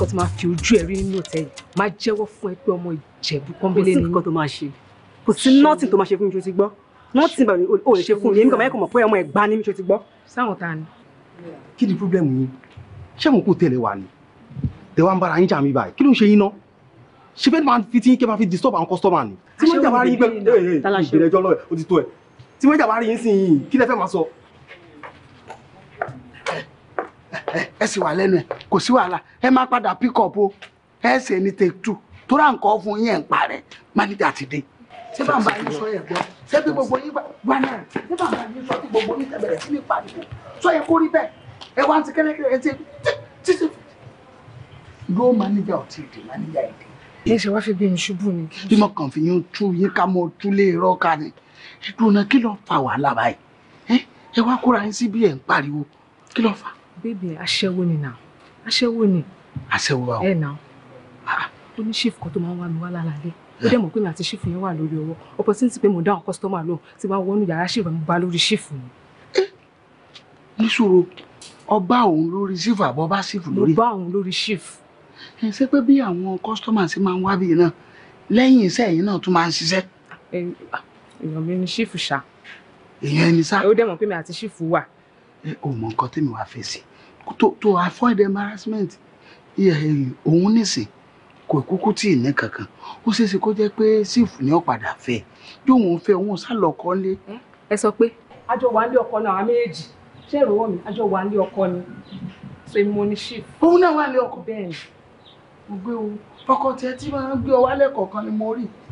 nǹkan tó máa fi ojú ẹ rí nínú òtẹ́ yìí máa jẹ́wọ́ fún ẹ pé ọmọ ìjẹ̀bú pọ́nbélé ni nǹkan tó máa ṣe kò sí nọ́ọ̀tì tó máa ṣe fún mi ṣe ti gbọ́ nọ́ọ̀tì bàbá ò lè ṣe fún mi èmi kàn máa kọ̀ mọ̀ pé ọmọ ẹ̀gbá ni mi ṣe ti gbọ́. sáwọn ta ni. kí ni pírọ́blẹ́mù yín ṣé àwọn kò tẹ̀lé wa ni tẹ wá ń bára yín jà mí báyìí kí ló ń ṣe yín náà ṣe fẹ́ẹ́ máa fi tí kẹ́ máa fi disturb àwọn customer ni tí wọ́n jà wá rí yín pẹ́ ìbẹ̀rẹ̀ ẹjọ́ lọ́ọ̀ ó ti tó ẹ̀ tí wọ́n jà wá rí yín sí yín kí lẹ fẹ́ máa sọ ẹ sì wà lẹ́nu ẹ̀ kò sí wàhálà ẹ máa padà pick up o ẹ ṣe ní take two tó rà nǹkan fún yín ẹ̀ ń parẹ́ manager ti dé ṣé bá ń bá yín sọ yẹn gbọ́ ṣé bí gbogbo yín wà náà ṣé bá ń bá yín sọ tí gbogbo yín tẹ̀bẹ̀rẹ̀ sí ní pariwo sọ yẹ kó rí bẹ́ẹ̀ ẹ wá ti kẹ́lẹ́kẹ́lẹ́ ẹ ti títí ló manager ò tí dé manager ì dé. yé ṣe wá fi bí ṣubú ni. bí mo kàn fi yín tú yín ká mọ tú lé irọ́ ká ni ìdùnnà kí ló fa wàhálà báyìí ẹ wá kóra yín sí bí ń pariwo kí ló fà bébì aṣẹ́wó ni nà aṣẹ́wó ni. aṣẹ́wó wa o ẹ nà ah, ó ní ṣífù kan tó máa ń wá mi wá lálálẹ́ ó dẹ̀ mọ̀ pé mi àti ṣífù yẹn wà lórí ọwọ́ opportunity pé mo dá àwọn customer lóhùn tí wọ́n wọnú yàrá ṣífù mi bá lórí ṣífù mi. níṣòro ọba òun lórí ṣífù àbọ̀ bá ṣífù lórí. ọba òun lórí ṣífù. ẹ ṣe pé bí àwọn customer ṣe máa ń wá bíi náà lẹ́yìn iṣẹ́ yìí náà tún máa ń ṣiṣẹ́. Ah, èèyàn mi ni ṣífù ṣá. èèyàn ẹni ṣá. ó dẹ̀ mọ̀ pé mi àti ṣífù wà. ẹ ò mọ nǹkan tèmi wàá fèsì to to avoid embarrassment òun nìsín kò kúkú tí ì ní kankan ó ṣeé ṣe kó jẹ́ pé sífù ni ó padà fẹ́ yóò wọ́n fẹ́ òun sálọ ọkọ lé. ẹ sọ pé àjọ wà nílé ọkọ náà àwọn méjèèjì ṣé ìrọwọ́ mi àjọ wà nílé ọkọ ni so èmi mo ní ṣíf. òun náà wà nílé ọkọ bẹ́ẹ̀ ni mo gbé o ọkọ tiẹ̀ tí máa gbé ọ wálẹ̀ kọ̀ọ̀kan ni mo rí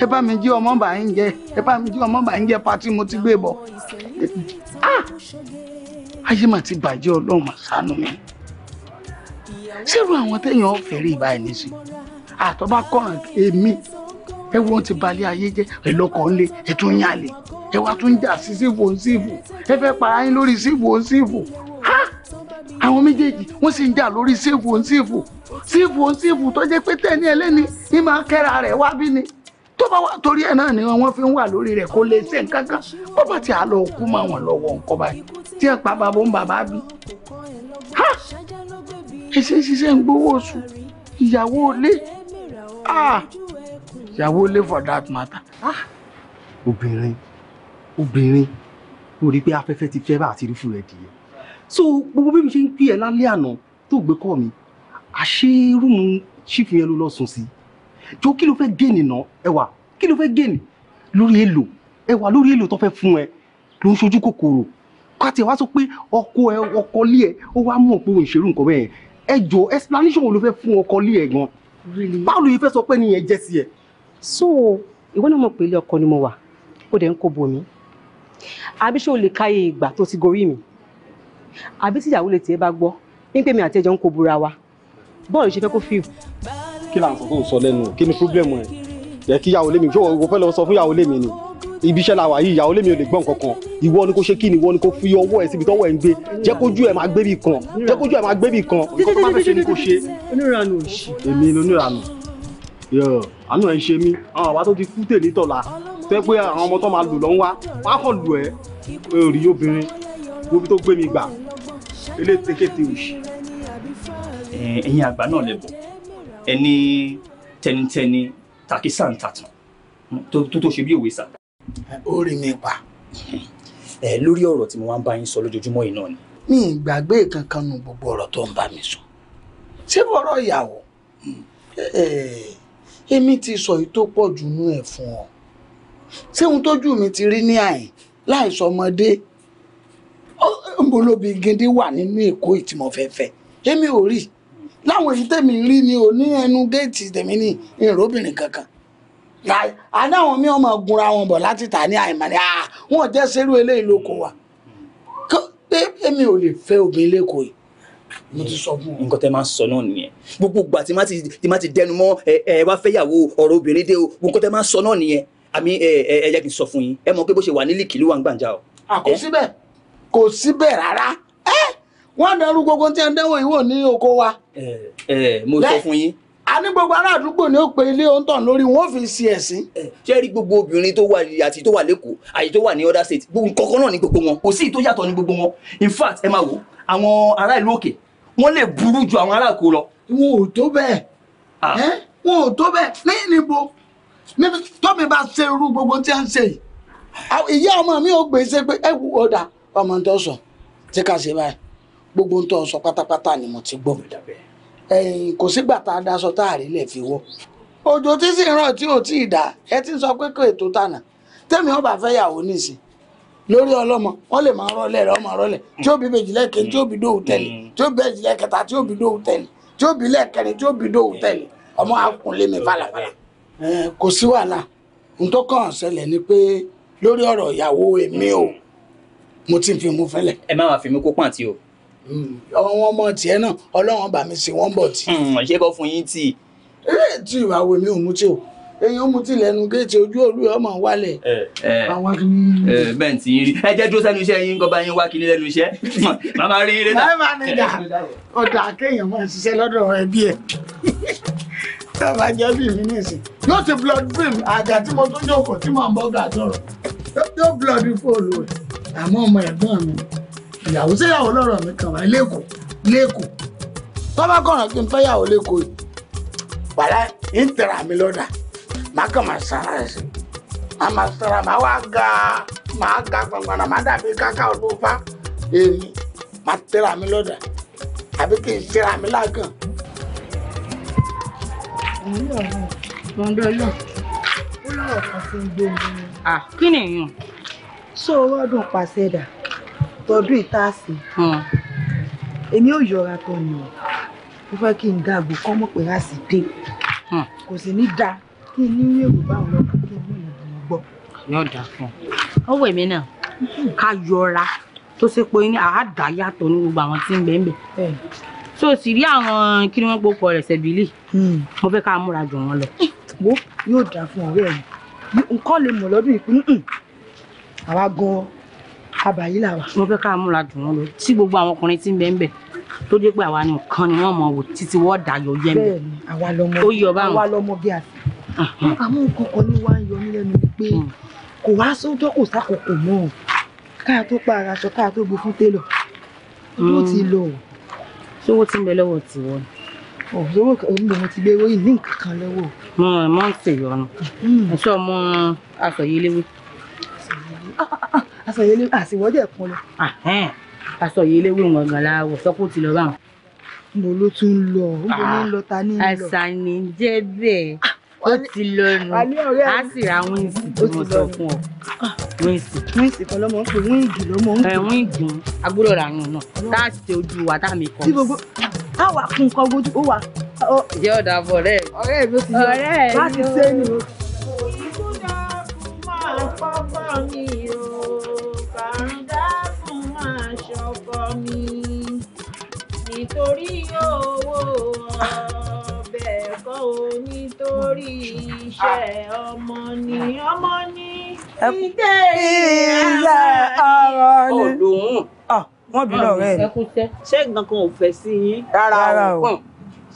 ẹ bá mi jí ọmọ bá ń jẹ ẹ bá mi jí ọmọ bá ń jẹ pati mo ti gbé bọ̀ ah! ayé mà ti bàjẹ́ ọlọ́run mà ṣàánú mi ṣérú àwọn téèyàn ọ̀fẹ́ rí ìbáyìí nísìn àtọ́bá ah, kọ̀ràn èmi ẹ wọ́n ti balẹ̀ ayé jẹ́ ẹ lọ́kọ̀ ńlẹ̀ ẹ tún yàn lẹ̀ ẹ wá tún jà sí sífò ń ẹ fẹ́ para yín lórí sífò ń àwọn méjèèjì wọ́n sì ń jà lórí sífò ń sífò sífò tó jẹ́ pé tẹ̀ ní ẹlẹ́ni ní máa kẹ́ra rẹ̀ wá bí ni tó bá wà torí ẹ̀ náà ni wọ́n fi ń wà lórí rẹ̀ kó lè ṣe nǹkan kan bó bá ti àlọ́ òkú mọ́ wọn lọ́wọ́ nǹkan báyìí tí ẹ̀ pa bàbá ń bàbá bí. ẹ ṣe ṣiṣẹ́ ń gbowó oṣù ìyàwó ilé ìyàwó ilé for that matter. obìnrin obìnrin mo rí i pé afẹ́fẹ́ ti fẹ́ bá àti rí fún rẹ̀ dìé so gbogbo bí mi ṣe ń pè ẹ́ lálẹ́ àná tó gbé kọ́ mi àṣé rúùmù ṣífù yẹn ló lọ sí i jọ kí ló fẹ́ gẹ́ẹ̀nì náà ẹwà kí ló fẹ́ gẹ́ẹ̀nì lórí èlò ẹwà lórí èlò tó fẹ́ fún ẹ ló ń ṣojú kòkòrò káti ẹ wá sọ pé ọkọ ẹ ọkọ lé ẹ ó wá mọ̀ pé òun ìṣerú nǹkan bẹ́ẹ̀ ẹ jọ explanation wo ló fẹ́ fún ọkọ lé ẹ gan báwo ló yẹ fẹ́ sọ pé nìyẹn jẹ́ sí ẹ. so ìwọ náà mọ̀ pé ilé ọkọ ni mo wà ó dẹ̀ ń kó bomi àbí ṣé o lè káyé ìgbà tó ti gorí mi àbí tíyàwó lè tiẹ̀ bá gbọ́ ní pé mi àti ẹjọ́ ń kó bura wa bọ́ọ̀lù ṣe fẹ́ kó fíìmù kí là ń sọ tó ń sọ lẹ́nu kí ni problem ẹ̀ yẹ kí ìyàwó lèmi ṣé o fẹ́ lọ sọ fún ìyàwó lèmi ni ibi iṣẹ́ la wà yìí ìyàwó lèmi ò lè gbọ́ nǹkan ìwọ ni kò ṣe kí ni ìwọ ni kò fi ọwọ́ ẹ̀ síbi tọ́wọ́ ẹ̀ ń gbé jẹ́ kójú ẹ̀ máa gbé bì kan jẹ́ kójú ẹ̀ máa gbé bì kan nǹkan tó fẹ́ ṣe ni kò ṣe. onírànù èmi ni onírànù àánú ẹ̀ ń ṣe mí àwọn àwa tó ti kú tèmi tọ̀la fẹ́ pé àwọn ọmọ tó máa lù lọ́ ẹni tẹnitẹni takisa ń tàtàn tó tó ṣe bí òwe sà. ó rí mi pa. ẹ lórí ọ̀rọ̀ tí mo wá ń bá yín sọ lójoojúmọ́ yìí náà ni. mi ì gbàgbé kankan nu gbogbo ọ̀rọ̀ tó ń bá mi sọ ṣé bọ̀rọ̀ ìyàwó èmi ti sọ èyí tó pọ̀ jù nú ẹ̀ fún ọ ṣé ohun tójú mi ti rí ní àyìn láì sọmọdé ń bo lóbi gidi wà nínú èkó ìtìmọ̀fẹ́fẹ́ èmi ò rí i láwọn èyí tèmi rí ni ò ní ẹnu géètì tèmi ní ìròbìnrin kankan àdá àwọn míì ọmọ gunra wọn bọ̀ láti tà ní àìmọ̀ ni wọn jẹ́ sẹ́rú eléyìí lóko wa èmi ò lè fẹ́ obìnrin lẹ́kọ̀ọ́ yìí mo ti sọ fún ọ. nǹkan tẹ máa ń sọ náà nìyẹn gbogbo ìgbà tí má ti dẹnu mọ́ ẹ ẹ wá fẹ́yàwó ọ̀rọ̀ obìnrin dé o nǹkan tẹ máa ń sọ náà nìyẹn àmì ẹ ẹ ẹ yẹ kí n sọ fún yín ẹ mọ̀ pé bó ṣe wà nílìkì ló wà ń gbàǹjà o. àkó síbẹ̀ kò síbẹ̀ rárá ẹ́ wọ́n dẹrú gbogbo tí ẹ ń dẹ́wọ̀n ìwò ní oko wa. ẹ mo sọ fún yín. a ní gbogbo ará ni ó pe ilé òǹtàn lórí wọn fi ṣe ẹ̀sìn. ṣé rí gbogbo obìnrin tó wà àti tó wà lẹ́kọ̀ọ́ àti tó wà ní other state gbogbo kọ̀ọ̀kan náà ní gbogbo wọn kò sí ìtó yàtọ̀ ní gbogbo wọn in fact ẹ máa wò àwọn ará ìlú òkè wọ́n lè burú ju àwọn ará Èkó lọ. wọn ò tó bẹ́ẹ̀ ah. wọn ò tó bẹ́ẹ̀ ní ìnìbò tọ́mi bá ṣe irú gbogbo tí a ṣe yìí ìyá ọmọ mi ò gbèsè pé ẹ wù ọ̀dà ọmọ tó sọ ṣé ká ṣe báyìí gbogbo tó ń pátápátá ni mo ti gbọ́ ẹ̀yìn kò sígbà tá a daṣọ tá a rí lẹ̀ fi wọ́ òjò tí sì ràn tí ò tí ì dá ẹ ti sọ pé kò ètò tànà tẹ́mi ọba fẹ́ yàwó nísìn lórí ọlọ́mọ wọ́n lè máa rọlẹ̀ ọmọ rọlẹ̀ tí ó bí tí ó bí dóhùn mm. tẹ̀lé tí ó tí ó bí dóhùn tí ó bí ọmọ akunlé mi falafala ẹ má wàá fi mí kó àwọn ọmọ tiẹ̀ náà ọlọ́run bá mi ṣe wọ́n bọ̀ tí. Hmm, ṣé kọ́ fún yín tì. ẹ tí ìwà wo mi ò mú tí o èyàn mú ti lẹ́nu géètì ojú òru ọmọ wálẹ̀. bẹ́ẹ̀ tí ń rí ẹ jẹ́ dúró sẹ́nu iṣẹ́ yín kọ́ bá yín wá kiri lẹ́nu iṣẹ́ màmá rí eré náà. báyìí máa ní ìjà ọ̀dà kéèyàn máa ṣiṣẹ́ lọ́dọ̀ ẹbí ẹ̀ tọ́ba jẹ́ bí mi nísìn yóò ti blood film àjà tí mo tún jókòó tí màá bọ́ gàdọ̀rọ̀ yóò blood fóònù rẹ̀ àmọ́ ọmọ ẹ̀gbọ́n mi ìyàwó séyàwó lọ́rọ̀ mi kàn wáyé lẹ́kọ̀ọ́ lẹ́kọ̀ọ́ tọ́ba kọ̀ọ̀rọ̀ kí n fẹ́ yàwó lẹ́kọ̀ọ́ yìí wàhálà ń tẹ̀ra mi lọ́dà má kàn máa sara ẹ̀ sí àmà sara má wá ga má ga gbọ̀ngbọ̀n má dàbí káká ọdún fa èmi má tẹ̀ra mi lọ́dà àbí kì í tẹ̀ra mi lágàn. Ah, kí ni èèyàn. sọ wọ́dún pàṣẹ dà tọdún ìtaàsì hmm. èmi ò yọra tọ ni o mo fẹ́ kí n dàgbò kọ́ mọ̀ pé ráàsì dé hmm. kò sì ní da kí n ní èrò báwọn lọ kí n ní ìlú gbọ́. yóò dà fún ọ ọwọ́ èmi náà ká yọra tó ṣe pé ní àádá yàtọ̀ ní gbogbo àwọn tí ń bẹ ń bẹ so sì rí àwọn kí ni wọ́n gbókọ rẹ̀ ṣẹ̀bílì hmm. mo fẹ́ ká múra jù wọ́n lọ. wo yóò dà fún ọ̀rẹ́ mi nǹkan lè mọ̀ lọ́dún ìpínlẹ̀ àwa gan-an àbàyí làwà. mo fẹ́ ká múra dùn wọn lọ tí gbogbo àwọn ọkùnrin ti ń bẹ ń bẹ tó dé pé àwa nìkan ni wọ́n mọ̀ wò títí wọ́n dayọ̀ yẹn mi. bẹ́ẹ̀ni àwa lọmọ ó yọ báwọn àwa lọmọ bí àti. àmọ́ nǹkan kan ní wá ń yọ mí lẹ́nu ni pé hmm. kò wá sóńtọ́ kò sákòókò mọ́ ọ káà tó pa ara aṣọ káà tó gbé fún télọ̀ tó ti hmm. lọ o. ṣé owó ti ń bẹ lọ́wọ́ tiwọ́ ni. ọ̀dọ́wọ́ òun lòun ti gbé owó ní nǹkan kan lọ́wọ́. mo mọ̀ ń ṣèyọnu hmm. ẹ̀ṣọ́ ọmọ aṣọ yìí aṣọ yìí léwu àṣìwọ́jẹ̀ kan lọ. aṣọ yìí léwu wọn gan la wọ sọ pé ó ti lọ báwọn. mo ló tún ń lọ níbo ní ń lọ ta ní ń àṣàní jẹ́ bẹ́ẹ̀ ó ti lọ nù á sì ra wíǹsì tí mo sọ fún ọ wíǹsì. wíǹsì kan lọmọ ń pè wíǹgì lọmọ ń pè. wíǹgì agbọ́dọ̀ rà nù náà tá a ṣe ojú wa tá a mi kọ́. tí gbogbo á wà kún nǹkan ojú ó wà. ìyá ọ̀dà bọ̀ ọ̀rẹ́ mi. ọ̀rẹ́ mi ó ti yọ láti sẹ́yìn òyìnbó dàkú máa pápá mi o. nítorí owó ọbẹ̀ kọ́ o nítorí iṣẹ́ ọmọ ni ọmọ ni ìdè ìyá ọmọ ni. ọ̀lùhùn ah, wọ́n bí lọ́rẹ́ ẹ̀ ṣé nǹkan kan ò fẹ́ sí yín. rárá o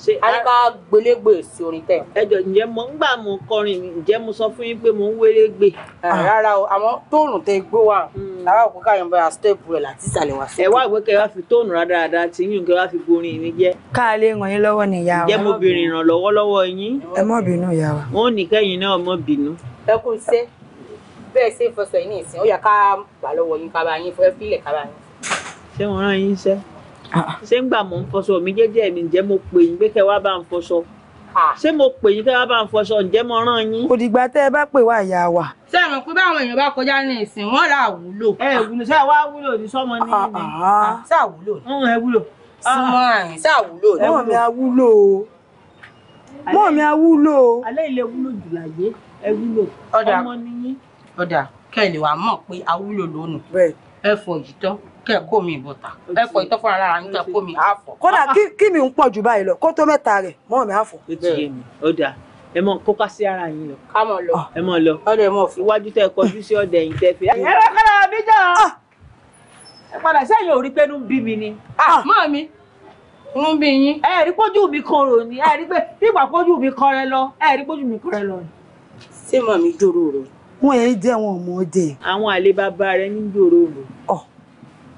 a ní ká gbélégbè sí orin tẹ. ẹjọ ǹjẹ́ mo ń gbà mo kọrin ǹjẹ́ mo sọ fún yín pé mo ń wélégbè. Ah. rárá o àmọ́ tóònù tẹ gbó wa hmm. lára òkú káyọ̀ bá stẹ́ẹ̀pù rẹ̀ láti ìsàlẹ̀ wá sókè. ẹ wá ìwé kẹ wá fi tóònù rádaràda tí yín kẹ wá fi borin mi jẹ. ká lè ràn yín lọ́wọ́ ni ìyá wa. ǹjẹ́ mo bèrè ìrànlọ́wọ́ lọ́wọ́ yín. ẹ má bínú ìyá wa. wọn ò ní kẹ́yìn náà má bínú. ẹ kú iṣẹ́ bẹ́ẹ̀ ṣe fọṣọ yìí ní ìsìn ó yẹ ká gbà lọ́wọ́ yín ká bá yín fọ́ ẹ fílẹ̀ ká bá yín. ṣé wọ́n rán yín iṣẹ́? ṣé ń gbà mọ̀ ń fọṣọ mi jẹ́jẹ́ mi ǹjẹ́ mo pè yín pé kẹ́ wá bá ń fọṣọ ṣé mo pè yín kẹ́ wá bá ń fọṣọ ǹjẹ́ mo rán yín. kò dìgbà tẹ́ ẹ bá pè wá ìyá wa. ṣé ẹ mọ̀ pé báwọn èèyàn bá kọjá ní ìsìn wọn là wúlò. ẹ wúlò ṣé wàá wúlò ní sọmọ ní ìní. Ah, ah. Ah, ṣé àwúlò ni. ẹ wúlò. sọmọ àrùn ṣé àwúlò ni. mi àwúlò o. mọ̀ mi àwúlò o. alẹ́ ilé wúlò jù láyé ẹ wúlò. ọmọ ni yín. ọ̀dà kẹ́ ẹ lè wà mọ̀ pé àwúlò lónìí. ẹ yìí tán kẹ kó mi bọ̀tà ẹ pọ̀ ìtọ́ fúnra lára yín kẹ kó mi àfọ̀. kódà ah. kí mi ń pọ̀ jù báyìí lọ kó tó mẹ́ta rẹ̀ mọ́ mi àfọ̀. ó ti yé mi ó dáa ẹ mọ kó ká sí ara yín lọ. ká mọ lọ ẹ mọ lọ ọdọ ẹ mọ fún. iwájú tẹ kọjú sí ọdẹ yìí tẹ fi. Ah. ẹ bá kọ́ra mi jọ ah. ẹ padà sẹ́yìn òrí pé inú bí mi ni. mọ́ mi inú bí yín. ẹ rí pójú mi kan rò ẹ rí pé nígbà pójú mi kan rẹ lọ ẹ rí pójú mi kan rẹ lọ. ṣé mọ̀ mi jòrò rò. wọn ẹ jẹ wọn mọ jẹ. àwọn àlè rẹ ní jòrò rò. Oh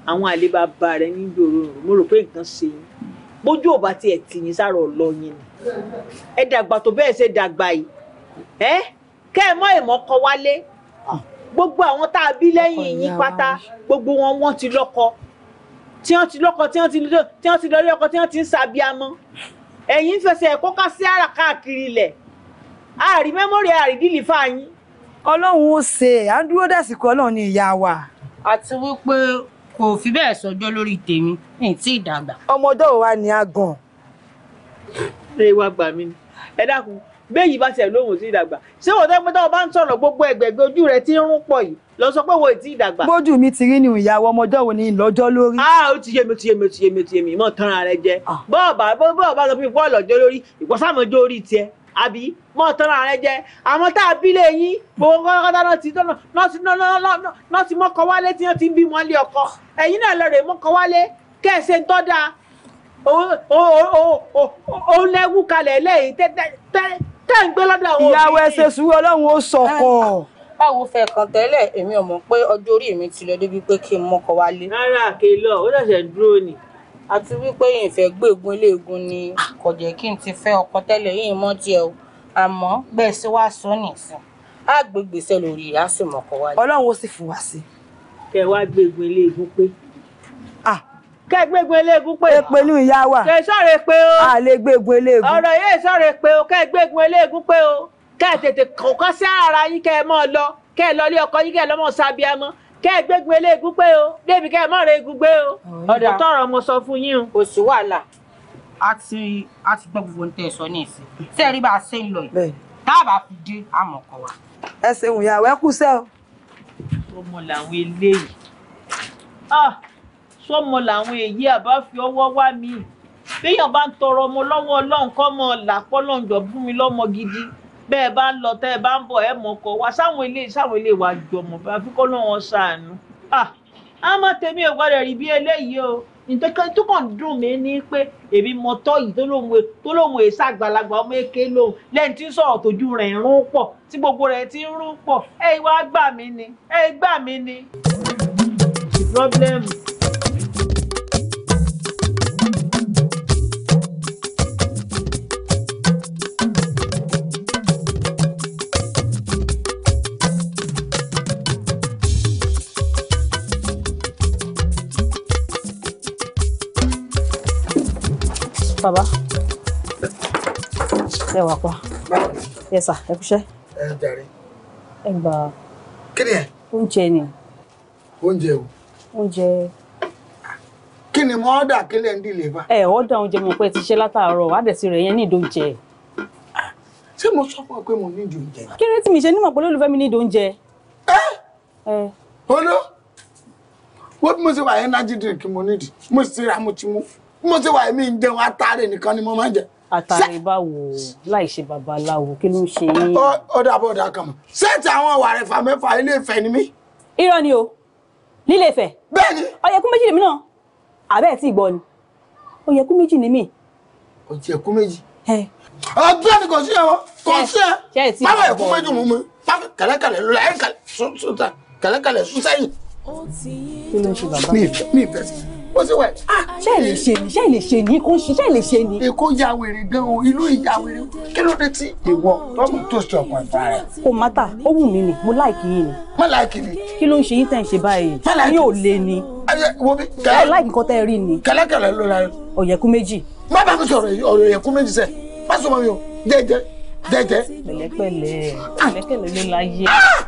àwọn àlebà ba rẹ ní ìgboro rò mo rò pé nǹkan ṣe yín bójú ò bá tiẹ̀ tì yín sára ọ̀lọ́ yín ni ẹ dàgbà tó bẹ́ẹ̀ ṣe dàgbà yìí ẹ kẹ́ ẹ mọ́ ìmọ̀ kọ wálé gbogbo àwọn tá a bí lẹ́yìn yín pátá gbogbo wọn wọ́n ti lọ́kọ tí wọ́n ti lọ́kọ tí wọ́n ti lọ́rí ọkọ tí wọ́n ti ń ṣàbíamọ́ ẹ̀yin fẹsẹ̀ ẹ̀kọ́ ká sí ara káàkiri ilẹ̀ àrí mẹ́mórì àrí dìlì fáyín. ọlọ́run ó ṣe à ń dúró dàsìkò ọlọ́run ní ìyá wa. àti wípé kò fi bẹ́ẹ̀ sọjọ́ lórí tèmi ní tí ìdàgbà. ọmọdé wa ni a gàn. ṣé wàá gbà mí ni ẹ dákun béèyì bá tiẹ̀ lóhùn sí ìdàgbà ṣé wọ́n tẹ́ pé tọ́wọ́ bá ń sọ̀rọ̀ gbogbo ẹ̀gbẹ̀gbẹ̀ ojú rẹ̀ tí ń rún pọ̀ yìí lọ sọ pé wo ìtì ìdàgbà. bójú mi ti rí ni ìyàwó ọmọdé wo ni ìlọ́jọ́ lórí. a ah, ó ti yé mi ti yé mi ti yé mi ti yé mi mọ̀ tán ara rẹ jẹ bọ́ọ̀bà ah. bọ́ọ̀bà sọ fún mi fún ọ̀lọ́jọ́ lórí ìpọ́sàmọ́jọ́ orí tiẹ̀ àbí mọ́ tọ́ra rẹ jẹ àmọ́ tá a bí lè yín gbogbo kọ́kọ́tà náà ti tọ́nà náà ti mọ́kọ wálé tí wọ́n ti ń bí wọn lé ọkọ ẹ̀yin náà lọ rè mọ́kọ wálé kẹ́ẹ̀sẹ̀ ń tọ́ da òun lẹ́wù kalẹ̀ lẹ́yìn tẹ́ ń gbé lọ́dọ̀ àwọn òbí. ìyàwó ẹsẹ̀ sùúrù ọlọ́run ó sọkọ. báwo fẹ́ kan tẹ́lẹ̀ èmi ò mọ̀ pé ọjọ́ orí mi ti lọ débi pé kí n mọ́kọ wálé. rárá kí n lọ ó ṣẹ̀ṣẹ̀ dúró ni àti wípé ìfẹ́ gbégun eléegun ni kò jẹ́ kí n ti fẹ́ ọkọ tẹ́lẹ̀ yìí mọ́ tiẹ̀ o àmọ́ bẹ́ẹ̀ sí wàá sọ nìsín á gbé gbèsè lórí ìyá sì mọ̀kọ wá. ọlọ́run ó sì fún wa sí. kẹ wá gbégun eléegun pé. kẹ gbégun eléegun pé. èpè ní ìyá wa. kẹ sọ̀rọ̀ pé o. a lè gbégun eléegun. ọ̀rọ̀ yìí sọ̀rọ̀ pé o kẹ gbégun eléegun pé o kẹ tètè kọ́kọ́ sí ara yín kẹ mọ́ lọ kẹ lọ lé ọkọ yín kẹ lọ́mọ sábíàmọ́ kẹ́ ẹ gbégun eléegun pé o débi kẹ́ ẹ mọ̀ rẹ egun gbé o ọ̀dọ̀ tọrọ mo sọ fún yín o. kò sí wàhálà. a ti a ti gbọ́ gbogbo nǹkan ẹ̀sọ́ ní ìsìn tí ẹ rí bá a ṣe ń lọ yìí tá a bá fi dé àmọ̀ kọ wa. ẹ ṣeun ìyàwó ẹ kú sẹ́ o. ọmọ làwọn eléyìí sọmọ ah, làwọn èyí àbá fi ọwọ́ wá mi béèyàn bá ń tọrọ ọmọ lọ́wọ́ ọlọ́run kọ́ mọ́ làpọ́ lọ́njọ́ fún mi lọ́mọ gidi bẹ́ ẹ bá ń lọ tẹ́ ẹ bá ń bọ̀ ẹ mọ̀kọ wá sáwọn ilé sáwọn ilé wa jọmọ̀ àfi kọ́ ló wọn a má tẹ̀mí ò gbọ́dọ̀ rí bí eléyìí o nǹkan tó kàn dùn mí ni pé èmi mọ tọ́ yìí tó lóun èsì e, e àgbàlagbà ọmọ èké lòun lẹ́yìn tí ń sọ̀rọ̀ tójú rẹ̀ ń rún pọ̀ tí gbogbo rẹ̀ ti ń rún pọ̀ ẹ wá gbà mí ni ẹ gbà mí ni. problem. bàbá ẹ wà pa yẹ sà ẹ kúṣẹ́. ẹ jàre. ẹ gbà. kí ni ẹ. oúnjẹ ni. oúnjẹ o. oúnjẹ. kí ni mo ọ́dà kí lẹ́ ń dìlè bá. ẹ ọ́dà oúnjẹ mo pẹ́ ti ṣe látàárọ̀ àdẹ̀sí rẹ̀ yẹn ní ìdóúnjẹ. ṣé mo sọ fún ọ pé mo ní ìdóúnjẹ. kí ni tí mi ṣe nímọ̀ pé olólùfẹ́ mi ní ìdóúnjẹ. ẹ ẹ. olú wọ́n bí mo ṣe wà energy drink mo nídìí mo ṣe ra mo ti mú mo ti wà èmi ń jẹun atare nìkan ni mo máa ń jẹ. atare báwo láì ṣe babaláwo kí ló ń ṣe yín. ó dàbọ̀ ọ̀dà kan mọ̀ sẹ́ẹ̀tì àwọn wàrẹ̀fà mẹ́fà ilé Ifẹ̀ ni mí. irọ́ ni o nílé Ifẹ̀. bẹ́ẹ̀ni. ọ̀yẹ̀kú méjì lèmi náà àbẹ́ẹ̀ tí ì gbọ́ ni ọ̀yẹ̀kú méjì ni mí. ọ̀yẹ̀kú méjì ọdún ẹni kò sí ẹwọ kò sí ẹ báwo ẹkú méjì mú mi kẹlẹkẹlẹ bó ṣe wẹ̀. Ah, ṣé ẹ lè ṣe ni ṣé ẹ lè ṣe ni kò ṣe ṣé ẹ lè ṣe ni. èkó ya wèrè gan o inú ìyá wèrè kí ló dé tí ìwọ tọ́mù tó ṣe ọ̀pọ̀ ẹ̀fà rẹ̀. kò má tà ó wù mí ni mo láìkì yín ni. má láìkì ni. kí ló ń ṣe yín tẹ̀ ń ṣe báyìí. má láìkì ni yóò lé ni. ẹ láìkì nǹkan tẹ́ ẹ rí ni. kẹlẹkẹlẹ ló ra ọ̀yẹ̀kú méjì. má bá mi sọ̀rọ̀ ọ̀yẹ̀kú méjì sẹ́ má sọ ma mi o jẹ́jẹ́ jẹ́jẹ́. pẹ̀lẹ́pẹ̀lẹ́ ah! pẹ̀lẹ́pẹ̀lẹ́ ló láyé. Ah!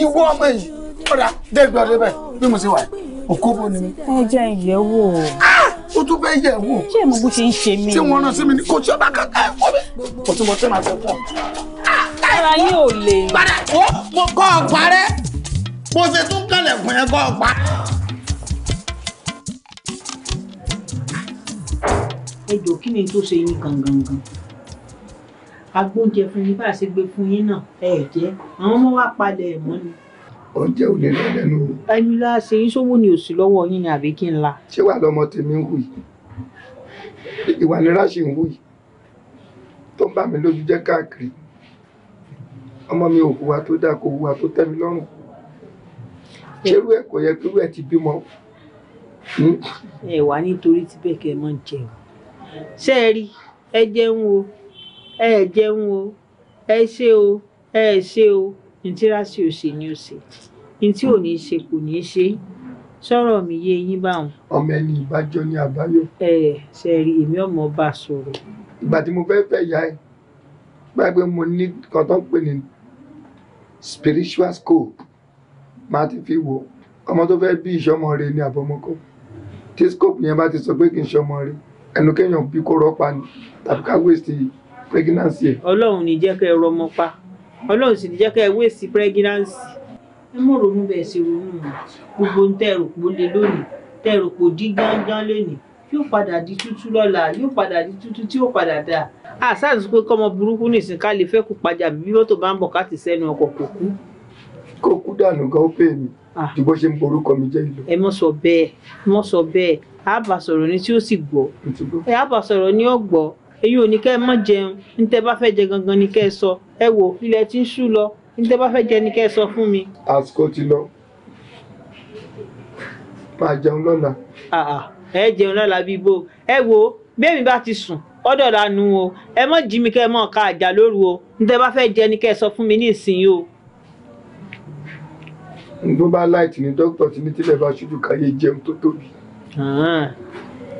ìwọ ọmọ yìí ọ̀dà jẹ́ ìgbà ọdẹ bẹ́ẹ̀ bí òkóbó ni mi. ẹ jẹ́ ìyẹ̀ ah! ó tún fẹ́ yẹ̀ ṣé mo bó ṣe ń ṣe mí. tí wọ́n rán sí mi ni kò tí ó bá kà ẹ wọ́ mi. kò tí mo tẹ́ máa fẹ́ ah! ara yín ò lè. padà ó mo kọ́ ọ parẹ́ mo ṣe tún kalẹ̀ fún yẹn kọ́ ọ pa. ẹ kí ni tó ṣe yín gangan gan agbóúnjẹ fún yín bá a ṣe gbé fún yín náà ẹ jẹ àwọn ọmọ wa palẹ̀ ẹ̀ ni oúnjẹ ò lè lọ lẹ́nu. ẹnu la ṣe yín sówó ni òsì lọ́wọ́ yín ni àbí kí n la. ṣé wàá lọmọ tèmi ń wù yìí ìwà nira ṣì ń wù yìí tó ń bà mí lójú jẹ́ káàkiri ọmọ mi ò hùwà tó dáa kò hùwà tó tẹ́ mi lọ́rùn ṣerú ẹ̀ kò yẹ kírú ẹ̀ ti bímọ. Hm? ẹ nítorí tí bẹ́ẹ̀ kẹ́ ẹ mọ̀ ń jẹun ṣé ẹ rí ẹ jẹun o ẹ jẹun o ẹ ṣe o ẹ ṣe o ntírasì ò ṣe ni ó ṣe ntí ò ní ṣe kò ní ṣe sọ̀rọ̀ mi yé yín báwọn. ọmọ ẹni ìbájọ ni àbáyọ. ẹ ṣe rí èmi ọmọ bá a sọ̀rọ̀. ìgbà tí mo fẹ́ẹ́ fẹ́ ya ẹ gbàgbé mo ní kan tó ń pè ní spiritual scope, máa ti fi wò ọmọ tó fẹ́ẹ́ bí ìṣọmọ rẹ ní àbọ̀mọ́kọ́ tí scope yẹn bá ti sọ pé kì í ṣọmọ rẹ ẹnu kéèyàn bí kó rọ́pa ni tàbí ká waste pregnancy ẹ. ọlọ́run ní jẹ́ kẹ́ ẹ rọmọ pa ọlọ́run sì ní jẹ́ ká ẹ wé sí pẹ́gínánsì ẹ mọ̀ ronú bẹ́ẹ̀ ṣe ronú gbogbo ń tẹ́ ẹ̀rù pò lé lónìí tẹ́ ẹ̀rù pò dí gángan lónìí yóò padà di tútú lọ́la yóò padà di tútú tí yóò padà dáa àṣàtúnṣe pé kọ́mọ burúkú nìsín ká lè fẹ́ kú pàjà bí mọ́tò bá ń bọ̀ ká ti sẹ́nu ọkọ̀ kò kú. kò kú dànù gan pé mi ah. ju bó ṣe ń borúkọ mi jẹ́ ìlú. ẹ mọ sọ bẹ́ẹ̀ mọ sọ bẹ́ẹ̀ àbàsọ̀rọ̀ ni tí ó sì gbọ́ ẹ ni ó gbọ́ èyí ò ní kẹ́ ẹ mọ̀ jẹun ní tẹ́ bá fẹ́ jẹ gangan ni kẹ́ ẹ sọ ẹ wò ilẹ̀ tí ń ṣú lọ ní tẹ́ bá fẹ́ jẹ ni kẹ́ ẹ sọ fún mi. àsìkò ti lọ máa jẹun lọ́la. ẹ jẹun lọ́la bíi bó ẹ wò bí èmi bá ti sùn ọ̀dọ̀ la o ẹ mọ̀ jí mi kẹ́ ẹ ká àjà lóru o ní bá fẹ́ jẹ ni kẹ́ ẹ sọ fún mi ní ìsinyìí o bó bá láìtì ní dókítà ti ní tílẹ̀ bá ṣubú káyé jẹun tó tóbi.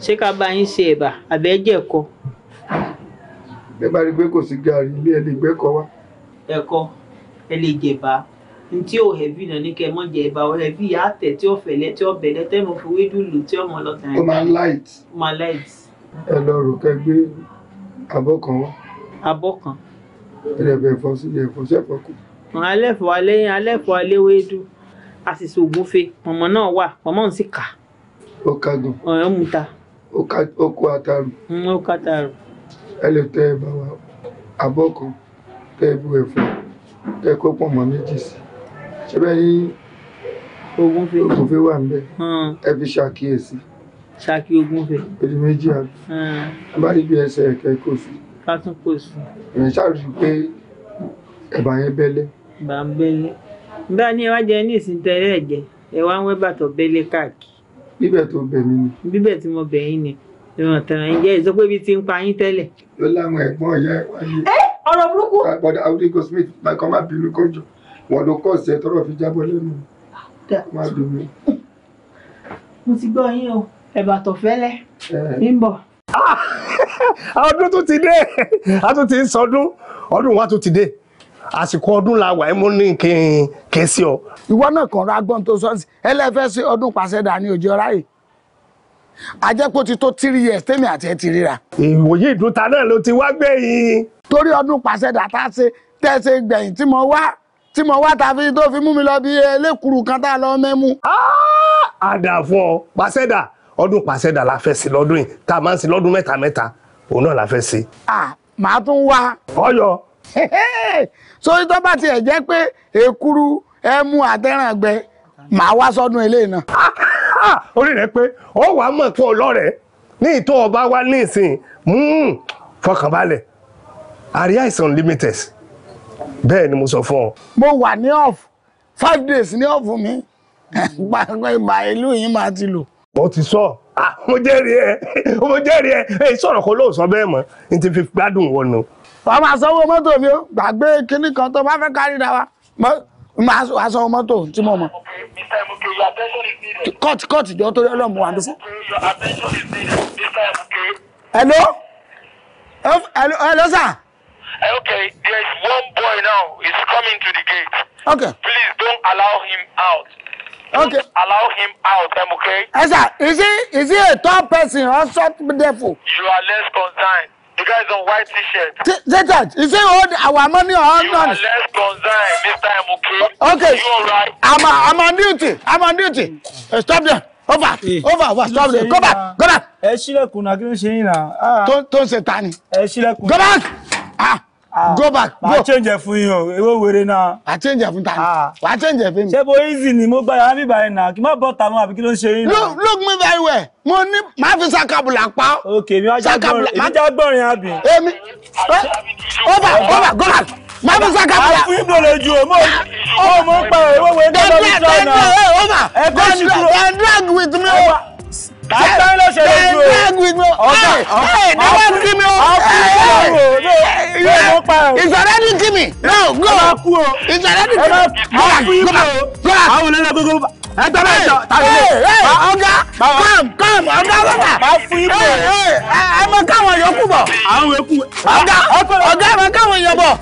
ṣé ká bá yín ṣe ẹ̀bà àbẹ́jẹ̀ kọ ẹ bá rí i pé kò sí gàrí ilé ẹ lè gbẹkọ wá. ẹkọ ẹ lè jẹba ntí ò hẹbí náà ní kẹ mọ jẹba ò hẹbí yà á tẹ tí ó fẹlẹ tí ó bẹlẹ tẹ mo fi wéjú lù tí ọmọ ọlọtàn yẹn. ó máa light. ó máa light. ẹ lọ rò kẹ gbé abọ́ kan wá. abọ́ kan. ẹ lè bẹ ẹ̀fọ́ sí ẹ̀fọ́ sí ẹ̀fọ́ kù. alẹ́ fọ alẹ́ yẹn alẹ́ alẹ́ wéédú àṣìṣe ògúnfe mọ̀mọ́ náà wà mọ̀mọ́ ń sì kà. ó kagun. ọ̀yọ́ mu ta. ó kó àtàrù. ó kó àtàrù ẹ lè wa bàbá abọ́ kan tẹ bu ẹ̀fọ́ tẹ kó pọ̀ mọ́ méjì sí ṣé bẹ́ẹ̀ ni ogun fi ogun fi wà níbẹ̀ hmm. ẹ fi ṣàkíyèsí. ṣàkí ogun fi. èdè méjì àbí. Hmm. bá rí bí ẹsẹ̀ ẹ̀kẹ́ kò sí. ká tún kò sí. ìrìn ṣáàrì pé ẹ̀bà yẹn bẹ́lẹ̀. ẹ̀bà ń bẹ́lẹ̀. bá ní ẹ wá jẹ jẹ ẹ wá ń wẹ́ bàtọ̀ bẹ́lẹ̀ káàkiri. bíbẹ̀ tó bẹ̀ mí ni. bíbẹ̀ tí mo bẹ̀ yín ni ìwọ̀n tàn án jẹ́ ìsọ pé ibi tí ń pa yín tẹ́lẹ̀. ló láwọn ẹ̀gbọ́n ìyá ẹ̀ ọ̀rọ̀ burúkú. bọ́dà Audigo Smith máa má bínú kọjọ wọn ló kọ́ ọ̀sẹ̀ tọrọ fi jábọ́ lẹ́nu má bínú. mo ti gbọ́ yín o ẹ̀bà tọ̀fẹ́lẹ́ ń bọ̀. Ah! ọdún tún ti dé a tún ti ń sọdún ọdún wa tún ti dé àsìkò ọdún la wà mú ní kí n kí n sí ọ. ìwọ náà kàn ra gbọ́n tó sọ́ọ̀sì ẹlẹ́fẹ́ sí ọdún pàṣẹ dà òjò ráyè ajẹ́pọ̀ ti tó three years tẹ́mi àti ẹ ti ríra. ìwòye ìdúta náà ló ti wá gbẹ̀yìn. torí ọdún pàṣẹ dàtà ṣe tẹ̀sẹ̀ gbẹ̀yìn tí mo wá tí mo wá tàbí tó fi mú mi lọ bí elékùrù kan tá a lọ mẹ́mú. Ah! àdàfún ọ pàṣẹdà ọdún pàṣẹdà la fẹ́ sí lọ́dún yìí tá a máa ń sí lọ́dún mẹ́ta mẹ́ta òun náà la fẹ́ sí. màá tún wá. ọyọ. sórí tó bá tiẹ̀ jẹ́ pé èkúrú ẹmu àtẹ̀ràngbẹ màá wá sọ́dún eléyìí náà. Ah, orí rẹ pé ọ wà á mọ̀ pé ọlọ́rẹ̀ ní ìtọ́ ọba wa ní ìsìn hmm, fọkànbalẹ̀ àríyá is unlimited bẹ́ẹ̀ ni mo sọ fún ọ. mo wà ní off five days ní off mi gbàgbọ́ ìgbà ìlú yìí máa ti lò. mo ti sọ ah, mo jẹ́rìí ẹ mo jẹ́rìí ẹ èyí sọ̀rọ̀ kó lóòsàn bẹ́ẹ̀ mọ́ n ti fi gbádùn wọn nù. wàá máa sanwó mọ́tò mi ó gbàgbé kinní kan tó bá fẹ́ kárí ra máa sanwó mọ́tò tí mo mọ̀. Mr. Muke, your attention is needed. Cut, cut, jọ torí Ọlọ́run mo àndó fún. Hello? Hello, hello, sir. Okay, there is one boy now. is coming to the gate. Okay. Please don't allow him out. Okay. Don't Allow him out, Muke. Yes, sir. Is he, is he a tall person or something therefore? You are less concerned. The guy is on white t-shirt. Zetat, is it all our money or our money? less concerned this time, okay? Okay. You all right? I'm, a, I'm on duty. I'm on duty. Uh, stop there. Over. Hey. Eh. Over. Over. Stop there. Go back. Go back. Ẹ eh, ṣílẹ̀kùn náà kí ah. eh, Go back. Ah, go back go. màá change ẹ̀ fún yín o ewé wèrè náà. màá change ẹ̀ fún ta Ah, màá change ẹ̀ fún mi. ṣé bo easy ni mo gba yàrá mi báyìí náà kí n má bọ́ tàmú àbí kí ló ń ṣe yín. look look me very well mo ní màá fi sakabula pa. ok mi wájà gbọ́rin mi wájà gbọ́rin àbí. èmi over over go back màá fi sakabula. àfi ìbò lè ju o mo mo pa ewé wèrè náà lórí ṣọ́ọ̀nà. they drag with me o kàtà ló ṣe lè ju ọgá ọkùnrin kíni ó ọkùnrin yóò mú pa o. ìsọ̀rọ̀ ní kíni no go ìsọ̀rọ̀ ní kíni go back go back go back. àwọn olórí gbogbo ẹgbẹ́ bá jọ tàbí lè. ọgá calm calm ọgá bàbà ẹ mọ káwọn yòókù bọ̀. àwọn yòókù. ọgá ọgá ẹ mọ káwọn yòókù bọ̀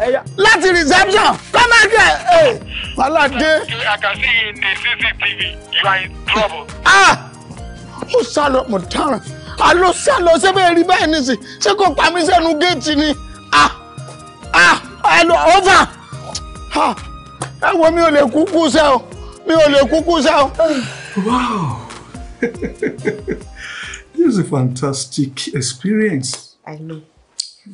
láti reception kọ́mẹ́kẹ̀ ẹ̀ falade. I can see in the CCTV you are in trouble. ah ó sá lọ mọ̀ dáràn àlọ́ sá lọ sẹ́fẹ̀ rí báyìí nìsí ṣé kò pa mí sẹ́nu géètì ni ah ah ẹnu ọ̀fà ẹ wo mi ò lè kúkú sẹ́ o mi ò lè kúkú sẹ́ o. wow this is a fantastic experience. i know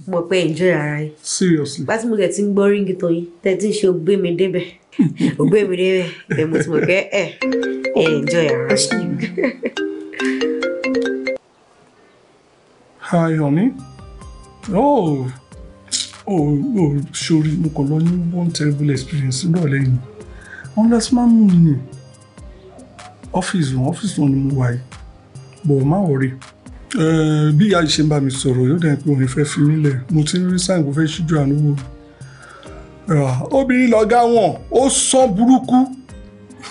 mo pe enjoy ara yín. seriously. bá tí mo kẹ̀ ti ń gbọ́ ríngì tó yín tẹ̀ tí ń ṣe ògbé mi débẹ̀ ògbé mi débẹ̀ ibẹ̀ mo ti mọ̀ pé ẹ̀ enjoy ara yín. Hi, honey. Oh, oh, oh, sorry, mo kàn lọ ní one terrible experience lọ́ọ̀lẹ́ yìí. Wọ́n lọ sí máa mú mi ní ọ́fíìsì wọn, ọ́fíìsì wọn ni mo wà yìí. Bọ̀ má wọrí. Eh, bí ìyá yìí ṣe ń bá mi sọ̀rọ̀, yóò dẹ̀ pé òun fẹ́ fi mí lẹ̀. Mo ti rí sáyìn kò fẹ́ ṣíjú àánú wò. Ah, obìnrin lọ̀gá wọn, ó sán burúkú.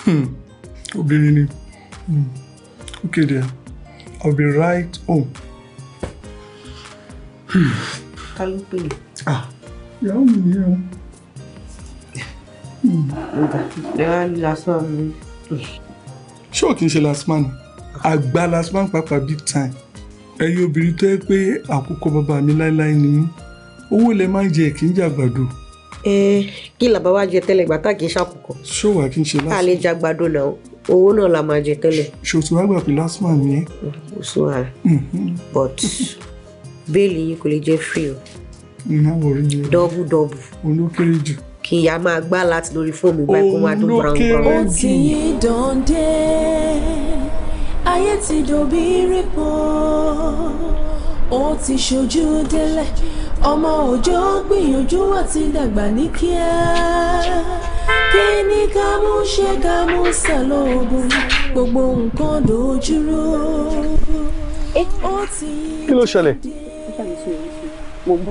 Hmm, obìnrin ni. Mm. Okay dear. I'll be right home. Ta ló pè Ah, ìyàwó mi ni ẹ̀ o. Ìgbà ni lásán mi. Ṣé ò kí n ṣe last man? Àgbà last man pàápàá big time. Ẹ̀yin obìnrin tó yẹ pé àkókò bàbá mi láéláé ni mí. Owó lẹ máa ń jẹ kí n jẹ àgbàdo. Ẹ eh, kí làbá wa jẹ tẹ́lẹ̀ ìgbà tá kì í ṣàkókò. Ṣé wàá kí n ṣe lásán? Ká lè jẹ lọ owó náà la máa jẹ tẹ́lẹ̀. ṣòtú wàá gbà pé last man ni ẹ. kò sí mm-hmm. but bẹ́ẹ̀lì yìí kò lè jẹ́ free o. ìnáwó orí ni. double double. olókèrè jù kí ìyá máa gbá láti lórí fóònù ìgbà kó máa dún brown brown. ó ti dànde ayé ti dòbí rí pọ̀ ó ti ṣojú délẹ̀ ọmọ òjò gbìyànjú àti dàgbà ní kíá kí ni ká mú ṣe ká mú ṣàlóògùn gbogbo nǹkan dojúró. kí ló ṣẹlẹ̀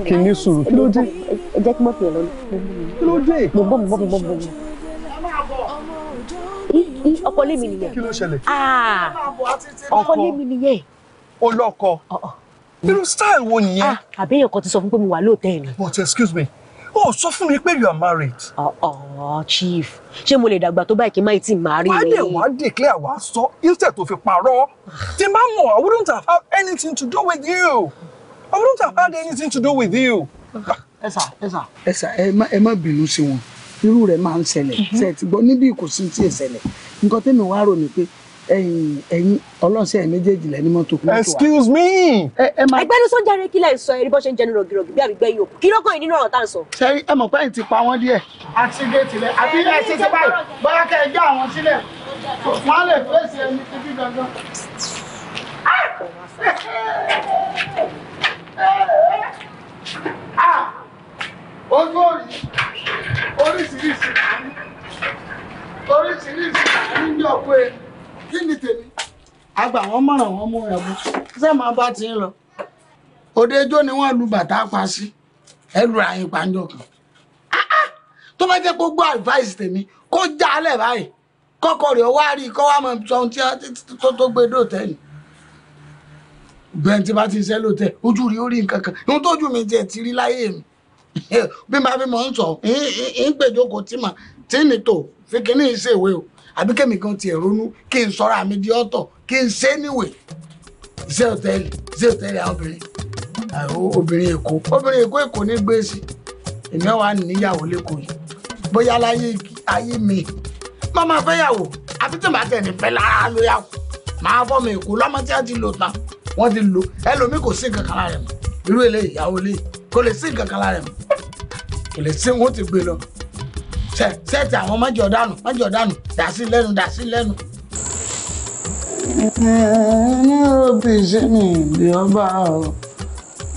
kí ni sùúrù kí ló dé. ẹ jẹ́ kí n mọ̀ pé lọ́nà. kí ló dé. mo bọ́ mo bọ́ mo bọ́ mo bọ́ ọkọ lé mi nìyẹn. kí ló ṣẹlẹ̀. Ah! ọkọ lé mi nìyẹn. o irú style wo nìyẹn. Ah, àbẹ́yẹ̀ kan ti sọ fún pé mo wà lóòtẹ́ẹ̀lì. but excuse me o sọ fún mi pé you are married. ọ̀ọ́ ah, ah, chief ṣé mo lè dàgbà tó báyìí kí n máa ti máa rí rẹ. wàá dé wàá declare wàá sọ instead tó fi parọ́ tí n mọ̀ I wouldn't have had anything to do with you I wouldn't have had anything to do with you. ẹ sà ẹ sà. ẹ sà ẹ má bínú sí wọn irú rẹ̀ máa ń ṣẹlẹ̀ mhm. ṣe ti gbọ́ níbí kò sí ti ẹ̀ ṣẹlẹ̀ nǹkan tẹ́mi wá rò ní pé ẹ̀yin ẹ̀yin ọlọ́sẹ̀ ẹ̀ méjèèjì lẹ́ni mọ́tò kúrò tó wa. excuse me. ẹ ẹ máa. ẹgbẹ́ ló sọ jáde kílẹ̀ sọ ẹni bó ṣe ń jẹnu rọ̀gìrọ̀gì bí àbí gbẹ́yìn òkú kí ló kàn nínú ọ̀rọ̀ tá à ń sọ. ṣé ẹ mọ̀ pé ẹ̀yin ti pa wọ́n díẹ̀. àti géètì lẹ àbí ẹ ṣe ṣe báyìí bóyá kẹ ẹ já àwọn sílẹ̀ wọ́n lè fèsì ẹni títí gangan. Ah! Ah! ojú òrì oríṣiríṣi kí ni tèmi àgbà wọn mọ̀ràn wọn mú ẹ̀bù ṣé màá bá ti ń lọ òde ijó ni wọ́n lu bàtà pa sí ẹ lu àyìn pàǹjọ kan tó bá jẹ́ gbogbo advice tèmi kó já alẹ̀ báyìí kọ́kọ́ rẹ̀ wá rí kọ́ wá mọ ohun tí tó tó gbé dòtẹ́ ni bẹ́ẹ̀ tí bá ti ṣe lòtẹ́ ojú rí orí nǹkan kan ohun tójú mi jẹ́ ti rí láyé mi bí màá fi mọ̀ ń sọ ń gbèjókòó tí mà tí nìtò fi kíní ìṣèwé o àbí kẹ́mi kan tiẹ̀ ronú kí n sọra mi di ọ̀tọ̀ kí n ṣe é níwèé ṣé òtẹ́ẹ̀lì ṣé òtẹ́ẹ̀lì àwọn obìnrin obìnrin èkó obìnrin èkó èkó ní gbèsè èmi wà níyàwó lẹ́kọ̀ọ́ yìí bóyá láyé ayé mi máa máa fẹ́ yàwó àfi tí màá tẹ̀lé fẹ́ lára ló yàwó màá fọ́ mi èkó lọ́mọ tí a ti lò tán wọ́n ti lò ẹlòmíì kò sí nǹkan kan lára rẹ̀ mọ́ irú eléyìí ìyàwó eléyìí kò lè sí nǹkan kan lára rẹ̀ mọ́ kò lè sí wọn ti gbé lọ sẹ́ẹ̀tì àwọn mọ́jọ dànù mọ́jọ dànù dà sí lẹ́nu dà ní òbí ṣe ni ọba o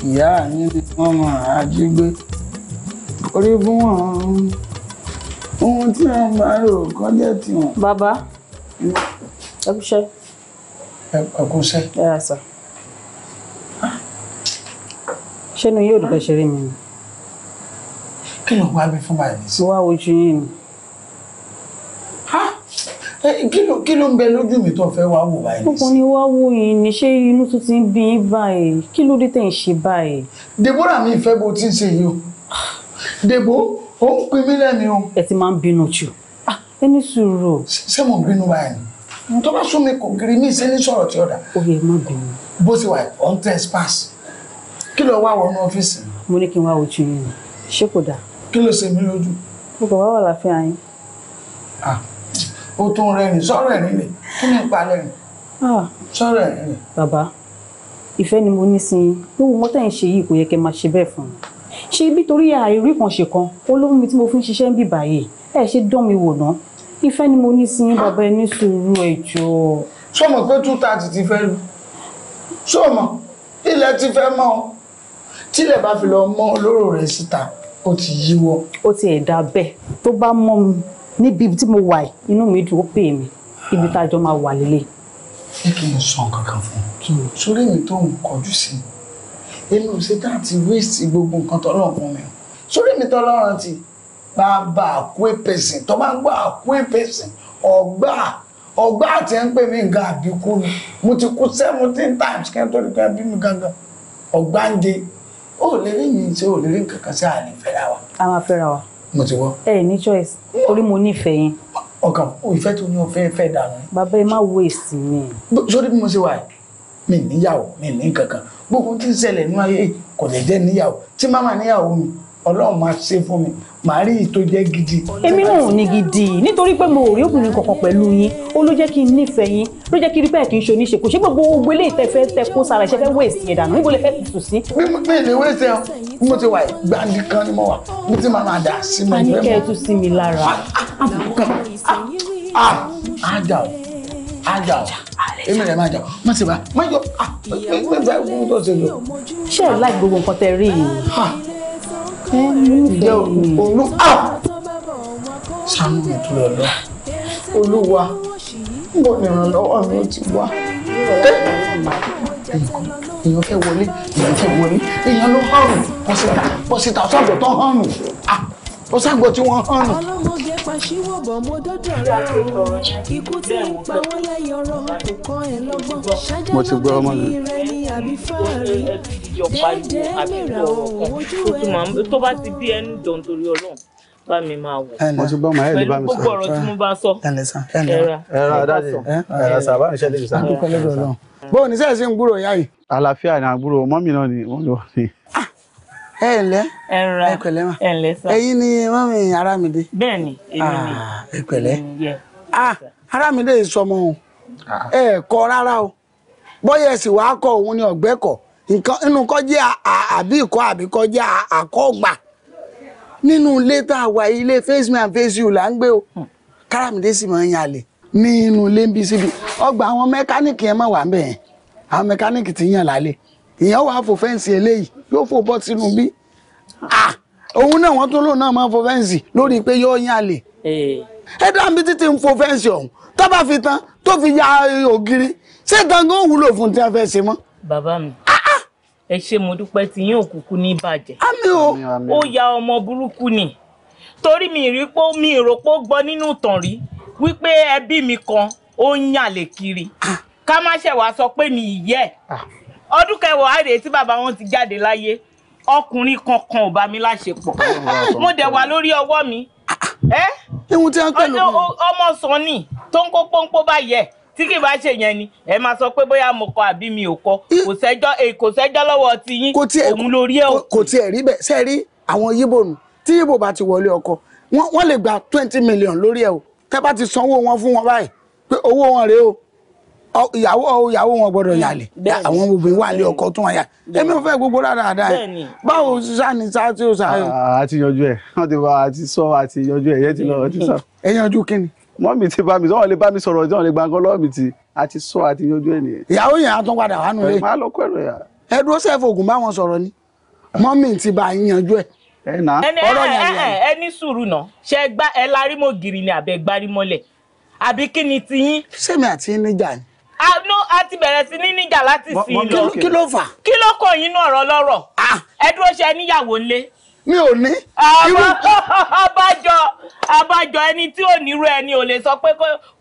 ìyá mi ni wọ́n máa ajígbé orí fún wọn ohun tí wọ́n bá rò kọjá tiwọn. bàbá ẹ kú iṣẹ́. ẹ kú iṣẹ́. ṣé inú yóò dùn bẹ́ẹ̀ mi ni kí ló wá bí fún báyìí sí. wá ojú yín ni. kí ló ń bẹ lójú mi tó fẹ́ wá wò báyìí sí. ọkùnrin wá wò yín ni ṣé inú tó ti ń bí yín báyìí kí ló dé tẹ̀ ṣe báyìí. Deborah mi fẹ́ bó ti ń ṣe yìí o Debo ó ń pin mí lẹ́nu o. ẹ ti máa ń bínú jù ẹni sùúrù. ṣé mo bínú báyìí tó bá sún mi kò kiri mí sẹ́ni sọ̀rọ̀ tí ó dà. ó yẹ má bínú. bó ti wà on trespass kí ló wá wọnú ọ́fíìsì. mo ní kí n wá ojú yín ṣé kò dáa kí ló ṣe mí lójú. mo kàn wá wà láfíà yín. ó tún rẹ́rìn sọ̀rọ̀ ẹ̀rín rẹ̀ kí ni ipa lẹ́rìn sọ̀rọ̀ ẹ̀rín rẹ̀. bàbá ìfẹ́ ni mo ní sí i wíwú mọ́tẹ́ ń ṣe yìí kò yẹ kẹ́ máa ṣe bẹ́ẹ̀ fún un ṣé bí torí àìrí kan ṣe kan olóhùn mi tí mo fi ń ṣiṣẹ́ ń bì báyìí ẹ ṣe dán mi wò ná ìfẹ́ ni mo ní sí i bàbá ẹni sùúrù ẹ jọ. sọmọ pé two thirty ti fẹ́ lu sọmọ ilẹ̀ ti fẹ́ mọ́ ọ tílẹ̀ bá fi lọ mọ́ olóró rẹ̀ síta ó ti yíwọ́. ó ti ẹ̀ dá bẹ́ẹ̀ tó bá mọ́ mi níbi tí mo wà yìí inú mi dùn ó pè mí ibi tá a jọ máa wà lélẹ̀. ṣé kí n sọ nǹkan kan fún un. sórí èmi tó ń kọjú sí i èmi ò ṣe dáàtì wíìsì gbogbo nǹkan tó lọ́ọ̀ fún mi sórí èmi tó lọ́ọ̀rán ti bá a bá a kú èpèsè tó bá ń gbọ́ a kú èpèsè ọgbà ọgbà àti ẹ̀ ń pè mí nǹkan àbíkú ni mo ti kú seventeen times kí n tó di pé bí mi gangan ọgbà ń de o lè rí yìí ṣé ò lè rí nǹkan kan sí àní fẹ́ra wa. a máa fẹ́ra wa. mo ti wọ́. ẹ ní choice torí mo nífẹ̀ẹ́ yín. ọkàn ìfẹ́ tó ní ọ̀fẹ́ fẹ́ dànù. bàbá ẹ má waste mi. sórí bí mo ṣe wà yìí mi níyàwó mi ní kankan gbogbo tí ń ṣẹlẹ̀ nínú ayé kò lè jẹ́ níyàwó tí má máa níyàwó mi ọlọ́run máa ṣe fún mi màá rí ìtò jẹ́ gidi. èmi náà ò ní gidi nítorí pé mo ò rí obìnrin kankan pẹ̀lú yín ó ló jẹ́ kí n nífẹ̀ẹ́ yín ló jẹ́ kí rí bẹ́ẹ̀ kì í ṣe oníṣe kò ṣe gbogbo owó ilé ìtẹ́fẹ́ tẹ kó sára ẹ̀ ṣe fẹ́ wéèsì yẹn dànù níbo lè fẹ́ tutù sí. mi ì lè wéèsì ẹ mo ti wà gbàǹdì kan ni mo wà mo ti máa máa dà sí mi. a ní kẹ́ ẹ tún sí mi lára. àjà o àjà o èmi rẹ̀ máa jà o má ti bá má yọ gbẹgbẹ gbogbo tó ṣe lò. ṣé ẹ láì gbogbo nǹkan tẹ rí yìí. ẹ tó lọ lọ olúwa bó ni ìrànlọ́wọ́ mi ti wá. èèyàn fẹ́ wọlé èèyàn fẹ́ wọlé èèyàn ló hànù pọ̀sìtà pọ̀sìtà sọ́dọ̀ tó hànù ó ságbó tí wọ́n hànù. ọlọ́mọge pàṣíwò bọ̀ mo dọ́dọ̀ rẹ̀ o ikú tí ń pa wọ́n lẹ́yìn ọ̀rọ̀ kò kọ́ ẹ lọ́gbọ́n ṣáájú ọmọ mi rẹ ní àbí fáàrí déédéé mìíràn òun ojú ẹ̀ tó bá ti bí ẹnu dọ̀ ọlọ́run bá mi máa wò. mo ti gbọ́ màá yẹ lè bá mi sọ. pẹ̀lú gbogbo ọ̀rọ̀ tí mo bá sọ. ẹ̀rà ẹ̀rà dájú ẹ̀rà sábà ń ṣẹlẹ̀ ìsà. bóun ni àgbúrò mọ́mì náà ni wọ́n lọ sí. ẹ ǹlẹ́ ni mọ́mì Arámidé. bẹ́ẹ̀ni èmi ni. Ah, ẹ pẹ̀lẹ́ ah, Arámidé ìsọmọ o ah. ẹ kọ rárá o bóyá ẹ̀sìn wàá kọ òun ni ọ̀gbẹ́kọ̀ nǹkan inú kọjá àbí ìkọ àbí kọjá àkọ́gbà nínú ilé tá a wà ilé face me and face you là ń gbé o hmm. Kárámídé sì máa ń yàlẹ̀ nínú ilé ń bí síbi ọgbà àwọn mẹkáníìkì yẹn máa wà ń bẹ̀ yẹn àwọn mẹkáníìkì ti yàn lálẹ́ ìyẹn wàá fò fẹ́ǹsì eléyìí yóò fò bọ́ sínú bí òun náà wọ́n tún lòun náà máa fò fẹ́ǹsì lórí pé yóò yàlẹ̀ eh. ẹ dáhùn bí títí ń fò fẹ́ǹsì ọ̀hún tó bá fi tán tó fi ya ògiri ṣé ìtàn gan wúlò fún tí wọ́n fẹ́ ṣe mọ́. bàbá mi ẹ ṣe mo dúpẹ́ tí yín òkùnkù ní bàjẹ́. o. ó ya ọmọ burúkú ni torí mi rí pé mi rò pé ó gbọ́ nínú ìtàn rí wípé ẹbí mi kan ó ń yàlè kiri ká má ṣe wàá sọ pé mi ìyẹ́ ah. ọdún kẹwàá rèé tí bàbá wọn ti jáde láyé ọkùnrin kankan ò bá mi láṣepọ̀ mo dẹ̀ wà lórí ọwọ́ mi. Ah, ah. ẹ ohun tí a ń pè lóko. ọmọ sọ ni tó ń kó pọ́npọ́ báyẹn tí kì bá ṣe yẹn ni ẹ máa sọ pé bóyá mo kọ àbí mi ò kọ kò sẹ́jọ́ eh, kò sẹ́jọ́ lọ́wọ́ ti yín òun lórí ẹ̀ kò tiẹ̀ rí bẹ́ẹ̀ ṣe rí àwọn yíbò nù tí yíbò bá ti wọlé ọkọ wọ́n lè gba twenty million lórí ẹ̀ o tẹ́ bá ti sanwó wọn fún wọn báyìí pé owó wọn rèé o ìyàwó ìyàwó wọn gbọ́dọ̀ hmm, yàlẹ àwọn obìnrin wà lé ọkọ tó wọn yà èmi ò fẹ́ gbogbo dáadáa ẹ báwo sani sá tí ó sá. Ah, a ti yanjú ẹ wọn ti sọ a yanjú ẹ yẹn ti lọ ọ sọ. ẹ yanjú kí ni mọ́ mi ti bá mi sọ́wọ́n lè bá mi sọ̀rọ̀ sọ́wọ́n lè gba nǹkan lọ́wọ́ mi ti àti sọ àti yanjú ẹ̀ nìyẹn. ìyàwó yẹn á tún padà wá nulẹ̀. má lọ kẹrọ yà. ẹ dúró sẹ́ẹ̀fù ògùn bá wọn sọ̀rọ̀ ni mọ́ mi ti bá yín yanjú ẹ̀. ẹ nà ọ̀rọ̀ sùúrù náà ṣe gbá ẹ larí mọ́ gírí ni àbẹ gbárí mọ́lẹ̀ àbí kí ni tiyín. sẹ́mi àti níjà ni. àná a ti bẹ̀rẹ̀ sí ní níjà láti sí i lọ. kí ló fà. kí ló kọ yín náà rọ lọ́rọ̀. Ah. ẹ dúró ṣe mi ò ní. àbájọ àbájọ ẹni tí ò nírú ẹni ò lè sọ pé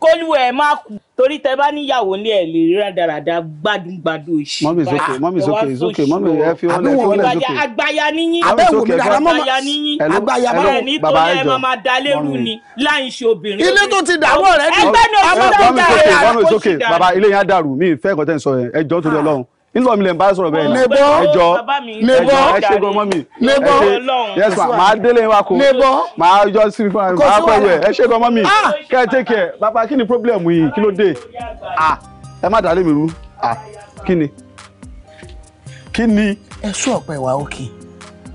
kólú ẹ má kú torí tẹ bá níyàwó ní ẹ lè rí rádaràda gbádùngbádùn òṣì. mọ́mí ìsókè mọ́mí ìsókè ìsókè mọ́mí ẹ fi wọ́n lẹ fi wọ́n lẹ sókè. àgbáyà níyìn àbẹ̀wò mi rárá mọ́ àgbáyà níyìn àgbáyà bá rẹ̀ nítorí ẹ máa máa da lérú ni láì ṣe obìnrin. ilé tó ti dàrú ọ̀rẹ́ ni. ẹgbẹ́ ni òkúta ìjà rẹ̀ àkóṣì dàrú. mọ́mí ìsókè bàbá ilé yẹn á dàrú mi ìfẹ́ ìkọ́tẹ́ ń sọ yẹn ẹjọ́ torí ah. Ọlọ́run nílò mi lè bá sọ̀rọ̀ bẹ́ẹ̀ náà ẹjọ́ ẹjọ́ ẹ ṣe gan mi ẹ ṣe yes ma máa délé wa kó máa yọ sí fún mi máa pẹ̀lú ẹ ẹ ṣe mi ah. kẹ́ ẹ take care bàbá kí ni problem yìí kí ló dé ah, ẹ má dàlé mi rú ah, kí ni kí ni. ẹ sún ọ̀pẹ wà òkè.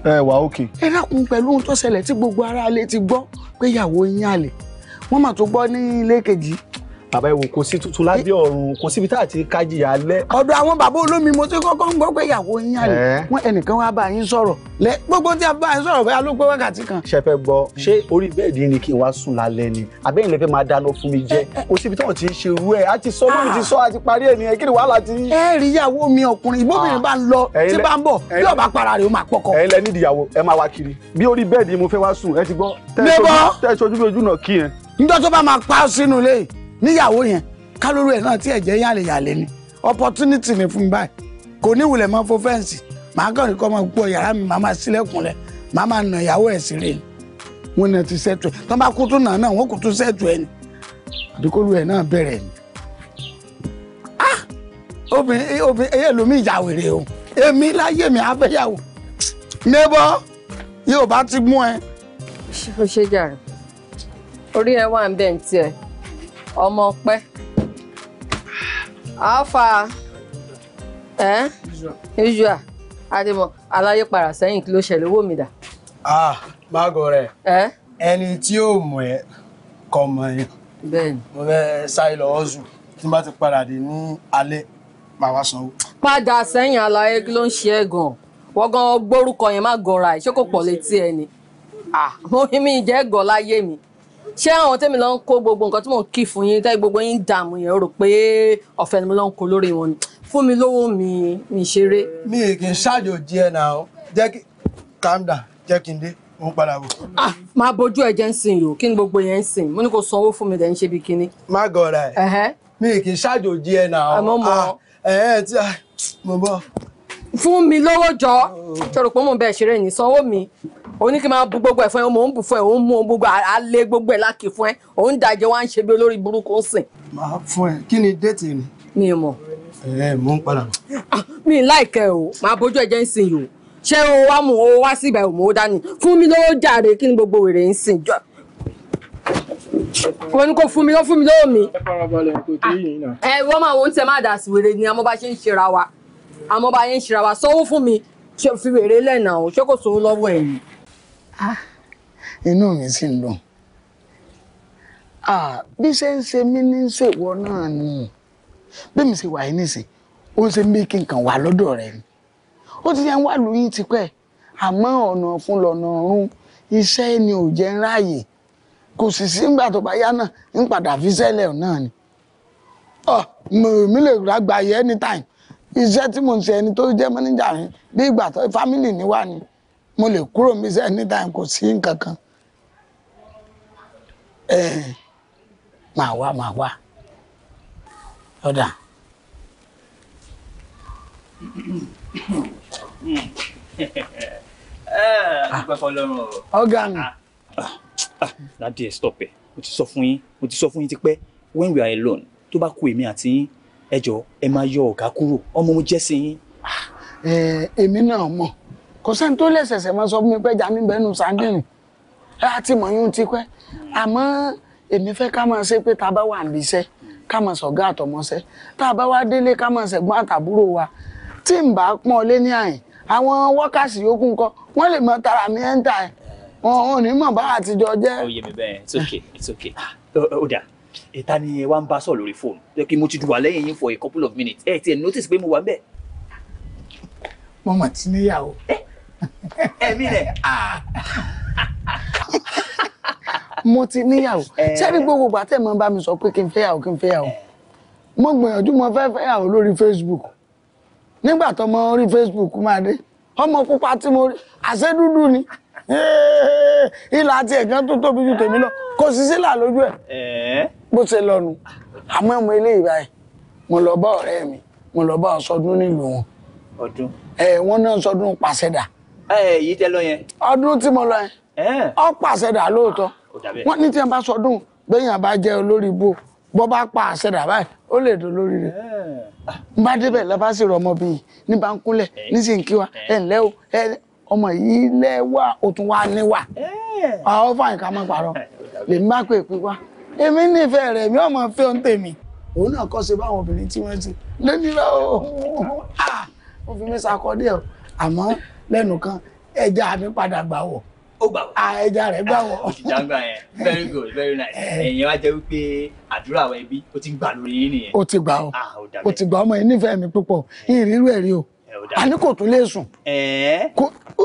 ẹ wà òkè. ẹ dákun pẹ̀lú ohun tó ṣẹlẹ̀ tí gbogbo aráalé ti gbọ́ pé ìyàwó yín àlè wọ́n mà tó gbọ́ ní ilé kejì bàbá ìwò kò sí tuntun lábẹ́ ọ̀run kò síbi tá a ti kájìyà alẹ́. ọ̀dọ̀ àwọn bàbá olómi mo ti kọ́kọ́ ń gbọ́ pé ìyàwó yín àlè wọ́n ẹnìkan wá bá yín sọ̀rọ̀ lẹ gbogbo tí a bá yín sọ̀rọ̀ bóyá ló pé wákàtí kan. ṣe fẹ́ gbọ́ ṣé orí bẹ́ẹ̀dì ni kí n wá sùn lálẹ́ ni àbẹ́yìn lè máa dáná fún mi jẹ kò síbi tí wọ́n ti ń ṣe irú ẹ̀ á ti sọ mọ́ ti sọ àti parí ẹ̀ nìyẹn kí ni wàhálà ti. ẹ rí ìyàwó mi ọkùnrin ìbóbìnrin ah. bá ń lọ tí bá ń bọ̀ bí ọba para rẹ̀ ó máa pọkọ. ẹ lẹ nídìí ìyàwó ẹ máa wá kiri bí orí bẹ́ẹ̀dì mo fẹ́ wá sùn ẹ ti gbọ́ tẹ́ ẹ sojú bí ojú náà kí yẹn. nítorí níyàwó yẹn kálórì ẹ̀ náà tí ẹ̀jẹ̀ yàlẹ̀ yàlẹ̀ ni opportunity ni fún mi báyìí kò ní ìwúlẹ̀ mọ́ fún fẹ́ǹsì màá kàn ní kọ́ máa gbọ́ yàrá mi màá máa sílẹ̀kùn rẹ̀ màá máa nà ìyàwó ẹ̀ sí rẹ̀ wọn náà ti sẹ́tù ẹ̀ tọ́ bá kú tún nà náà wọn kò tún sẹ́tù ẹ̀ ni àbíkólú ẹ̀ náà bẹ̀rẹ̀ ni. ah obìnrin eh, obìnrin eyín eh, èlò mi ìyàwèrè o èmi láyé mi afẹ́yàwó nébọ́ yóò bá ti mú ẹ. ó ṣe jàre orí ẹ wà ń bẹ̀ ń tiẹ̀ ọmọ pẹ alpha ẹ usual ademo aláyé para sẹ́yìn kí ló ṣẹlẹ̀ owó mi dà. ah mago rẹ ẹni tí yóò mọ̀ ẹ́ kọ mọ yẹn bẹ́ẹ̀ni mo fẹ́ sáré lọ́wọ́ zù tí n bá ti padà dé ní alẹ́ màá wá sanwó. padà sẹ́yìn aláyé kí ló ń ṣe é gan wọ́n gan gbórúkọ yẹn má gọra ẹ̀ ṣé kò pọ̀ létí ẹ ni mo ah, mi jẹ́ gọ̀ láyé mi ṣé àwọn tẹ́mi lọ ń kó gbogbo nǹkan tí mò ń kí fún yín tẹ́ gbogbo yín dààmú yẹn rò pé ọ̀fẹ́ ni mo lọ ń kó lórí wọn ni fún mi lówó mi mi ṣeré. mi kì í ṣàjòjì ẹ nà ó jẹ́ kí calm down kí n dé mo ń padà bọ̀. ah máa bójú ẹ̀jẹ̀ ń sìn yòó kí ni gbogbo yẹn ń sìn mo ní kó sanwó fún mi dẹ̀ ń ṣe bí kinní. má gọ̀ọ́ra ẹ̀ mi kì í ṣàjòjì ẹ nà àmọ́ mọ́ ẹ̀ ẹ̀ tí mo bọ̀ fún mi lówó jọ ṣòro pé mò ń bẹ ṣeré ní sanwó mi òun ní kí n máa bu gbogbo ẹ̀ fún ẹ mò ń bù fún ẹ òun mú gbogbo alẹ́ gbogbo ẹ̀ láàkì fún ẹ òun dàjẹ́ wá ń ṣe bí olórí burúkú ń sìn. màá fún ẹ kí ni déètì ni. mi ò mọ. ẹ mò ń padà. Ah, mi láìkẹ o màá bójú ẹ jẹ ń sìn yìí o ṣé o wá mú o wá sí ibà òmò dání fún mi lówó jàre kí ni gbogbo wèrè ń sìn jọ wọ́n ní kò fún mi lọ fún mi lọ́wọ́ mi. Ah, ẹ wọ́n máa wo ń tẹ má dà sí wèrè ni àmọ́ bá ṣe ń ṣera wa àmọ́ bá yẹn ń ṣìra wa sanwó fún mi ṣe fi wèrè lẹ́nà o ṣé kò sówó lọ́wọ́ ẹ̀yìn. Ah, inú mi sì ń dùn ah, bí ṣe ń ṣe mí ní ṣèwọ náà ni bí mi ṣe wà yìí nìsín ó ń ṣe mí kí n kàn wà lọ́dọ̀ rẹ ni ó ti yẹ ń wà lóyún tipẹ́ àmọ́ ọ̀nà fún lọ́nà ọ̀run iṣẹ́ ni ò jẹ́ ráàyè kò sì sí ńgbà tó bá yá náà ń padà fi sẹ́lẹ̀ náà ni. Ah, mi ò mi lè rágbà anytime iṣẹ́ tí mo ń ṣe ẹni tó jẹ́ mọ́níjà yẹn bí ìgbà tó fámìlì ni wà ní mo lè kúrò mi sẹ́ ní time kò sí nǹkan kan màá wá màá wá ọ̀dà. Ah, ọ̀gá mi. Ah, ah, mo ti sọ fún yín ti pẹ́ when we are alone tó bá kú èmi àti yín ẹ jọ ẹ máa yọ ọ̀gá kúrò ọmọ mo jẹ́ sí yín. èmi náà mọ̀ kò sẹ́ni tó lè ṣẹ̀ṣẹ̀ máa sọ fún mi pé Jamiu bẹ́ẹ̀ nù sandini láti mọ̀ yún ti pẹ́ àmọ́ èmi fẹ́ ká máa ṣe pé tá a bá wà níbi iṣẹ́ ká máa sọ̀gá àtọmọṣẹ́ tá a bá wá délé ká máa ṣẹ̀gbọ́n àtàbúrò wa tí n bá pọ́n ọ lé ní àyìn àwọn wọ́kàsì yòókù ńkọ́ wọ́n lè mọ tara mi ẹ̀ ń ta ẹ̀ wọn ò ní mọ̀ bá àtijọ́ jẹ́. ó yé mi bẹ́ẹ̀ it's okay it's okay ah, ó dà ìta ni ẹ wá ń bá sọ lórí fóònù jẹ́ kí mo ti dùwà lẹ́yìn yín for a couple of minutes ẹ tiẹ̀ notice pé mo wà ń bẹ̀. mo mọ̀ tí níyàwó. ẹ̀mí rẹ̀ ah. mo ti níyàwó sẹ́ni gbogbo ìgbà tẹ̀ mọ́ bá mi sọ pé kí n fẹ́yàwó kí n fẹ́yàwó mo gbìyànjú mo fẹ́ fẹ́yàwó lórí Facebook nígbà tó mo rí Facebook máa dé ọmọ pupa tí mo rí àṣẹ dúdú ni ìlà àti ẹ̀gán tó tóbi ju tèmi lọ kò sí sílà lójú ẹ̀ bó ṣe lọ́nu àmọ́ ọmọ eléyìí báyìí mo lọ bá ọ̀rẹ́ mi mo lọ bá ọ sọdún nílùú wọn ọdún ẹ wọn náà sọdún pàṣẹdà. ẹ yìí tẹ lọ yẹn. ọdún tí mo lọ yẹn ọ pàṣẹdà lóòótọ́ ah, wọn ní tí wọn bá sọdún gbẹ̀yìn àbá jẹ́ olórí ibò bọ́ bá pa àṣẹdà báyìí ó lè dùn lórí rẹ̀ n bá débẹ̀ lọ́ba sì rọ ọmọ bíi ní bá ń kúnlẹ̀ ní sì ń kí wa ẹ̀ ǹlẹ́ o ọmọ yìí lẹ́wà ó tún wá níwà àwọn eh. fàyìn ká má parọ́ lèmi bá pè pé wá èmi nífẹ̀ẹ́ rẹ̀ mi ọmọ fẹ́ ohun tèmi òun náà kọ́ sí báwọn obìnrin tí wọ́n ti lónírọ̀ ó fi mí sakọ́dé ọ̀ àmọ́ lẹ́nu kan ẹja mi padà gbà wọ̀ ó gbà wọ. ẹja rẹ gbà wọ. ìjà yẹn very good very nice. Eh. ẹ̀yin wá jẹ́ wípé àdúrà àwọn ẹbí ó ti gbà lórí yín nìyẹn. ó ti gbà ah, ó ó ti gbà ọmọ yẹn nífẹ̀ẹ́ mi púpọ̀ ìrírú ẹ̀rí o àní kò tún lè sùn.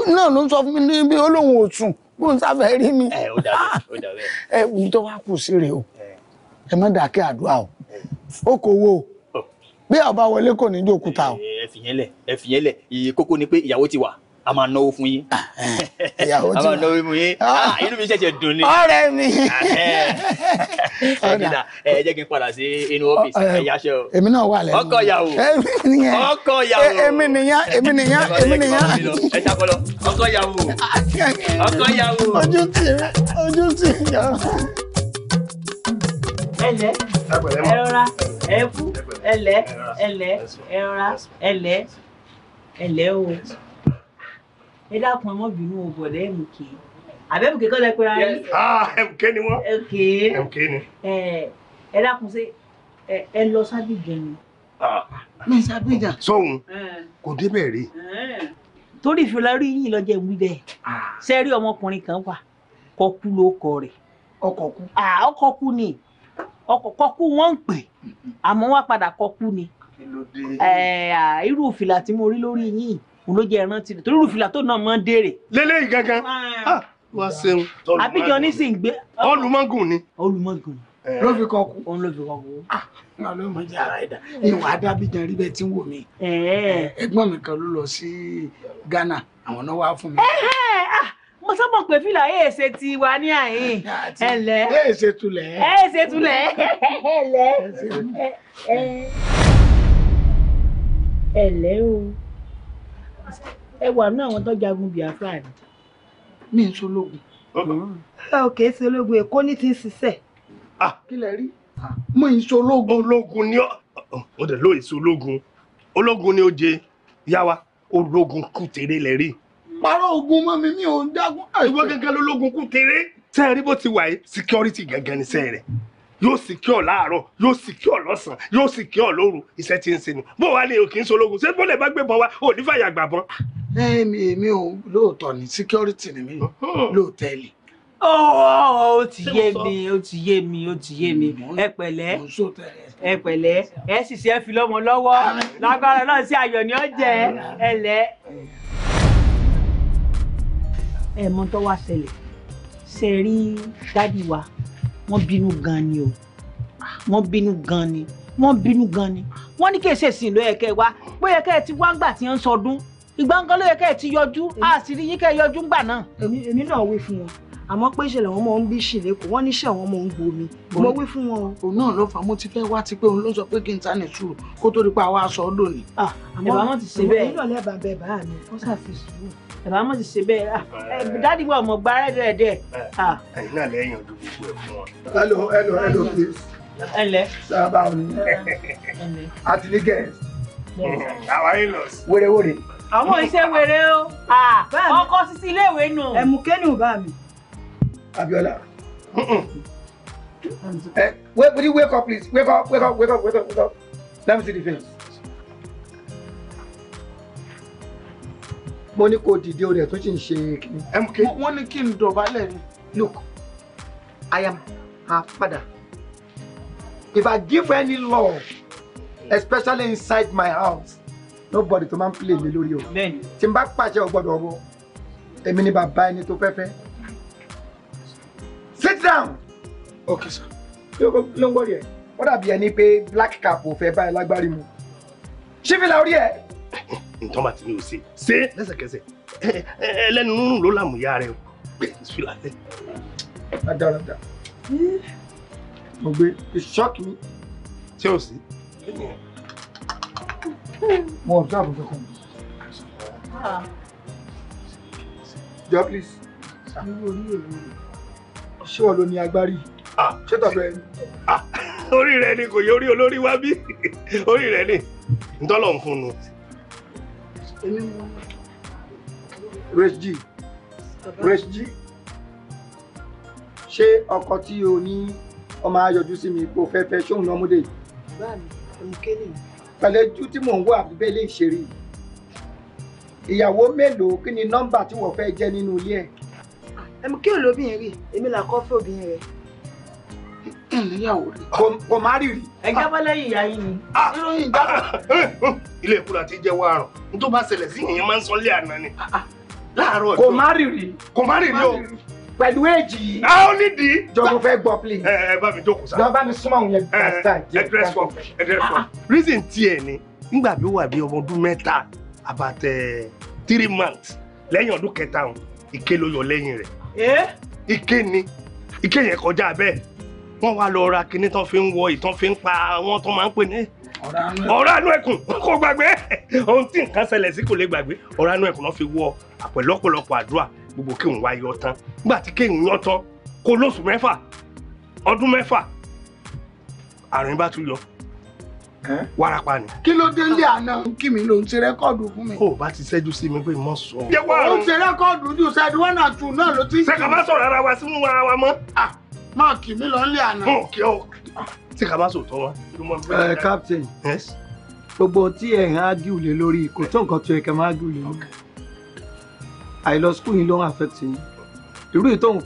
náà ló ń sọ fún mi ní bí olóhùn ò sùn bó ń sáfẹ́ rí mi. ẹ ah! ohun tó wá kù sí rèé o ẹ má dàkẹ́ àdúrà o ó o oh. bí ọba wọlé kò ní í jòkúta o. ẹ fìyẹn lẹ ẹ fìyẹn lẹ iye kókó ni pé ìyàwó ti wà a máa náwó fún yín. Ah, eh, ìyàwó ti wà a máa náwó fún yín ah! inú mi ṣẹ̀ṣẹ̀ dùn ni. ọ̀rẹ́ mi. Eh. ẹ̀dínà ẹ jẹ́ kí n padà sí inú ọ́fíìsì ẹ̀yáṣẹ́ o. èmi náà wà lẹ́nu ọkọ ìyàwó ọkọ ìyàwó èmi nìyàn èmi nìyàn èmi nìyàn. ẹ ṣàkọlọ ọkọ ìyàwó ọkọ ìyàwó. ojú tì ojú tì yà. ẹlẹ ẹrọra ẹkú ẹlẹ ẹlẹ ẹrọra ẹlẹ ẹlẹ o ẹ dákun ẹ mọ bínú o bọ̀dẹ́ mú kì í àbẹ́bùkẹ́ kọ́ lẹ pé ara yín. Ah, ẹ̀bùkẹ́ ni wọ́n ẹ̀bùkẹ́ ni. ẹ dákun sí ẹ lọ sábìjà ni. ní ah. sábìjà. sóhun kò débẹ̀ rí. torí ìfìlà rí yìí lọ́jọ́ ìwí bẹ́ẹ̀ sẹ́rí ah. ọmọkùnrin kan wà kọ́ kú ló kọ rẹ̀. ọkọ̀ kú. ọkọ̀ kú ni ọkọ̀ kọ́kú wọ́n ń pè àmọ́ wá padà kọ́kú ni. irú ìfìlà tí mo rí lórí yìí òun ló jẹ́ ìrántí rẹ̀ torí irú ìfìlà tó náà máa ń dèrè. lélẹ́yìn gangan wá ṣeun. àbíjọ nísìn gbé. olùmọ̀gùn ni. olùmọ̀gùn ni. ló fi kọ kú. òun ló fi kọ kú. náà ah, ló mọ jẹ ara ẹ̀dá ìwà adábíjan rí bẹ́ẹ̀ tí ń wò mí. ẹ̀gbọ́n mi kan ló lọ sí Ghana àwọn náà wá fún mi ah, mo sábà pé fìlà ẹ̀ ṣe ti wà ní àyín ẹ̀lẹ́ ẹ̀ ṣe tulẹ̀ ẹ̀ ṣe tulẹ̀ ẹ̀lẹ́ ẹ̀lẹ́ o ẹ wà ní àwọn tó jagun Biafra ni mi ń sológun. ok sológun ah, èkó ní ti ń ṣiṣẹ́. Ah. kí lẹ rí. mo ń sológun. ológun ni ọ ọ dẹ lóye sológun ológun ni ó jẹ yáwa ológun kùtèrè lẹ rí. parọ́ ogun mọ́ mi mi ò ń dágun. ìwọ gẹ́gẹ́ lológun kùtèrè. sẹ́ẹ̀rí bó ti wà yìí security gẹ́gẹ́ ni sẹ́ẹ̀rẹ̀ yóò sì kí ọ láàárọ̀ yóò sì kí ọ lọ́sàn yóò sì kí ọ lóru iṣẹ́ tí ń ṣe ni bó wàá ní òkè ń sológun ṣé bọ́lẹ̀ bá gbébọn wá ò ní fàyà gbàbọn. èmi èmi ò lóòótọ́ ni security ni mi oh. lóòtẹ́ẹ̀lì. ó ó ti yé mi ó ti yé mi ó ti yé mi ẹ pẹ̀lẹ́ ẹ pẹ̀lẹ́ ẹ sì ṣe é fi lọ́mọ lọ́wọ́ lágbára náà sí ayọ̀ ni ó jẹ ẹ lẹ́. ẹ mọ tó wá ṣẹlẹ̀ ṣe rí dádì wa wọ́n bínú gan ni o wọ́n bínú gan ni wọ́n bínú gan ni wọ́n ní kèsì èsì ló yẹ kẹ́ wá bó yẹ kẹ́ ẹ ti wá ńgbà tí ń sọdún ìgbà ńkan ló yẹ kẹ́ ẹ ti yọjú a sì rí yín kẹ́ ẹ yọjú ńgbà náà. èmi náà wí fún wọn àmọ́ pé ìṣẹ̀lẹ̀ wọn máa ń bí ìṣẹ̀lẹ̀ kò wọ́n níṣẹ́ wọn máa ń gbomi mo wí fún wọn. òun náà ló fà á mo ti fẹ́ wá ti pé òun ló sọ pé kí n tánì sùúrù kó tó di pa àwa aṣọ lónìí. Ah, àmọ́ ìbámu ti ṣe bẹ́ẹ̀. ìbámu ti ṣe bẹ́ẹ̀ bàbá mọ̀ sì ṣe bẹ́ẹ̀ ah, dáàdì wa ọmọ gba rẹ̀ dẹ̀ẹ̀dẹ̀. Ah. ẹ̀yin náà lẹ́yìn ọdún gbogbo ẹ̀ fún wọn. hello hello hello please. ẹ ǹlẹ́. sábà ò ní. àtìlẹ́gẹ̀. àwa yìí lọ sí. wérewére. àwọn iṣẹ́ wéré o ah, ọkọ sisi iléèwé nù. ẹ̀mú kẹ́nu bá mi. Abíọ́lá. Eh, wake up please wake up wake up wake up wake up let me see the face. mo ní kó dìde orí ẹ̀ tó sì ń ṣe kíni. wọ́n ní kí n dọ̀bálẹ̀ ni. look i am her father if i give any law especially inside my house nobody to máa play lé lórí o tí n bá pàṣẹ o gbọ́dọ̀ ọbọ èmi ni bàbá ẹni tó fẹ́ fẹ́ sit down. ok sir. ló ń wọ́rí ẹ̀ wọ́n dàbí ẹni pé black cap ò fẹ́ báyìí lágbárí mu ṣífìlà orí ẹ̀ nǹkan bá ti ní o ṣe ṣe lẹ́sẹ̀kẹsẹ̀ ẹlẹ́nu rúrùn ló làmú ìyá rẹ o gbé ìṣúlá tẹ. adarada mo gbé ìṣọ́ọ̀kì mi. ṣé o sí. mo ọ̀dọ́ àbùkù kan. Ah. jọ please. ṣé wọ́n lo ní agbárí? Ah. ṣé tọ́ fẹ́ ah. orí rẹ ni kò yẹ orí olórí wá bí orí rẹ ni ntọ́lọ̀ ń fún un èmi mú. resg resg ṣé ọkọ tí o ní ọmọ ayọjú sí mi kò fẹ́ fẹ́ ṣóun náà múdè. báà mi èmi kéde. pẹ̀lẹ́ ju tí mò ń wọ àbíbẹ́ lè ṣeré ìyàwó mélòó kí ni nọ́mbà tí wọ́n fẹ́ jẹ́ nínú ilé ẹ̀. Ah, ẹ̀mú kí olóbìnrin rí èmi là kọ́ obìnrin rẹ̀ ìníyàwó rí kò má rírì. ẹ jábọ́ lẹ́yìn ìyá yìí ni ìròyìn ah. jábọ́. Eh, oh, ilé ìkúra ti jẹ́ wá àrùn n tó bá ṣẹlẹ̀ sí yìnyín máa ń sọ lé àná ni. Ah, ah. láàárọ̀ kò má rírì. kò má rírì o pẹ̀lú èjì yìí. a ó ní di. jọ̀gùn fẹ́ gbọ́ plé. ẹ ẹ bá mi jókòó sá. bá mi súnmọ́ òun yẹn pásítà eh, eh, jẹ́. ẹ dress form ẹ dress form. reason tiẹ̀ ni nígbà bí ó wà bí ọmọ ọdún mẹ́ta about three months lẹ́yìn ọdún kẹta ìké ló yọ lẹ́yìn rẹ̀. ike ni ike yẹn kọjá bẹ́ẹ̀ tán wá lọ ra kinní tán fi ń wọ ìtàn fi ń pa wọn tán máa ń pè ní. ọ̀rọ̀ àánú ẹkùn kò gbàgbé ohun tí nǹkan ṣẹlẹ̀ sí kò lè gbàgbé ọ̀rọ̀ àánú ẹkùn náà fi wọ àpẹ̀lọ́pọ̀lọpọ̀ àdúrà gbogbo kéwòn wá yọ tán nígbà tí kéwòn yọ tán kó lóṣù mẹ́fà ọdún mẹ́fà àrùn bá tún yọ warapa ni. kí ló dé ilé àná kí mi ló ń ṣe rẹ́kọ̀dù fún mi. ó bá ti ṣẹ́jú sí mi pé mọ̀ sọ. ó ń ṣe rẹ́kọ̀dù jù ṣẹ́dúwọ́nà tù náà ló ti. sẹ́kà má sọ̀rọ̀ ara wa sínú ara wa mọ́. Ah má kì mí lọ nílé àná. òkè o tí ká bá sòótọ́ wọn. ẹ captain gbogbo tí ẹ ń ágìw lé lórí kò tó nǹkan tó yẹ kẹ máa ágìw lé lórí àìlọ skul yìí ló ń affect yín irú yìí tóun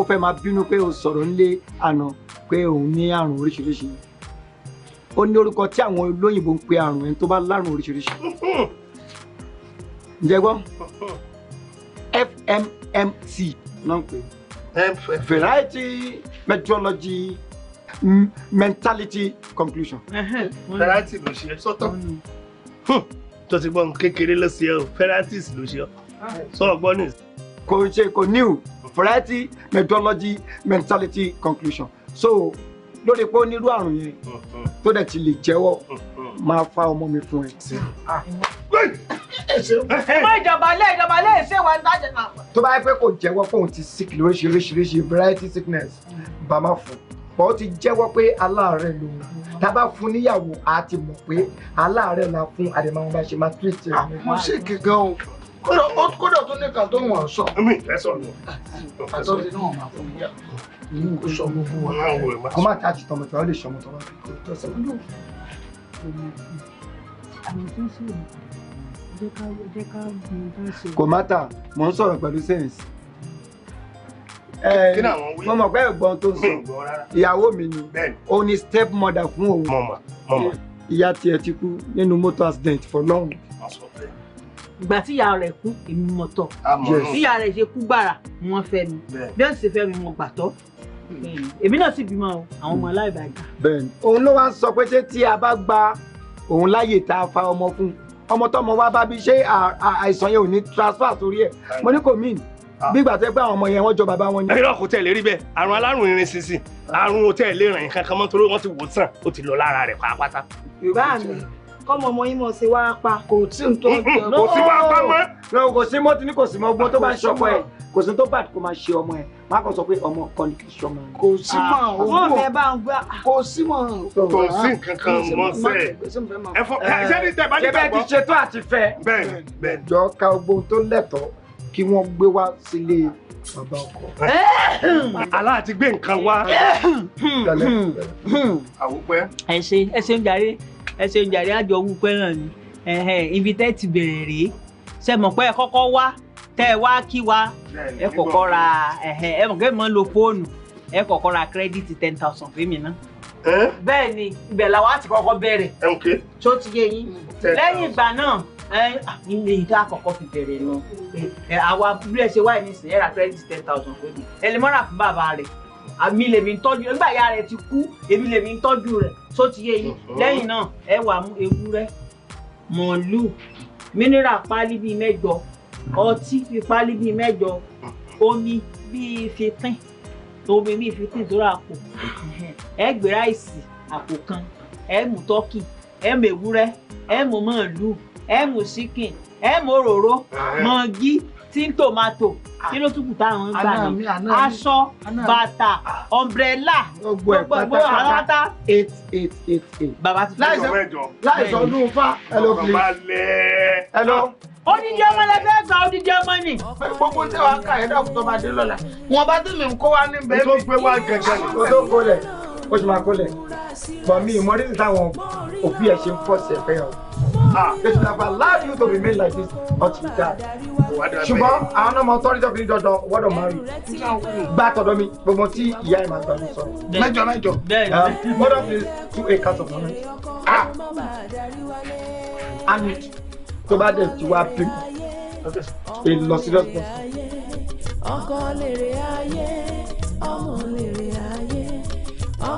ó fẹ́ máa bínú pé o sọ̀rọ̀ nílé àná pé òun ní àrùn oríṣiríṣi ó ní orúkọ tí àwọn olóyìnbó ń pe àrùn ẹni tó bá lárùn oríṣiríṣi ǹjẹ́ gbọ́ fmmc náà ń pè é variety, methodology, mentality, conclusion. Variety ló ṣe sọ́tọ̀. Tó ti gbọ́n kékeré ló ṣe ọ́, varieties ló ṣe ọ́. Ah. Sọ ọgbọ́n ní. Kò ṣe kò new variety, methodology, mentality, conclusion. So lórí pé ó nírú àrùn yẹn mm-hmm. tó dẹ̀ ti lè jẹ́wọ́ mm-hmm. máa fa ọmọ mi fún ẹ ṣe. ìmọ̀ ìjọba ilé ìjọba ilé ìṣe wa ní àjẹsà. tó bá yẹ pé kò jẹ́wọ́ fóun ti sick lóríṣiríṣiríṣi variety sickness bá má fún bọ́n ti jẹ́wọ́ pé aláàárẹ̀ ló ń tá a bá fún níyàwó a ti mọ̀ pé aláàárẹ̀ la fún àdèmọ̀ bá ṣe máa treat ẹ̀. àwọn ṣe kíkan o kódà tó ní kan tó wọ̀n sọ. mi ẹ sọ nù. àtọ́jú náà máa fún mi yà. inú kò sọ gbogbo wa. kó má ta àjùtọ̀ mọ̀tò àwọn lè sọ mọ̀tò wọn. àmì tó ń kò mátà mò ń sọ̀rọ̀ pẹ̀lú sense mo mọ̀ pé ẹ̀gbọ́n tó sọ ìyàwó mi ni ó ní step mother fún òun ìyá tiẹ̀ ti kú nínú motor accident for long. ìgbà tí ìyá rẹ̀ kú èmi mọ̀ tọ̀ bí ìyá rẹ̀ ṣe kú gbàrà wọ́n fẹ́ mi bí ó sì fẹ́ mi mo gbàtọ́ èmi náà sì bímọ o àwọn ọmọ aláìbàgà. bẹ́ẹ̀ni òun ló wá ń sọ pé ṣé tí a bá gba òun láyè tá a fa ọmọ fún un ọmọ tọmọ wa bá bí ṣé àìsàn yẹn ò ní transfer sórí ẹ mo ní kò mean ah. bí ìgbà tẹ pé àwọn ọmọ yẹn wọn jọ bàbá wọn ni. ẹ̀rọ kò tẹ̀lé rí bẹ́ẹ̀ àrùn alárùn irin sísìn àrùn ò tẹ̀lé kankan mọ́ torí wọ́n ti wò sàn ó ti lọ lára rẹ̀ pàápàá. yorùbá mi kọ́mọ ọmọ yín mọ̀ sí wá pa kò tí ń tó jẹ kó sí wá pa mọ́. lọ kò sí mọ́ tí ní kò sí mọ́ ọgbọ́n tó bá ń ṣe ọmọ ẹ̀ kò sí tó bá kò máa ṣe ọmọ ẹ̀ má kàn sọ pé ọmọ kan ní kì í ṣọmọ ẹ̀. kò sí mọ́ owó mi ẹ bá ń gbá. kò sí mọ́. kò sí nǹkan kan mọ́ sẹ́ ẹ fọ eh, ṣé ní tẹ̀bá ní tàbọ̀. ṣe tó àti fẹ́. bẹ́ẹ̀ eh, bẹ́ẹ̀. jọ ka ogbon tó lẹ́tọ̀ọ́ kí wọ́n gbé wá sílé bàbá ọkọ. aláà eh, ti gbé nǹkan wá. Hmm, hmm, hmm. ẹ ṣe ẹ ṣe ń jarí ẹ ṣe ń jàre àjọ owó pẹ́ràn ni ibi tẹ́ ti bẹ̀rẹ̀ rèé ṣe mọ̀ pé ẹ kọ́kọ́ wá tẹ́ ẹ wá kí wa ẹ kọ́kọ́ ra ẹ mọ̀ pé mo ń lo fóònù ẹ kọ́kọ́ ra kírẹ́dìtì ten thousand fèmí náà bẹ́ẹ̀ ni ibẹ̀ làwọn àti kọ́kọ́ bẹ̀rẹ̀ tó ti yé yín lẹ́yìn ìgbà náà ilé ìdá àkọ́kọ́ fi bẹ̀rẹ̀ nù àwa bí ẹ ṣe wáyé nísìnyí ẹ ra kírẹ́dìtì ten thousand fèmí ẹ lè mọ́ra fún bàbá rẹ̀ àmì lèmi ń tọ́jú nígbà ìyá rẹ̀ ti kú èmi lèmi ń tọ́jú rẹ̀ tó ti yé yín uh-huh. lẹ́yìn náà ẹ wá mú ewúrẹ́ mọ̀ọ́lù mínírà páálí bíi mẹ́jọ ọtí bíi páálí bíi mẹ́jọ omi bíi fitín omi bíi fitín tó rà pò ẹ gbé ráìsì àpò kan ẹ mú tọ́kì ẹ mú ewúrẹ́ ẹ mú mọ̀ọ́lù ẹ mú síkìn ẹ mú òróró mọ́gí tí ń tòmátò ah. kí ló túkù táwọn ń gbà ní aṣọ bàtà ọmbrẹ́là ah. gbogbo àlọ́tà eight eight eight eight. bàbá ti fẹ́ lọ mẹ́jọ láìsọ ọdún fa hello please hello. odidi ọmọ lẹfẹ sọ odidi ọmọ ni. gbogbo tí wàá kà yẹn dọ̀kú tó máa dé lọ́la wọn bá tún mi ń kó wa ní bẹ́ẹ̀ mi. o tó gbé wa gẹ̀gẹ̀ ni. o tó kó lẹ̀ o tó máa kó lẹ̀ bọ̀ mi ìmọ̀rírì táwọn òbí ẹ̀ ṣe ń pọ̀ sí ẹ̀fẹ́ yẹn o. Ah, they should have allowed you to remain like this but you die. ṣùgbọ́n àwọn ọmọ authority of religion wọ́dọ̀ máa rí gbá tọ̀dọ̀ mi gbogbo tí ìyá ẹ̀ máa gbà mí sọ. mẹ́jọ mẹ́jọ. wọ́dọ̀ fi um, two acres of land. Ah! and tó bá dẹ̀ tí wàá pín a lọ sí lọ́sibọ́sì. ọkọ lèrè ayé ọmọ lèrè.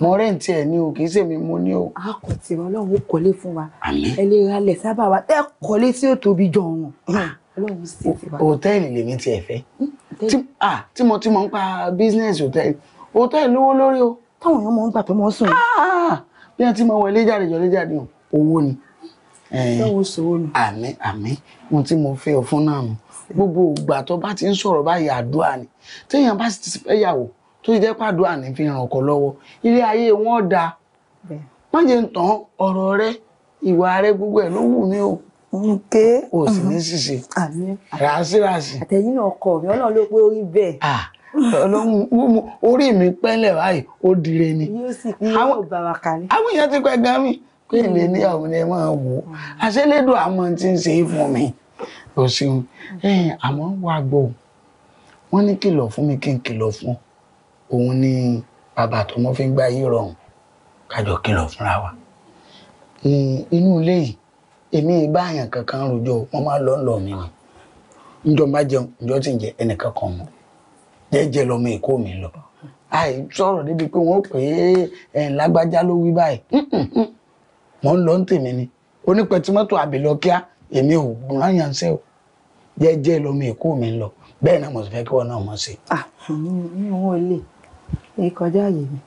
mo rẹ́ǹtì ẹ̀ ní o kì í ṣèmi mo ní o. a kò tí ọlọ́run ó kọ́lé fún wa ẹ lè ralẹ̀ sábà wa tẹ́ kọ́lé tí ó tóbi jọ wọn ah. ọlọ́run sì ti wá. hòtẹ́ẹ̀lì lèmi ti ẹ̀ fẹ́ hmm, tí mo ti mọ̀ ń pa business hòtẹ́ẹ̀lì hòtẹ́ẹ̀lì lówó lórí o. táwọn èèyàn mọ̀ ń gbà pé mo sùn. Ah, bí wọ́n ti mọ wọlé jáde jọlé jáde owó ni. Eh, lọ́wọ́ sọ̀rọ̀ nù. àmì àmì mo ti mo fẹ́ ọ fún náà nù gbogbo ìgbà tó bá ti ń sọ̀rọ̀ tó ti jẹ́ pàdúrà ní fi ràn ọkọ lọ́wọ́ ilé ayé wọn dáa má jẹ́ ń tàn ọ̀rọ̀ rẹ ìwà rẹ gbogbo ẹ̀ ló wù mí o nke o sì ní mhm. ṣìṣe ràásìràásì àtẹ̀yìn ọkọ mi Ọlọ́run ló pé orí bẹ́ẹ̀ orí mi pẹ́lẹ̀ báyìí ó dire ni àwọn èèyàn ti pẹ́ gan mi pé mhm. èlé ní àwọn ẹ máa wò ó mhm. àṣẹlédùn àmọ́ ti ń ṣe é fún mi o ṣeun àmọ́ wàá gbọ́ wọ́n ní kìlọ̀ fún mi kí n kìlọ̀ fún ọ òun ni bàbà tó mọ́ fi ń gbá yìí rọrùn kájọ kìlọ̀ fúnra wa hmm, inú ilé yìí èmi ìbá kankan rojọ́ wọ́n máa lọ́ mi ni njọ́ bá jẹun njọ́ tí kan mọ́ jẹ́jẹ́ lọ́mọ èkó mi lọ àì sọ̀rọ̀ débi pé wọn pè é lágbájá ló wí báyìí mọ̀ hmm, hmm, lọ ń tèmi ni èmi ò o èkó mi bẹ́ẹ̀ náà mo sì fẹ́ kí mọ̀ sí. ní kọjá yìí mi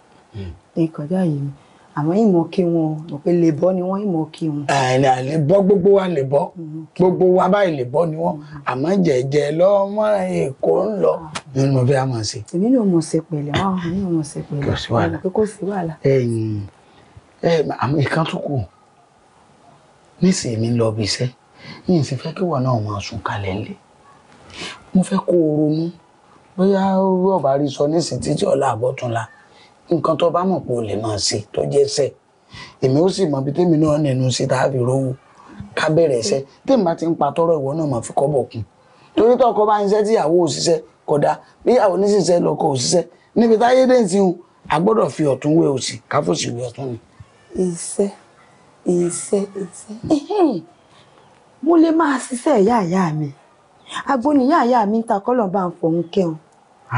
ní hmm. kọjá yìí mi àmọ́ ìmọ̀ kí wọn ò pé lè bọ́ ni wọ́n ìmọ̀ kí wọn. àìní àlè bọ́ gbogbo wa lè bọ́ hmm, gbogbo wa báyìí lè bọ́ ni wọ́n hmm. àmọ́ jẹ̀jẹ̀ lọ́mọ èkó ń lọ ah. nínú mo fẹ́ àmọ̀ sí. èmi ni mo ṣe pẹ̀lẹ́ wọn mi ni mo ṣe pẹ̀lẹ́ kò sí wàhálà kò sí wàhálà. ẹ̀yin ẹ àmọ́ ìkan tó kù nísìnyí mi lọ bí iṣẹ́ yìí sì fẹ́ kí wọn náà máa sùn kalẹ̀ lé mo fẹ́ kó o ronú bóyá ọba rí sọ nísìnyí títí ọ̀la àbọ̀túnla nǹkan tó bá mọ̀ pé o lè máa ṣe tó jẹ́ sẹ́ èmi ó sì mọ ibi tèmi náà nínú sí tá a fi rówó ká bẹ̀rẹ̀ iṣẹ́ tèmi bá ti ń pa tọrọ ìwọ náà máa fi kọ́bọ̀ kún torí tọkọ bá ń ṣe tíyàwó òṣìṣẹ́ kódà bíyàwó níṣìṣẹ́ lọkọ òṣìṣẹ́ níbi táyé dé ti hùn a gbọ́dọ̀ fi ọ̀tún wé òsì káfòsì wé ọ̀tún ni. iṣẹ́ iṣẹ́ iṣẹ́ mo lè máa ṣiṣẹ́ ìyá ìyá mi agbóni ìyá ìyá mi ń ta kọ́lọ̀ bá ń fọ̀hún kẹ́hùn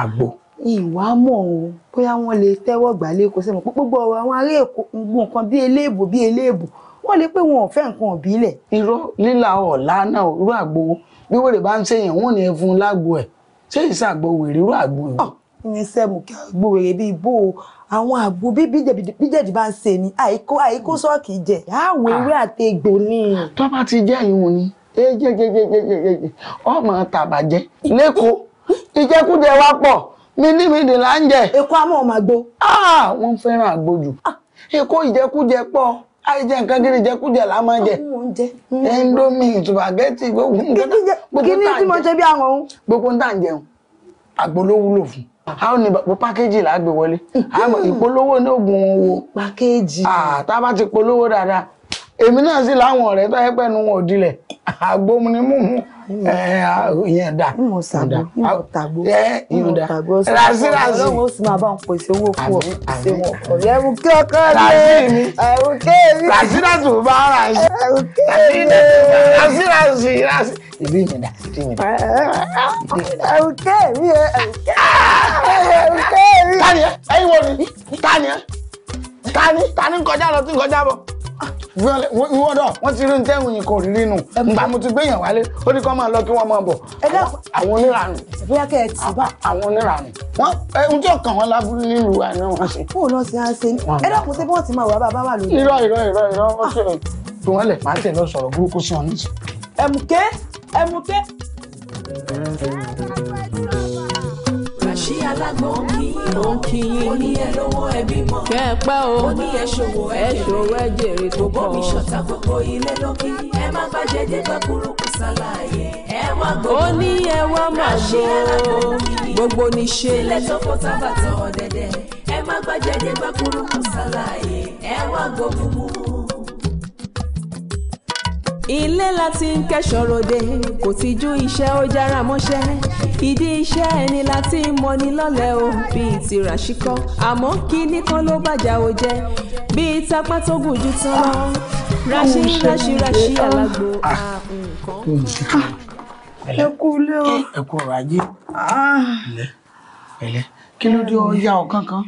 àgbo. ìwà mọ̀ o bóyá wọ́n lè tẹ́wọ́ gbà lẹ́kọ̀ọ́ sẹ́wọ̀n pé gbogbo ọ̀rọ̀ àwọn ará èkó gbogbo nǹkan bíi eléèbò bíi eléèbò wọ́n lè pé wọn ò fẹ́ nǹkan ìbílẹ̀. irọ́ líla ọ̀la náà irú àgbo bí wèrè bá ń ṣèyàn wọn ni ẹ fún un lágbo ẹ̀ ṣé ìṣàgbo wèrè irú àgbo ìwọ ah, ní sẹ́mu kí àgbo wèrè bíi bó o àwọn àgbo bí bíjẹ̀dì bá ń ṣe ni àìkó àìkó sọ́ọ̀kì jẹ àwọ̀ ewé ah ìjẹkújẹ wa pọ̀ mílímìlì là ń jẹ. èkó a máa máa gbó. Ah, wọ́n fẹ́ràn àgbo jù ah. èkó ìjẹkújẹ pọ̀ àìjẹ nǹkan gírí ìjẹkújẹ là máa jẹ. Hmm. indomie tùbàgẹ́tì gbogbo nǹkan tá à ń jẹun. kí ni tí mo ṣe bí àwọn ohun. gbogbo nǹkan tá à ń jẹun àgbo ló wúlò fún a ó ní pákéjì là á gbé wọlé àmọ́ hmm. ìpolówó ní oògùn owó. pákéjì. Ah, tá a bá ti polówó dáadáa èmi náà sì láwọn ọ̀rẹ́ tó yẹ pẹ́nu wọn ò dilẹ̀ àgbomu ni mímú ìyẹn dà. ìmọ̀ sàgbó ìmọ̀ tàgbó ìmọ̀ tàgbó rasi rasi. ọlọ́run ó sì máa bá wọn pèsè owó kú ọ pèsè wọn kọ lẹ́rù kẹ́kọ́ ni ẹ̀rù kéèmí. rasi rasi ò bá ara ṣe ẹ̀rù kéèmí rasi rasi rasi ìbí mi dà ìbí mi dà. ẹ̀rù kéèmí ẹ̀rù kéèmí. tani ẹ ẹyin wo ni tani ẹ tani tani ń kọjá lọ tí ń kọjá bọ̀ wọ́n dọ̀ wọ́n ti rí ní tẹ́hùn yìí kò rí rí nù nígbà mo ti gbéyàn wálé ó ní kó máa lọ kí wọ́n máa bọ̀ àwọn oníranù ah, àwọn oníranù wọ́n ohun tí ọkàn wọn lábúrú nílùú wa ni wọ́n ṣe. kó o lọ sí àṣẹ ẹ dọ́kun ṣé bí wọ́n ti máa wà bàbá wà lónìí. irọ́ irọ́ irọ́ irọ́ ah. wọ́n ṣe fi wọ́n lẹ̀ máa tẹ̀ lọ sọ̀rọ̀ burúkú sí ọ níṣẹ́. ẹ̀mùké ẹ̀mùké ṣí alágbọ̀n kí òun kí yín ó ní ẹ lówó ẹbí mọ́ kẹ́ ẹ pẹ́ o ó ní ẹ ṣòwò ẹ ṣòwò ẹ jèrè tó pọ̀ bómi ṣọ̀tà gbogbo ilé lókì ẹ má bàjẹ́ dé bá burúkú ṣàlàyé ẹ wá gbogbo ó ní ẹ wá má gbó gbogbo ní ṣe sílẹ̀ tó fọ́ tábàtàn ọ̀dẹ̀dẹ̀ ẹ má bàjẹ́ dé bá burúkú ṣàlàyé ẹ wá gbogbo ilé láti ń kẹ́ṣọ̀ kò ti ju iṣẹ́ ó jára mọ́ṣẹ́ ìdí iṣẹ́ ẹni láti ń mọni lọ́lẹ̀ o bíi tìrà ṣíkọ́ àmọ́ kinní kan ló bàjá o jẹ́ bíi tapá tó gùn ju tán lọ ráṣí ráṣí ráṣí alágbo nǹkan. ẹ kú ilé o ẹ kú ọrọ̀ ajé ah. ẹlẹ kí ló dé ọyá ọkàn kan.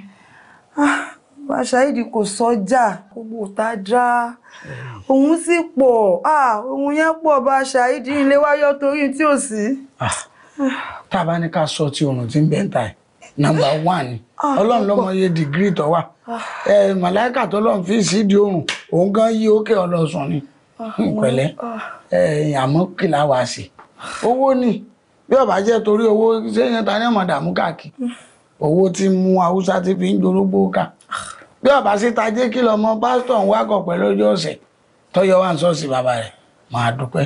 Ah, bàṣà ìdí kò sọjà gbogbo tá dá òun sì pọ̀ òun yẹn pọ̀ bá ṣàìdí ilé wáyọ torí tí ò sí. tá a bá ní ká sọ ti oòrùn tí ń bẹ ń ta ẹ̀ nọ́mbà wán ni ọlọ́run ló mọye dìgírì tó wà ẹ màláìkà tó lọ́n fi sídìí oòrùn òun gan yí òkè ọlọ́sùn ni pẹ̀lẹ́ àmọ́ kí la wá sí owó ni bí ọba jẹ́ torí owó sẹ́yìn ta ni ọmọ dààmú káàkiri mm. owó ti mú haúsá ti fi ń jorógbó ká ah. bí ọba sí tajé kí lọmọ pásítọ̀ ń wákọ̀ pẹ̀lú ọjọ́ ọ̀sẹ̀ tọ́yọ wà ń sọ́ọ̀sì bàbá rẹ̀ máa dúpẹ́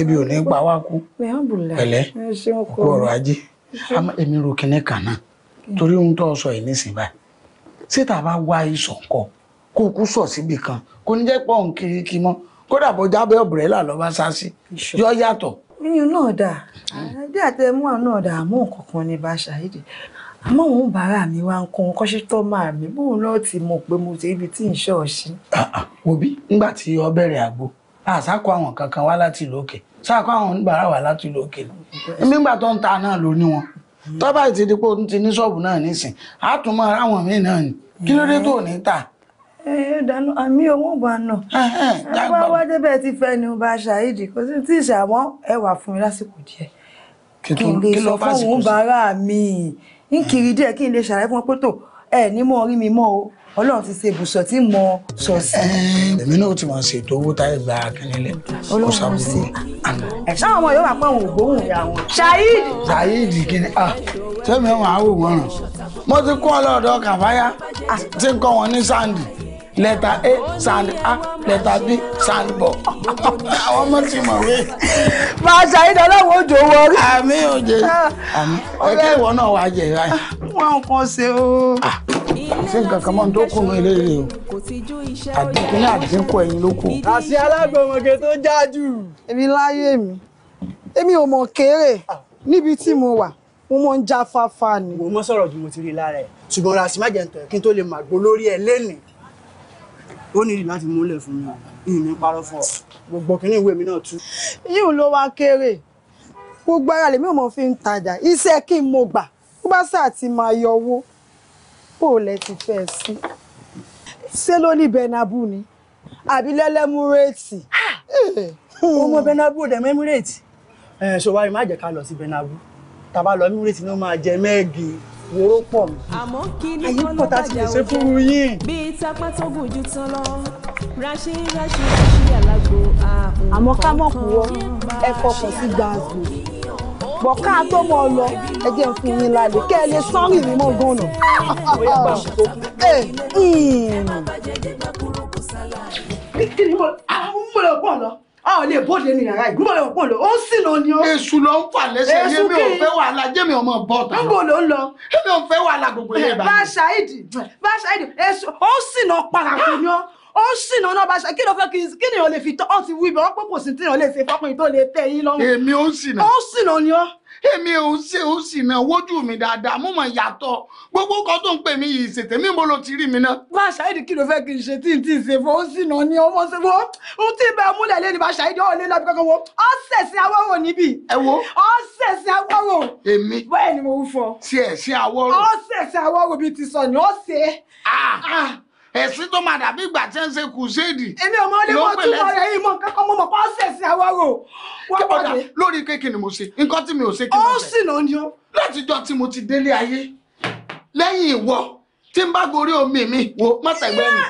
ebi ò ní pa wá kú pẹ̀lẹ́ kú ọ̀rọ̀ ajé èmi ro kinní kan náà torí ohun tó sọ yìí nísìnyí báyìí ṣé tá a bá wá ìṣọ̀kan kó kú sọ̀ síbì kan kò ní jẹ́ pọ̀ ń kiri kí mọ́ kódà bó jábẹ́ ọ̀bùrẹ́là lọ́ bá sá sí yọ yàtọ̀. iyùn náà dà dé àtẹmú náà dà àmú nǹkan ní bá ṣàyèdè àmọ́ òun bàárà mi wá ń kan kọ́sítọ́mà mi bóun náà ti mọ̀ pé mo ṣe ibi tí ń ṣọ́ọ̀ṣì. òbí ah, ah, nígbà tí ọ bẹ̀rẹ̀ àgbo àṣàkọ àwọn kankan wá láti ìlú òkè ṣàkọ àwọn oníbàárà wá láti ìlú òkè nígbà tó ń ta náà ló ní wọn tó bá ti di pé o ti ní ṣọ́ọ̀bù náà nísìn á tún mọ ara wọn míì náà ni kí ló dé tó ní ta. ìdáná àmì owó bá nà àwọn wá débẹ̀ ti fẹ́ ni bá ṣàìdì kò sí tí ìṣàwọ̀n ẹwà fún mi lásìkò díẹ̀ kí n lè sọ fún òun bàárà ń kiri díẹ̀ kí n lè ṣàlàyé fún ọ pé tó ẹ ní mọ́ orí mi mọ́ o ọlọ́run ti ṣe ibùsọ̀ tí mo sọ sí. èmi náà ti máa ṣètò owó táyé gba akínilẹ̀ kó sàbùkù. ẹ̀sán ọmọ yóò máa pọ̀ àwọn ògbóhùn ìyá wọn. Saheed. Saheed kìíní ah sẹ́mi ẹ̀wọ̀n àwòrán mo ti kọ́ ọ lọ́dọ̀ kàfáyà tí ń kọ́ wọn ní sáǹdì letter A sand A letter B sand bọ̀ àwọn ọmọ ti mọ̀ wé. máa ṣàyẹ̀dọ̀ ọlọ́run ó jò wọrí. àmì òjè ẹ kí ìwọ náà wàá jẹ ìwà yìí. wọn kàn ṣe o. ṣé nǹkan kan mọ́ tó kùnú eléyìí o àdínkù ní àdínkù ẹ̀yìn ló kù. àṣì alágbòmọ̀kẹ́ tó já jù. èmi láyé mi èmi ò mọ̀ kéré níbi tí mo wà mo mọ̀ ń já fáfá ni. mo mọ̀ sọ̀rọ̀ ju mo ti rí lára ẹ̀ ṣùgbọ́n ràṣì má jẹ́ ntọ̀ kí n tó lè màgbó lórí ẹ̀ lénìí ó nílì láti múlẹ̀ fún mi ìní parọ́ fún ọ gbogbo kínní ìwé mi náà tú. yíò ló wá kéré gbogbo ara lèmi ò mọ fi ń tajà iṣẹ́ kí n mo gbà bó bá sáà ti máa yọ owó bó lẹ ti fẹ́ sí ṣé ló ní benabu ni àbí lẹ́lẹ́múrèètì. Ah! ọmọ benabu dẹ̀ mẹ́múrèètì. ṣòwárí má jẹ́ ká lọ sí benabu tá a bá lọ mẹ́múrèètì ló máa jẹ mẹ́ẹ̀gì wòró pọ̀ mi. àmọ́ kí ní kọ́ ló bàjẹ́ òjò bíi tapá tó bùjú tán lọ ráṣí ráṣí ráṣí alágbo àhùn àmọ́ ká mọ̀ kú ọ ẹ fọkàn sí gbàgbó bọ̀ ká tó mọ̀ lọ ẹ jẹ́ fún yín lálẹ́ kẹ́ ẹ lè sọ́ọ̀rì ní mọ̀gànnà. kí ni mo mọ̀ lọ́pọ̀ lọ ọ lè bóde ní yàrá ìgbìmọ̀ lè pọ̀ lọ ó sì lọ ni ó. èṣù ló ń fà lẹ́sẹ̀ yé mi ò fẹ́ wàhálà jẹ́ mi ọmọ bọ́ ta. níbo ló ń lọ. èmi ò fẹ́ wàhálà gbogbo ilé ìbàdàn. bá a ṣàìdì bá a ṣàìdì èṣù ó sì lọ paraku ni ó ó ṣìnà náà bá ṣe kí ló fẹ́ kí kí ni ò lè fi tọ́ ọ ti wí bẹ́ẹ̀ wọ́n pé kò sí tí ò lè ṣe fọ́kùnrin tó lè tẹ̀ yín lọ́rùn. èmi ó ṣìnà. ó ṣìnà ni ó èmi ò ṣe ó sì náà wojú mi dáadáa mo mọ̀ yàtọ̀ gbogbo kan tó ń pè mí yìí ṣètè mí mo ló ti rí mi náà. bá a ṣàìdí kí ló fẹ́ kí n ṣe tí n tí ì ṣe fún ó ni ọmọ ṣe fún ó tí ì bẹ múlẹ̀ lẹ́nu bá ṣàìdí ọ̀ọ́ lé lọ́bí kankan wo ọ́ sẹ̀sìn awọ́rò níbí. ẹ wo ọ́ sẹ̀sìn awọ́rò. èmi bẹ́ẹ̀ ni mo ń fọ. ṣe ẹ̀ ṣe awọ́rò. ọ́ sẹ̀sìn awọ́rò bíi ti sọ ni ó ah ah ẹ̀sìn tó máa dàbí ìgbà tí ń ṣe kùséèdì. èmi ò mọ ilé wọn túbọ̀ rẹ̀ yìí mọ nǹkan kan mo mọ̀ kó ṣẹ̀sìn àwárò. wọ́n bọ̀ dé. lórí kéèkì ni mo ṣe nǹkan tí mi ò ṣe kí n bọ̀ ó sì nà ni ó. látijọ́ tí mo ti délé ayé lẹ́yìn ìwọ tí n bá gorí omi mi wo mọ́tẹ̀gbẹ́ mi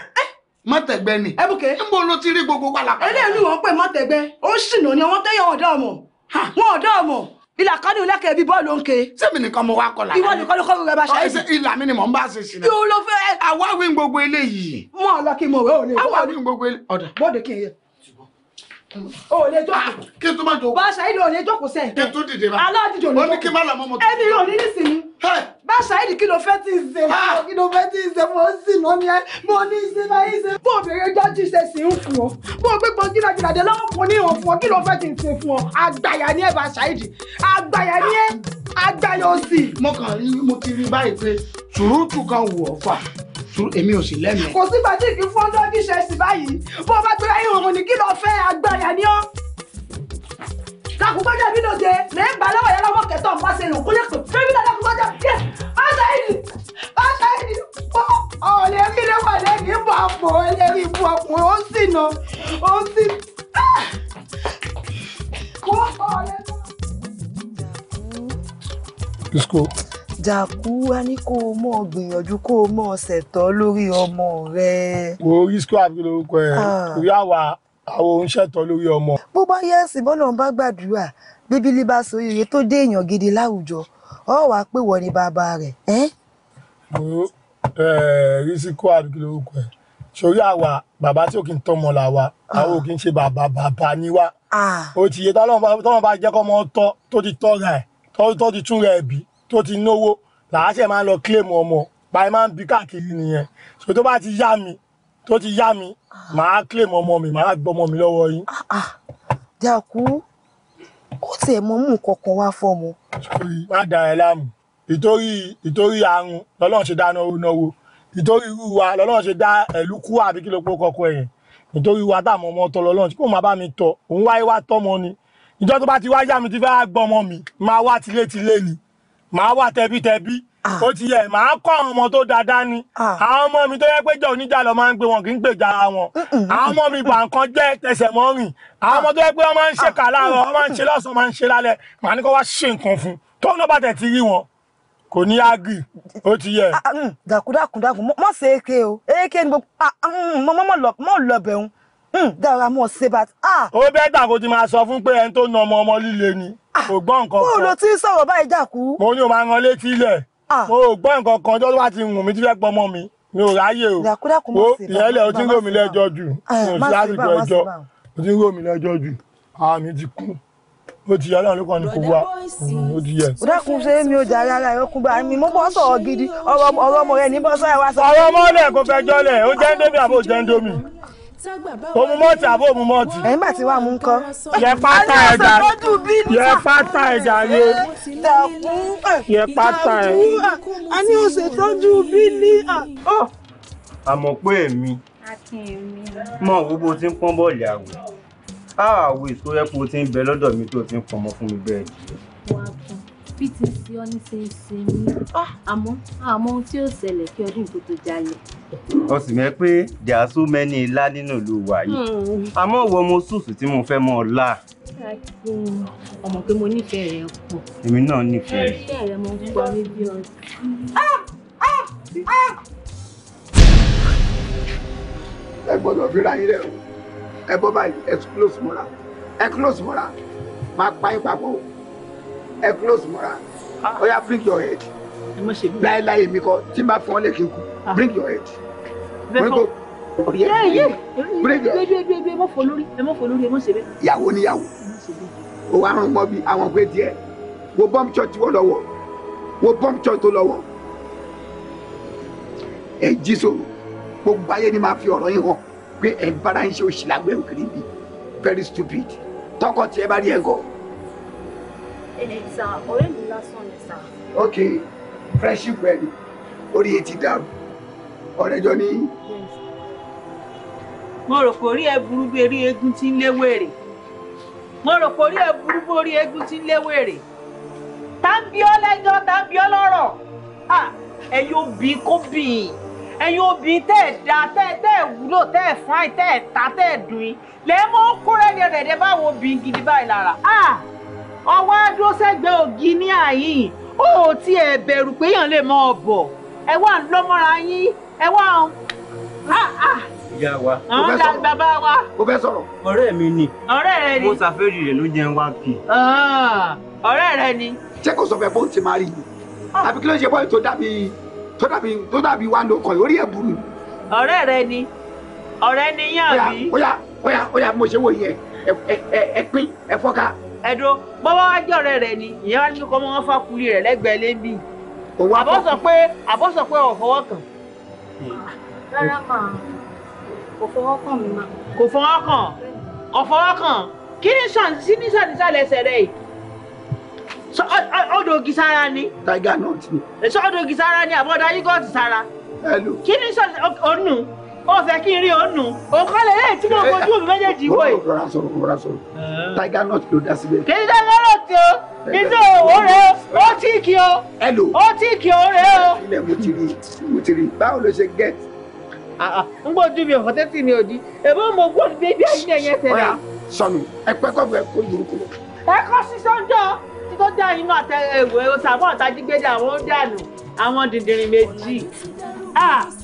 mọ́tẹ̀gbẹ́ ni. ẹ bùkẹ́. níbo ló ti rí gbogbo wàlàkà. eléyìí wọn pè mọ́tẹ̀gbẹ́ ó sì nà ni ọmọ ilà kan ní ìlẹ́kẹ̀ẹ́ bí bọ́ọ̀lù ń ke. sẹ́mi nìkan mo wá kọ làwọn. ìwọ nìkan ló kọ́ gbogbo ẹ̀ bá ṣe. ọ̀ẹ́sẹ̀ ìlà mi ni mò ń bá ṣe ṣìnà. yóò ló fẹ́. àwa wí gbogbo eléyìí. mọ̀ ọ́ lọ kí mo wẹ́ òní. àwa wí gbogbo eléyìí. ọ̀dà bóde kí n yẹ o lè jókòó. Ah, kí n tó máa jókòó. báṣà yìí ò lè jókòó sẹ́yìn. kí n tó dìde ma. aládìjọ ló jókòó. wọ́n ní kí n má lọ mọ́mọ́ tó. ẹni yóò ní nísìnyí. báṣà yìí kí ló fẹ́ tí ì ṣe fún ah! kí ló fẹ́ tí ì ṣe fún ọ sí mọ́ ni ẹ mọ́ ní í ṣe máa ń ṣe. bó obìnrin jọ́jú ṣe sì ń fún ọ bó gbégbó gíragìràdé lọ́wọ́ fún ní ìhàn fún ọ kí ló fẹ́ tí ì ṣe fún ọ àgbàyà ni ẹ báṣà yìí àgbàyà ni ẹ àgbàyà òsì. mo kàn sùúrù èmi ò sì lẹ́mìí. kò sí bàtíkì fún ọdọ́dí ṣẹ́ẹ̀sì báyìí bó o bá pera yín òun kí lọ fẹ́ agbára ni ọ́. làkúgbọ́jà mi lòdè lè ń balẹ̀ ọ̀yẹ́ lọ́wọ́ kẹtọ́ ń bá ṣe lò kúlẹ̀ pé fẹ́mi lọ́dọ̀ kúgbọ́jà kí ọ̀sẹ̀ yìí ọ̀sẹ̀ yìí ọ̀lẹ́ mi lè wà lẹ́yìn ìbò àpò ẹlẹ́rìí ìbò ọkùnrin ó sì nà ó sì. Let's go jàkú a ní kó o mọ̀ gbìyànjú kó o mọ̀ ṣètọ́ lórí ọmọ rẹ. wo risco àbí lórúkọ ẹ ah. orí àwa àwọn òun ṣètọ́ lórí ọmọ. bó bá yẹ ẹsìn bọ́lá ń bá gbàdúrà bíbélì bá sọ iye tó dé èèyàn gidi láwùjọ ọ wàá pè wọ́n ní bàbá rẹ̀. wo risco àbí lórúkọ ẹ sórí àwa bàbá tí ò kí ń tọmọ làwa àwọn ò ah. kí ń ṣe bàbá bàbá ni wá. ó ah. ti yẹ tọ́lọ́mọba jẹ́ kọ́mọ tọ́ tó ti tọ́ ra ẹ̀ tọ́ ti tún ra bí tó ti náwó làásẹ̀ máa ń lọ claim ọmọ báyìí máa ń bí káàkiri nìyẹn so tó bá ti yá mi tó ti yá mi màá claim ọmọ mi màá gbọmọ mi lọ́wọ́ yín. Ah, ah. dàkú ó tiẹ̀ mọ mú kankan wá fọmọ. sori má da ẹ láàmú ìtorí ìtorí àrùn lọ́lọ́run ṣe dáná owó náwó ìtorí irú wa lọ́lọ́run ṣe dá ẹ̀lú kú àbí kí ló pọ̀ kọ́kọ́ ẹ̀yìn nítorí wa táàmù ọmọ tọ lọ́lọ́run kó máa bá mi tọ òun wáyé wá tọ́mọ ni ìjọ tó bá ti wá yá mi ti fẹ́ gbọ́mọ mi máa wá tilétilé ni màá wà tẹbítẹbí ah. ó ti yẹ màá kọ́ àwọn ọmọ tó dáadáa ni ah. àwọn ọmọ mi tó yẹ pé jẹ́ oníjà lọ máa ń gbé wọn kì í gbèjà wọn àwọn ọmọ mi bàǹkan jẹ́ tẹsẹ̀ mọ́rìn àwọn ọmọ tó yẹ pé wọ́n máa ń ṣèkà láàárọ̀ ah. wọ́n máa ń ṣe lọ́sàn-án máa ń ṣe lálẹ́ màá ní kó wá ṣe nǹkan fún tó ń bàtẹ̀ ti rí wọn kò ní ágì ó ti yẹ. Mm, dàkúdàkúdàkú mọ̀ sí èké o èké ni gbogbo mm, mọ̀ lọ́bẹ̀ òun dára mọ́ ṣe bá a. ó bẹ́tà kó ti máa sọ fún pé ẹni tó na ọmọ ọmọ líle ni ah. kò gbọ́ nǹkan kan. kó tí sọ̀rọ̀ báyìí jàkú. mo ní o máa ran létí ilẹ̀ mo ah. ò gbọ́ nǹkan kan tó bá ti wùn mí tí fẹ́ pọmọ mi mi ò ráyè o o ìyẹ́lẹ̀ ah, o ti ń rò mí lẹ́jọ́ jù mi ò sí lásìkò ẹjọ́ o ti ń rò mí lẹ́jọ́ jù ara mi ti kú ó ti yẹ ọlọ́run kan ní kò wá hmm, ó ti yẹ. dákun ṣe mi ò jà rárá ẹkún bá mi mo bọ́ sọ̀rọ̀ gidi ọ̀rọ̀ ọmọ rẹ ní bọ́sọ̀ ẹ̀ wá sọ. ọ̀rọ̀ ọmọ rẹ̀ kò fẹjọ́ lẹ̀ ó jẹ́ ń dómi àbò jẹ́ ń dómi òmu mọ́ọ̀tì àbó òmu mọ́ọ̀tì. ẹ̀yin bá ti wá mú kọ́. yẹ pátá ẹja yẹ pátá ẹja yé yẹ pátá ẹ. a ní oṣù tọ́jú bí ní. àmọ́ pé èmi mọ̀ wo bó ti ń pọ́n bọ́ọ̀lì àwẹ̀ àwẹ̀ tó ti ń bẹ lọ́dọ̀ mi tó ti ń pọ́nmọ́ fún mi bẹ́ẹ̀ jù bí ti ń ní ṣe ń ah. àmọ́ àmọ́ ohun tí yóò ṣẹlẹ̀ kí ọdún tó tó jalè. ó sì mẹ́ pé there are so many ilá nínú ìlú wa yìí hmm. àmọ́ ìwọ mo sùsù tí mo fẹ́ mọ́ ọ lá. ọmọ pé mo nífẹ̀ẹ́ rẹ pọ̀. èmi náà nífẹ̀ẹ́ rẹ. ìfẹ́ rẹ mo ń pa mí bí ọtí. ẹ gbọ́dọ̀ fira yín rẹ̀ o ẹ bọ́ báyìí ẹ close mọ́ra ẹ close mọ́ra máa pa yín papọ̀ o ẹ close mọ́ra oya ah. bring your head láéláé mi kọ tí n bá fún ọ lè kí n kú ah. bring your head. ẹ mọ fọ lórí ẹ mọ fọ lórí ẹ mọ sẹbẹ. ìyàwó níyàwó o wa rún mọ bí àwọn pé díẹ̀ wo bomb church wọ lọ́wọ́ wo bomb church tó lọ́wọ́ ẹ jí sòrò gbogbo ayé ni máa fi ọ̀rọ̀ yín hàn pé ẹ bára ń ṣe òṣìlágbẹ òkèrè bíi very stupid tọkọ tí ẹ bá rí ẹ gọ. Okay, eh, eh, ọ̀rẹ́ ready. lásán ni sà. ok friendship rẹ ni orí etí dàrú ọ̀rẹ́ jọ ní. mo rò pé orí ẹ burú bí eré eégún tí ń léwèrè mo rò pé orí ẹ burú bí orí eégún tí ń léwèrè tàbí ọlẹ́jọ́ tàbí ọlọ́rọ̀ ẹ̀yin òbí kò bì í ẹ̀yin òbí tẹ́ ẹ̀ da tẹ́ ẹ̀ tẹ́ ẹ̀ wúlò tẹ́ ẹ̀ fún ẹ̀ tẹ́ ẹ̀ ta tẹ́ ẹ̀ dùn í lẹ́ẹ̀mọ́ kúrẹ́ni rẹ̀ dẹ́ báwo bí gidi báyìí lára ọwọ́ adúró sẹ́gbẹ̀ẹ́ ògì ní àyìn ó ti ẹ̀ bẹ̀rù pé èèyàn lè mọ ọ̀bọ̀ ẹ wà ń lọ mọ́ra yín ẹ wà ń. Ah, ah. ìyá wa ó fẹ́ sọ̀rọ̀ bàbá wa ó fẹ́ sọ̀rọ̀. ọ̀rẹ́ mi ni ọ̀rẹ́ rẹ ni mo ṣàfẹ́rì rẹ̀ ló jẹ́ ń wá kì. Ah, ọ̀rẹ́ rẹ ni. ṣé kò sọ fẹ́ bó ti máa rí i àbí kí ló ń ṣe bọ́ọ̀lù tó dàbí tó dàbí tó dàbí wà ló kọ̀ lórí ẹ̀ burú. ọ̀rẹ́ rẹ ni ọ̀rẹ́ ni yín àbí. ó yá ó yá ó yá mo ṣe wò yẹn ẹ pín ẹ fọ́ka ẹ̀dùn bọ́wọ́ wájú ọ̀rẹ́ rẹ̀ ni ìyẹn wá ní kọ́ mọ́ wọn fákulì rẹ̀ lẹ́gbẹ̀ẹ́ lẹ́bí àbọ̀ sọ pé àbọ̀ sọ pé ọ̀ fọwọ́ kàn. rárá màá kò fọwọ́ kàn mi mà. kò fọwọ́ kàn ọ̀ fọwọ́ kàn kí ni sàn sí ní sàn nísàlẹ̀ ẹsẹ̀ rẹ̀ yìí ọdọ ògì sára ni. tiger nut ni. èso ọdọ ògì sára ni àbọ̀dá yígọ̀tì sára. kí ni sàn ọ̀nù ó fẹ́ kí n rí òun nù òun kọ́ lè léyìí tí mo eh, fojú mi méjèèjì eh, wò yìí. rọra sọ̀rọ̀ rọra sọ̀rọ̀ eh. tiger nut ló dá síbẹ̀. kì í tiger nut o ìjọ òwò rẹ ó tí kì o ó tí kì o rẹ o. ilé mo ti rí mo ti rí báwo ló ṣe get. n gbọ́ ju mi ọ̀fọ̀ tẹ́tì ni òdi èbó mo gbọ́ bébí ayé ẹ̀yẹ tẹ̀lé. sọnù ẹ pẹ́ kọ́ fẹ́ kó yòókù. ẹ kọ́ sí sọ́jọ́ tí tó dá inú àtẹ ẹ̀wẹ̀ òsàbọ̀ ọ̀tá jígbéjà àwọn ó dànù àwọn dìndìnrín méjì.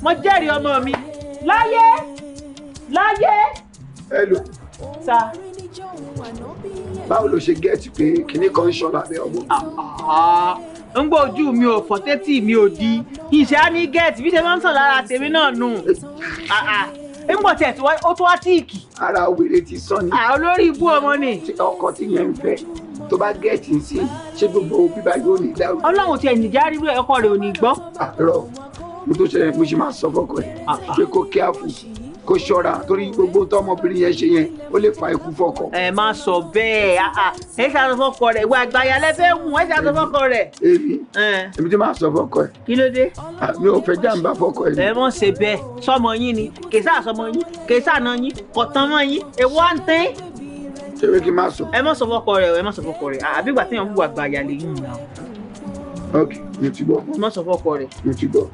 mo jẹ́rìí ọmọ mi láyé láyé. hello. sa. báwo ló ṣe gẹ́ẹ̀tì pé kinní kan ń ṣọ́ra abẹ́ ọmọ. ń ah, ah. gbọ́ ojú mi ò fọ́ tẹ́tí mi ò di ìṣe á ní gẹ́ẹ̀tì bí ṣe máa ń sọ lára tèmi náà nù ń bọ̀ tẹ̀ ó tó wá tíìkì. ara òwèrè ti sọ ni. àwọn ah, olórí ibú ọmọ ni. ọkọ tí yẹn ń fẹ́ tó bá gẹ̀ẹ́tì sí ṣé gbogbo bíbá yóò ní dáhùn. ọlọ́run tiẹ̀ nìjà rí ọkọ rẹ̀ ò ní gbọ́. àrọ ní tó ṣẹlẹ̀ pé ṣe máa sọ fọ́kọ ẹ̀ pé ah, ah. kó kí á fún kó ṣọ́ra torí gbogbo tọmọbìnrin yẹn ṣe yẹn ó lè fa ikú fọ́kọ. ẹ má sọ bẹ́ẹ̀ ah, ẹ ṣe àsọ fọ́kọ rẹ ìwà àgbàyà lẹfẹ mú ẹ ṣe àsọ fọ́kọ rẹ. èmi èmi ti máa sọ fọ́kọ ẹ. kí ló dé. mi ò fẹ́ jàǹbá fọ́kọ ẹ. ẹ mọ̀ ṣe bẹ́ẹ̀ sọmọ yín ni kèsà sọmọ yín kèsà nà yín kọ̀tàn mọ́ yín èwo à ń tẹ́ ṣe wé kí n má sọ. ẹ má sọ fọ́kọ rẹ ẹ má sọ fọ́kọ rẹ àbí ìgbà ok mo ti gbọ́. mo sọ fọkọ rẹ. mo ti gbọ́.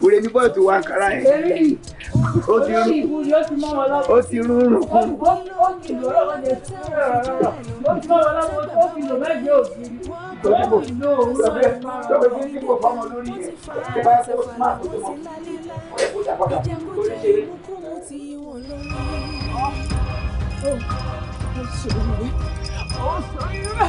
wúre ní bọ́ọ̀tù wa nkàrà yẹn. ó ti rún ó ti rún rún kún. ó ti lò ó ti lò ó fi lò mẹ́jẹ ògiri. ó ti lò ó lọ́fẹ́ lọ́fẹ́ fún kíkó fáwọn lórí yẹn. ó bá yẹ kó máa tó tó mọ̀. ó yẹ kó dà padà lórí ṣe. Oh, sorry.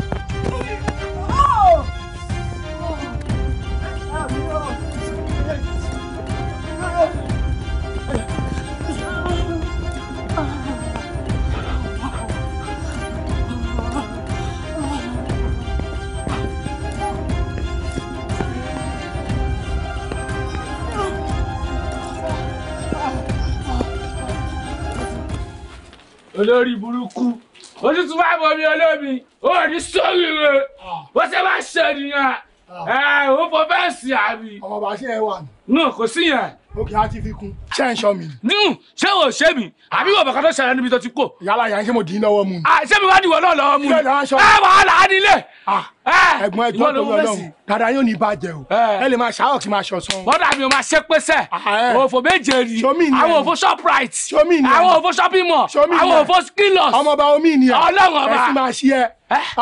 olórí burúkú o sì tún bá bomi olómi o ní sóríire ah. bó ṣe bá ṣe nìyẹn ah. ẹ o fọ fẹ́ǹsì àbí. ọmọ bá ṣe ẹ wà ní. nù kò sí yẹn. òkè á ti fi kún ṣé ń sọ mi. nù ṣé o ṣé mi àbí wọ̀ bàkàtọ̀ ṣẹlẹ̀ níbi tó ti kó. yálà yà ń ṣe mo dín lọ́wọ́ mu. ṣé mi wá dìwọ́ náà lọ́wọ́ mu. ṣé ìdáná ṣọ. ẹ wàhálà á nílé. Ah. Eh, ẹ̀gbọ́n ẹjọ tó lọ lọhùn dada yóò ní bàjẹ́ o eh. ẹ lè máa ṣàwọ kí n máa ṣọsán. bọ́dà mi ò máa ṣe pésẹ̀ eh. òfò méje rí àwọn òfò shoprite àwọn òfò shopping àwọn òfò skillos ọmọọba omi ni ẹ ọlọ́run máa ṣí ẹ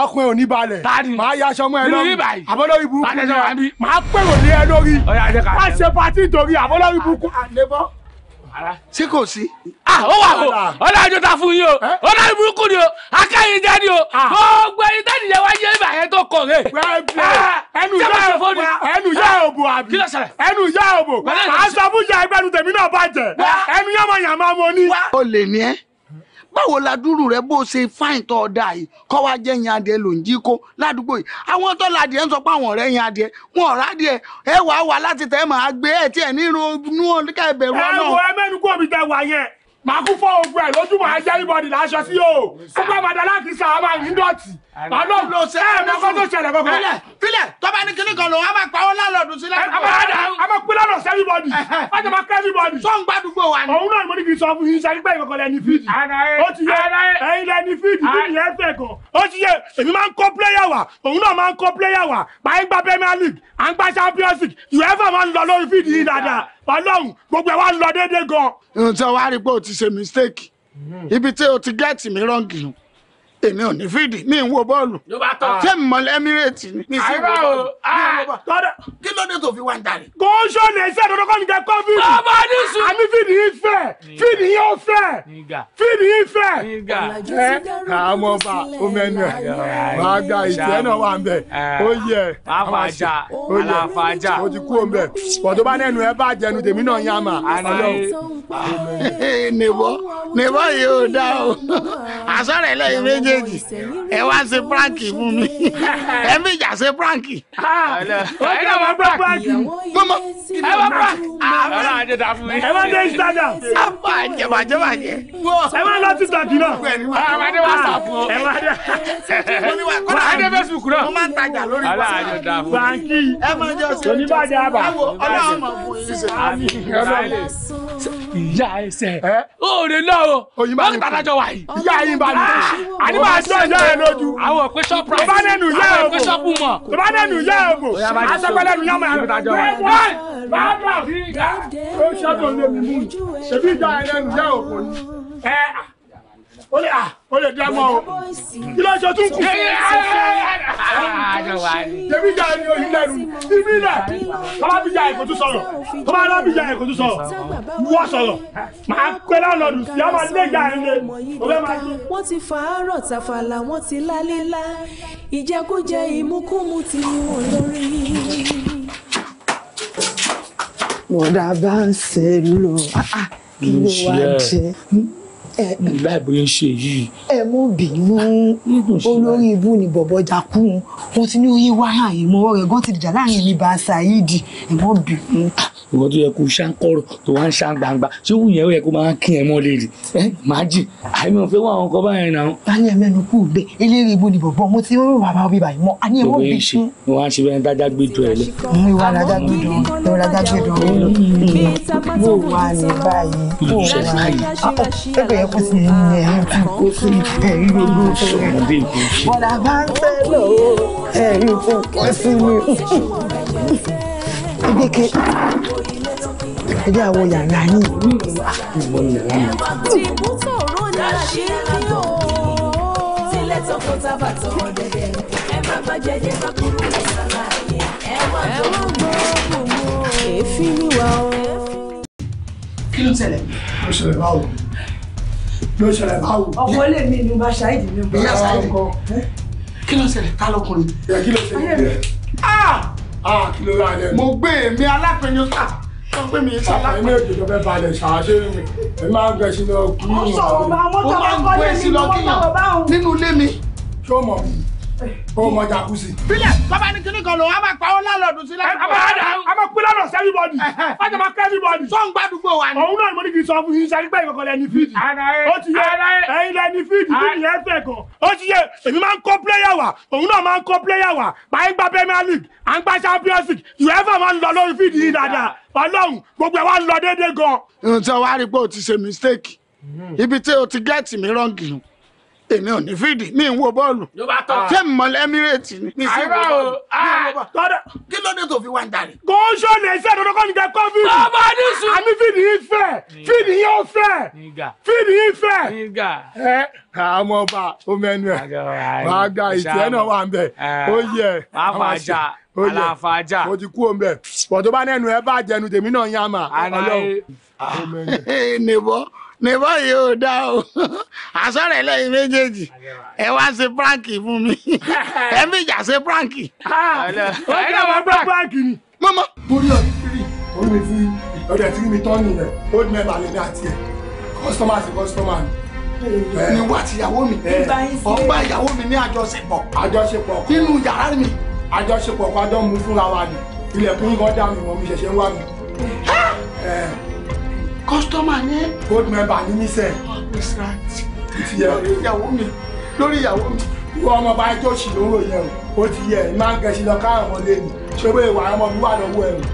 ọkùnrin ò ní balẹ̀ máa ya aṣọ ọmọ ẹ lọ́rùn àbọ̀lọ́rí burúkú ni máa pèrò lé ẹ lórí wá ṣe patí torí àbọ̀lọ́rí burúkú ṣé kò ah ó wà o ọ̀nà àjọ ta fún yín o ọ̀nà burúkú ni o akẹ́yìn jẹ́ ni o gbogbo ẹyin tẹ́lẹ̀ yẹn wá yé ìgbà yẹn tó kọ̀ rẹ̀. ẹnu yá òbò ẹnu yá òbò àbí ẹnu yá bo àṣọ fún yà ẹgbẹ́nu tèmi náà bàjẹ́ ẹnu yá mọ̀ yàn máa mọ ní. o lè ní ẹ́ báwo la dúró rẹ bó ṣe fáìn tó ọ̀dà yìí kọ́ wá jẹ́ yan adìẹ ló ń jí kó ládùúgbò yìí àwọn tó la adìẹ ń sọ pé àwọn ọ̀rẹ́ yan adìẹ wọn ọ̀rá adìẹ ẹ wà á wà láti tẹ́ máa gbé ẹ̀ tí ẹ̀ nínú inú ọ̀dẹ́kà ìbẹ̀rù ọ̀nà. ẹ wo ẹ mẹ́nu kó mi tẹ wà yẹn màá kú fọ́ ogun ẹ̀ lójúmọ̀ ajá ibodè láṣọ sí o kó bá madalá kì í ṣàwọn máa ń dọ̀tí ọlọ́run ló ṣe é mọ kó tó ṣẹlẹ̀ gbogbo. filẹ filẹ tọba ní kíní kan lòun a máa pa ọ lálọ́dún sílẹ̀. a máa dà eh, eh. a máa pín lọ́dọ̀ sẹ́yìn bọ́ọ̀dì a jẹ máa kẹ́yìn bọ́ọ̀dì. sọ́n gbàdúgbò wa ni. òun náà mo ní kì í sọ fún yín sẹ́yìn pé ìkọ̀kọ̀ lẹni fídì. ó ti yẹ ẹyin lẹni fídì bí ìyẹn fẹ̀ gan. ó ti yẹ èmi máa ń kó pléyà wá òun náà máa ń kó pléyà wá pàì gba Premier League à ń gba Champions League UEFA máa ń lọ lórí fídì yìí dáadáa ọlọ́run gbogbo ẹ̀ wá ń lọ déédéé gan. ǹjẹ́ wàá rí pé o ti ṣe mistake hmm. ibi tí o ti gẹ́ẹ̀tì mi rọ́ǹgì nù èmi ò ní fídì mi ń wo bọ́ọ̀lù ṣé mọ Emirates ni mi sì wo bọ́ọ̀lù ah. kí ló dé tó fi wá ń darí. kò ń ẹsẹ̀ dọ́dọ́ kọ́ mi jẹ́ kọ́ fídì àmì fídì yìí fẹ́ fídì yìí ó fẹ́ fídì yìí fẹ́. ẹ kàá bá omi ẹnu ẹ máa gba ìtẹ́ náà wà ń bẹ̀ ó yẹ àfàjà àfàjà ó ti kú òun bẹ̀ pọ̀ bá nẹnu ẹ bá jẹnu tèmi náà yá mà. nìbọ nìbọ yìí ò dá o àsọ̀rẹ̀ lẹ́yìn méjì méjèèjì ẹ wá ṣe prank fún mi ẹ méjà ṣe prank. Ah, ẹ náà wá prank mọ́mọ́ ẹ wá prank ọ̀rọ̀ àjẹ dà fún mi. ẹ má dé Instagram. sábà jẹbàjẹ bàjẹ. ẹ má lọ TikTok náà. Ah, ẹ má dé WhatsApp o. ẹ má dé. kọ́lá ẹ dé Facebook náà. mo máa ń tajà lórí WhatsApp. ọ̀rọ̀ àjẹ dà fún mi. bàǹkì ẹ má jẹ́ ọ̀sẹ̀. oníbàjẹ́ àbà. ẹ wo ọlọ́run mọ̀ fún yín ṣe. ìyá ẹsẹ̀. ó náà o. òyìnbá mi máa ṣe ìyá ẹ lójú. àwọn òpin ṣọ́ọ̀pù rẹ̀ tó bá nẹnu yá ẹ bò tó bá nẹnu yá ẹ bò asọ́pẹ́lẹ́ nu yánmọ̀ yánmọ̀ tàjọ́. bá fi ìgbà tó ṣàtọ̀ lé mi mú ṣèbí ìjà ẹ lẹ́nu yá òkò ni ó lè à ó lè dá mọ́ o kí ló ṣe tún kù. tèmi jà ni oyin lẹ́nu ibi ilẹ̀ bàbá mi jà èkó tún sọ̀rọ̀ bàbá náà mi jà èkó tún sọ̀rọ̀ wọ́ sọ̀rọ̀ màá pẹ́ lọ́nàdù sí àmà ilé ìjà ilé òbẹ́ máa ṣe. wọ́n ti fa àárọ̀ tàfàlà wọ́n ti lálé ìjẹkújẹ ìmúkúmu ti mú wọn lórí mo dábàá ń ṣe lò kí ló wá jẹ láì bóyá ń ṣe yìí. ẹ mú bínú ah, olórí ibú ni bọ̀bọ̀ jakú wọn ti ní oyè wáyà yìí mọ́ rẹ̀ gan ti láàrin mi bá a ṣàyídì ẹ mọ́ bínú ìwọ tó yẹ kó ṣàǹkọ̀rọ̀ tó wá ń ṣàn gbangba ṣé wù yẹn ó yẹ kó máa kí ẹ mọ́ léèrè ẹ máa jì àìmí ò fẹ́ wọ àwọn ọkọ báyẹn náà. báyìí ẹ̀mí ẹnu kú bẹ eléré ibo ni bọ̀bọ̀ mo ti rọrùn bàbá mi báyìí mọ́ àní ẹ̀wọ̀n bẹ̀ ṣe. ni wọ́n á ṣe bẹ́ẹ̀ dájá gbé dùn ẹ̀ lẹ. ìwà dájá Ìgbéke, ẹ jẹ́ àwọ̀ yàrá yín. Èéfín ni wà o. Kí ló tẹ̀lé? Ó ṣẹlẹ̀ báwo? Ló ṣẹlẹ̀ báwo? Ọ̀pọ̀ lè mi ni bá ṣáìdì mi bá ṣáìdì kan. Kí ló ṣẹlẹ̀? Ta lọkùnrin? Kí ló ṣẹlẹ̀? Ah! kí ah, ló ra rẹ. mo gbé èmi alápinnu sà ah, sọ mi ṣe alápinnu. ẹni ah, òjò balẹ̀ ṣàṣẹ mi ẹ máa ń gbẹ sí lọ kú. mo sọ̀rọ̀ bá mọ́tò bá kọ́lé mi mọ́tò bá òun. nínú ilé mi. ṣé o mọ̀ mi ó mọ jacuzzi. bílẹ̀ bàbá ní kíní kan ló wà á máa pa ọ́ lálọ́ọ̀dù sí lálẹ́. a máa pín lọ́dọ̀ sí everybody a jẹ máa kẹ́ everybody. sọ ń gbàdúgbò wa ni. òun náà ni mo ní kí n sọ fún yín sáré gbẹ́ ìkọ̀kọ̀ lẹ́ni fíìdì. ó ti yẹ ẹyin lẹ́ni fíìdì bí nìyẹn fẹ̀ gan. ó ti yẹ èmi máa ń kó pléyà wá òun náà máa ń kó pléyà wá báyìí gba Premier League à ń gba Champions League UEFA máa ń lọ lórí fíìdì yìí dáadáa Ọlọ́run gbogbo ẹ̀ wá ń lọ déédéé gan. ǹjẹ́ mistake hmm. ibi tí o ti gẹ́ẹ̀tì mi èmi ò ní fídì mi ń wo bọ́ọ̀lù ṣé mo mọ lẹ́mírèètì ni mi sì wo bọ́ọ̀lù ah. kí ló dé tó fi wá ń darí. kò ń ṣó lè ṣe àdúrà kọ́ni jẹ kọ́fíìnì àmì fídì yìí fẹ́ fídì yìí ó fẹ́ fídì yìí fẹ́. ẹ àmọ́ ọba ó mẹ́nu ẹ̀ máa gba ìtẹ́ náà wà ń bẹ̀ ó yẹ àwọn àṣà àlàfàjà mo ti kú òun bẹ̀ pọ̀ tó bá nẹ́nu ẹ bá jẹnu tèmi náà yá mà ọlọ́run. ní báyìí ò dá o àsọ̀rọ̀ ẹlẹ́yin méjèèjì ẹ wá ṣe pranki fún mi ẹ bí ìjà ṣe pranki. wọ́n kí àwọn bá pranki ni. mọ́mọ́. torí ọdún three orí mi ti ọdún ẹ̀ tí mi tọ́ nìyẹn old member lè ní àti ẹ̀ customer sí customer ni ni wá tìyàwó mi ọgbà ìyàwó mi ní àjọṣepọ̀ àjọṣepọ̀ nínú yàrá mi àjọṣepọ̀ kó a jọ mú fúnra wa ni ilẹ̀kùn yìí kan dá mi mọ́ mi ṣẹ̀ṣẹ̀ ń wá mi kọ́sítọ́mà yẹn. gold member ni mí sẹ́. ìyàwó mi lórí ìyàwó mi. ìwọ ọmọ bá tó ṣì lóró yẹn o ó ti yẹ ẹ máa ń gẹṣin lọ káàrọ̀ ọmọ lé mi ṣòro ìwà ọmọ mi wà lọ́wọ́ ẹ̀rù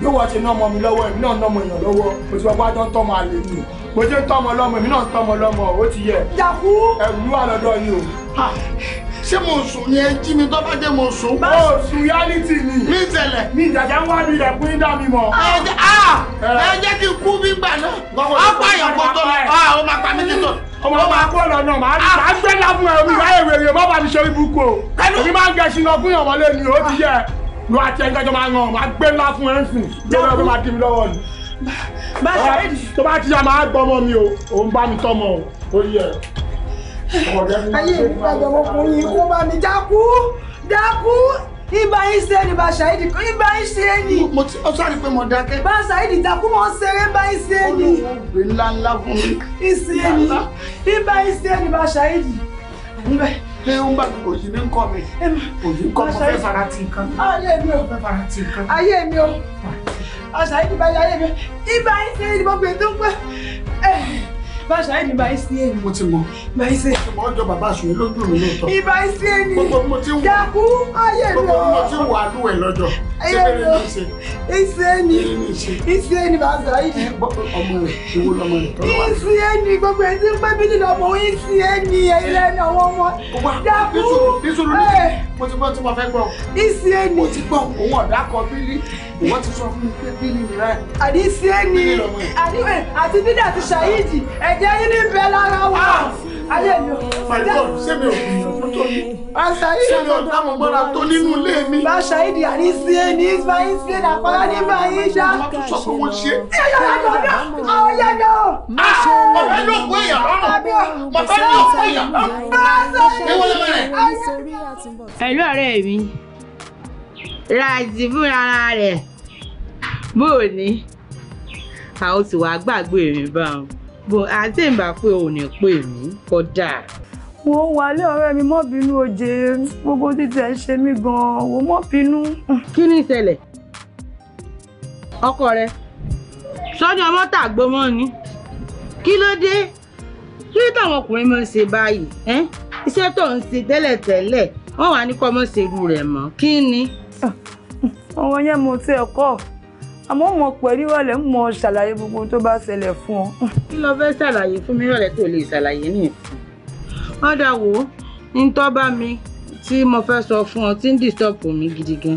bí wọ́n ti ná ọmọ mi lọ́wọ́ ẹ̀mí náà ná ọmọ èèyàn lọ́wọ́ mo ti wọ́n bá jọ ń tọ́mọ àlè mi mo ti ń tọ́mọ lọ́mọ èmi náà ń tọ́mọ lọ́mọ ó ti yẹ ẹ̀rù mi wà lọ́dọ̀ yìí o. Ah ṣé mo sùn yẹn jí mi tó bá jẹ́ mo sùn. má sùn reality ni. mi tẹ̀lẹ̀. mi jàjà ń wá mi rẹ̀ fún dá mi mọ̀. ẹ jẹ́ kí n kú bí gbà náà. ọ̀pọ̀ àyànkó tó lọ ọ máa pa mí títọ́ ọmọ ọmọ akọ́lọ̀ náà máa ń gbé lábùn ẹ̀rù ìwáyé wèrè má bàa ti ṣe ibùkù o èmi máa ń gẹ̀ẹ́sì náà fún ìyàwó lé ní o yẹ lu àti ẹ̀ńgá jọ máa ń hàn máa gbé ńlá ẹ̀ ń sìn lórí ẹ̀rọ máa dì mí lọ́wọ́ ni. bá ti yá máa ayé ìgbàgbọ́ ọkùnrin yìí kó bá ní dákú dákú ibà yín ṣe ni bá ṣàìdì kan ibà yín ṣe ni. mo ti ọsọ àrí pé dákẹ́. bá ṣàìdì takú mọ ṣeré bá yín ṣe ni. olùwògbé ńlá ńlá fún mi. ìṣe ni ibà yín ṣe ni bá ṣàìdì. ṣé ó ń bá òjì ní kọ́ mi òjì kọ́ mo fẹ́ fara ti nǹkan. ayé mi ò fẹ́ fara ti ayé mi ò ayé mi ibà yín ṣe ni mo bàbá ṣáà ní báyìí sí èyí. mo ti mọ báyìí sí èyí. mo jọ bàbá ṣùgbọ́n lójú mi lóòótọ́. ìbá sí èyí dàkú ayé mi o. gbogbo mo ti wà lú ẹ lọ́jọ́ sẹ́bẹ̀rẹ̀ ní ṣe. ìṣe ni ìṣe ni bàbá ṣáà yìí. ọmọ rẹ ìwo lọmọ rẹ tọ́lọ́ wa. ìṣe ni gbogbo ẹ̀ tí ń pẹ́ bí nínú ọmọ ìṣe ni ẹ̀yẹ ni àwọn ọmọ. dàkú ìṣòro ní mo ti gbọ́ tí mo fẹ́ gbọ́. ìṣe ni. mo ti gbọ́ òun ọ̀dà kan bílí wọ́n ti sọ fún mi pé bí ni nira ẹ̀. àdìsí ẹni àdìwẹ̀ àti bídà àti ṣàyídì ẹ̀jẹ̀ yín ní bẹ́ẹ̀ lára wa. Ah! ayé mi ò fàdé ṣé mi ò gbìyànjú tó ní. bá ah, ṣàyídì ṣé mi ò dáhùn gbọ́dọ̀ tó nínú ilé mi. bá ṣàyídì àdìsí ẹni bá yín ṣe dàpọ́lá ní bá yín ṣá. wọ́n tún sọ pé wọ́n ṣe. ṣé yàrá ah! lọ́dọ̀ mi ra ìdìbò ara rẹ̀ bóò ni a ó ti wàá gbàgbé mi báwọn bó àti ìbá pé ò ní pè mí kódà. wo wálé ọ̀rẹ́ mi mọ́ bínú oje gbogbo títí ẹ̀ ń ṣe mí gan-an wo mọ́ bínú. kí ni ìṣẹ̀lẹ̀ ọkọ rẹ sọ́ni ọmọ tàgbó mọ́ ni kí ló dé kí ló táwọn ọkùnrin máa ń ṣe báyìí iṣẹ́ tó ń ṣe tẹ́lẹ̀tẹ́lẹ̀ wọ́n wà ní kọ́ mọ́ rẹ̀ mọ́ kí ni. ọwọ́ yẹn mo ti ẹ̀kọ́ àmọ́ mo pẹ̀lú ìrọ̀lẹ́ mo ṣàlàyé gbogbo tó bá ṣẹlẹ̀ fún ọ. kí lo fẹ́ ṣàlàyé fún mi rọ̀lẹ́ tó lè ṣàlàyé ní ìfún. ọ̀dà wo ń tọ́ bá mi tí mo fẹ́ sọ fún ọ tí ń dìstọ́pù mi gidi gan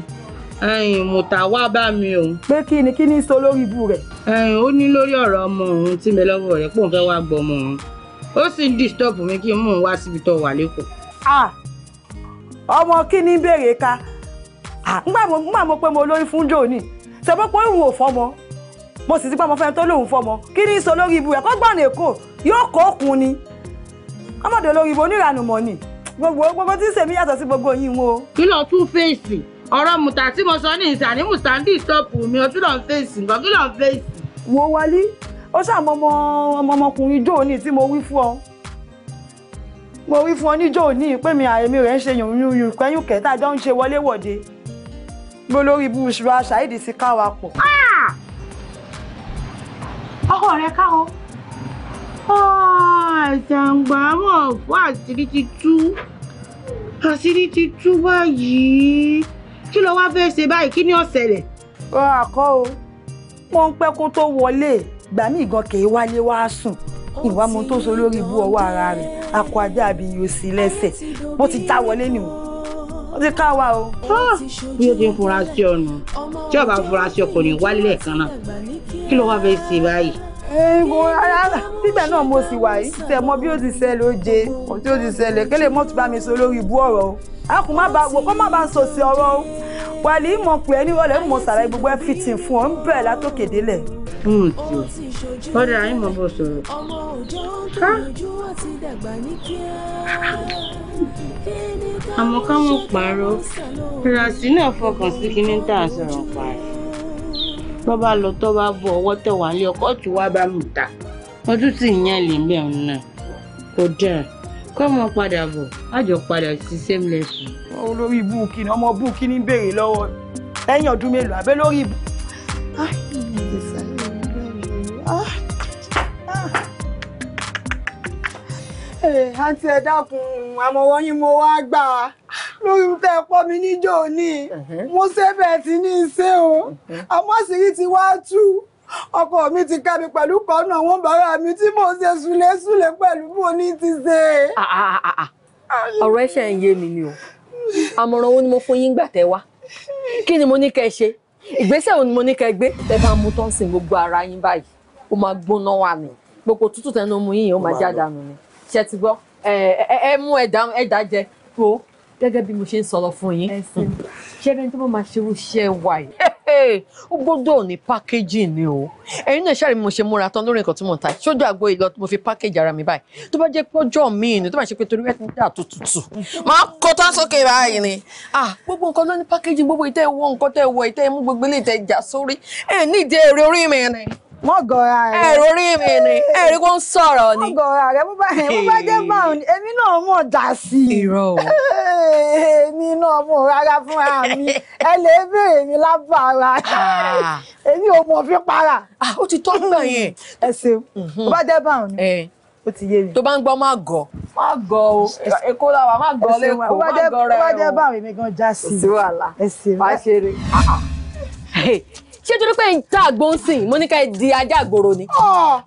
mùtà wá bá mi o. pé kí ni kí ni sọ lórí ibu rẹ. ẹyìn ó ní lórí ọ̀rọ̀ ọmọ òun tí mi lọ́wọ́ rẹ̀ pòun fẹ́ wá gbọ́ ọmọ òun ó sì ń dìstọ́pù mi kí n mú un wá síbi tó wà lẹ́kọ̀ọ́. ọmọ kí mo pé mo lórí fún jòní ṣe mọ́ pé òun ò fọmọ mo sì ti pọ́ ọmọ fẹ́ tó lóun fọmọ kí ní sọ lórí ibu rẹ̀ kó gbọ́n èkó yóò kó òkun ni ọmọdé lórí ibu oníranù mọ̀ ni gbogbo gbogbo tí sèmi yàtọ̀ sí gbogbo yìí wọn o. kí ló tún fèsì ọ̀rọ̀ mùtà tí mo sọ ní ìsàní mùtà ń dì sọ́ọ̀pù mi o kí ló ń fèsì nǹkan kí ló ń fèsì. wo wálé ó ṣàmọ ọmọ ọmọ ọmọkùnrin jóòní tí mo wí fún ọ mo wí fún ọ ní jóòní pé mi àyèmí rẹ̀ ń ṣe yùnyún yùn pẹ́yùn kẹta jọ ń ṣe wọléwọ̀de mo lórí ibú ìṣúra ṣáìdì sí káwa pọ̀. Ah! ọkọ rẹ káwọ. àjàǹgbá ah, mọ̀ fún àṣírí ti tú àṣírí ti tú báyìí kí ló wá fẹ́ ṣe báyìí kí ni ó àkọ́ o wọ́n ń pẹ́ kó tó wọlé gbà mí gan kèé wálé wá sùn ìwà mo tó so lórí ibú ọwọ́ ara rẹ̀ akọ ajá àbí yòó sí lẹ́sẹ̀ bó ti já wọlé nìwọ̀n ó ti ká wa o. Ah, bí o ti ń fura sí ọ̀nà tí ọba fura sí ọkọ̀ ní wálé kan náà kí ló wá fẹ́ ṣe báyìí. Eh, nígbà náà mo sì wà yìí tẹ mọ bí ó ti ṣẹlẹ̀ ó jẹ ohun tí ó ti ṣẹlẹ̀ kí lè mọ tún bá mi sọ lórí ibú ọ̀rọ̀ o a kò má ba wo kó má ba sọ sí ọ̀rọ̀ o wàlí mọ pé ẹni wọlé mọ sàlàyé gbogbo ẹ fìtì fún ọ ń bẹ̀ látòkè délẹ̀ fún ti kọ́dà yín mọ̀ bó sọ̀rọ̀. ọmọ òjò ń àmọ́ káwọn pààrọ̀ fèrèsé náà fọkàn sí kinní tá à ń sọ̀rọ̀ pààrọ̀ bọ́bá lọ tó bá bọ̀ ọwọ́ tẹ̀ wá lé ọkọ̀ tí wàá bá mú ta wọ́n tún sì yàn lè bẹ́ẹ̀ náà kò dẹ̀ kọ́ ọmọ padà bọ̀ àjọ padà sí same lesson. olórí búùkì ni ọmọ búùkì ní béèrè lọ́wọ́ lẹ́yìn ọdún mélòó abẹ́ lórí. ah Eh, àǹtí ẹ dákun àmọ̀wọ́ yín mo wá gbà á lórí tẹ́ ẹ pọ́ mi níjọ́ ní mo ṣe bẹ́ẹ̀ tí ní í ṣe o àmọ́ àṣírí ti wá tú ọkọ mi ti ká mi pẹ̀lú kọ́nà àwọn bàrà mi tí mo ṣe súlẹ̀súlẹ̀ pẹ̀lú mo ní ti ṣe. ọ̀rọ̀ ẹ ń yé mi ni o àmọ̀ràn wo ni mo fún yín gbà tẹ́ wá kí ni mo ní kẹ́ ẹ ṣe ìgbésẹ̀ wo ni mo ní kẹ́ ẹ gbé tẹ́ bá mú tọ́sìn gbogbo ara yín báyìí ó máa gbóná wà ní gbogbo tútù tẹnu mú yín yìí ó máa já dànù ni ṣe ti gbọ́ ẹ mú ẹ̀dá jẹ tó gẹ́gẹ́ bí mo ṣe ń sọ̀rọ̀ fún yín ṣé ẹni tó bá máa ṣe iṣẹ́ wa yìí ó gbọ́dọ̀ ní pákéjì ni o ẹ̀yin náà ṣáà mo ṣe múra tán lórí nǹkan tí mo ń ta sójú àgbo ìlọ mo fi pákéjì ara mi báyìí tó bá jẹ́ pọ́jọ́ míì ni tó bá ṣe pé torí ẹ̀sìn dà tutù máa kó tán sókè báyìí ni ah, gbogbo nǹkan ló pákéjì gbogbo ìtẹ́ ìwọ nǹkan tẹ́ ìwọ ìtẹ́ ìmú gbogbo ilé ìtẹ́ ìjà sórí ẹ̀ nídìí èrè orí mi ni wọ́n gọra rẹ̀. ẹ rórí mi ni ẹ rí kó ń sọ̀rọ̀ ni. wọ́n gọra rẹ̀ bó bá bó bá jẹ́ báwọn èmi náà mọ̀ dá sí i. irọ́ o. èmi náà mọ̀ rárá fúnra mi ẹ lè béèrè mi lábàárà. Ah. èmi ò mọ̀ fi para. Ah, ó ti tọ́ nígbà yẹn. ẹ ṣeun bó mhm. bá jẹ́ báwọn ni ó ti yé mi. tó bá ń gbọ́ má gọ̀. má gọ̀ o èkó la wà má gọ̀ lẹ́kọ̀ọ́ má gọ̀ rẹ o. bó bá jẹ́ báwọn èmi gan já sí i. ẹ ṣeun bá ṣe rí ṣé torí pé ìta àgbọ̀nsìn mo ní ká di ajá àgbòrò ni.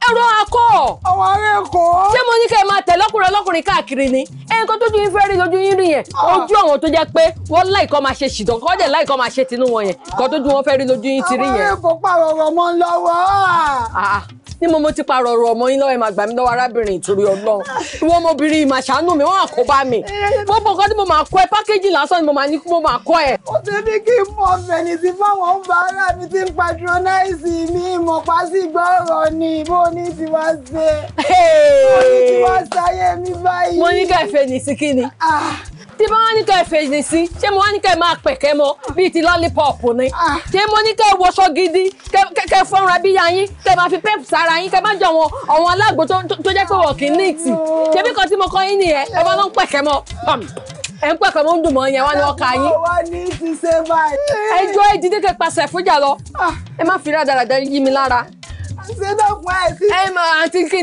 ẹ̀rọ akọ. àwọn ará ẹ̀kọ́. ṣé mo ní ká máa tẹ̀lé ọkùnrin ọlọ́kùnrin káàkiri ni. ẹnìkan tójú yín fẹ́ rí lójú yín nìyẹn. ojú àwọn tó jẹ́ pé wọ́n láìkọ́ máa ṣe ṣìdán kọ́ dẹ̀ láìkọ́ máa ṣe tinú wọn yẹn. kọ́ tójú wọn fẹ́ rí lójú yín ti rí yẹn. àwọn ẹ̀kọ́ pàrọ̀ rọ̀ mọ́ lọ́wọ́ ah, ah. ní mo mo ti parọ̀ ọ̀rọ̀ ọmọ yín lọ́wọ́ ẹ̀ máa gbà mí lọ́wọ́ arábìnrin ìtòrí ọlọ́run ìwọ ọmọbìnrin ìmà ṣàánú mi wọ́n àkóbá mi gbogbo nǹkan tí mo máa kọ́ ẹ pákéjì lásán ni mo máa ní kí mo máa kọ́ ẹ. ó ti ní kí n mọ ọ̀fẹ́ ní ti fáwọn mi ti ń patronize mo pa sí gbọ́rọ̀ ni bó ní ti wá ṣe mo ní ti wá ṣayé mi báyìí. mo ní ká ìfẹ́ ní sí kí ni ah. tí mo wá ní ká ìfèsì sí ṣé mo wá ní ká máa pẹ̀kẹ́ mọ bíi ti lollipop ni ah. ṣé mo ní ká wọṣọ gidi kẹ fọ́nra bí yayín kẹ máa fi pep sára yín kẹ má jọ àwọn àwọn alágbo tó jẹ́ pé wọ́n kì í ní ìtì ṣé kan tí mo kọ́ yín nìyẹn ẹ bá ló ń pẹ̀kẹ́ mọ. Um ẹ ń pẹ́ kan mo ń dùn mọ́ yẹn wá ní ọkà yín. wá ní ti ṣe báyìí. ẹjọ́ ìdílé kẹ́ pàṣẹ fújà lọ ah. ẹ má fi rádaràda yí mi lára. àṣẹ náà fún àìsí. ẹ máa àǹtí kí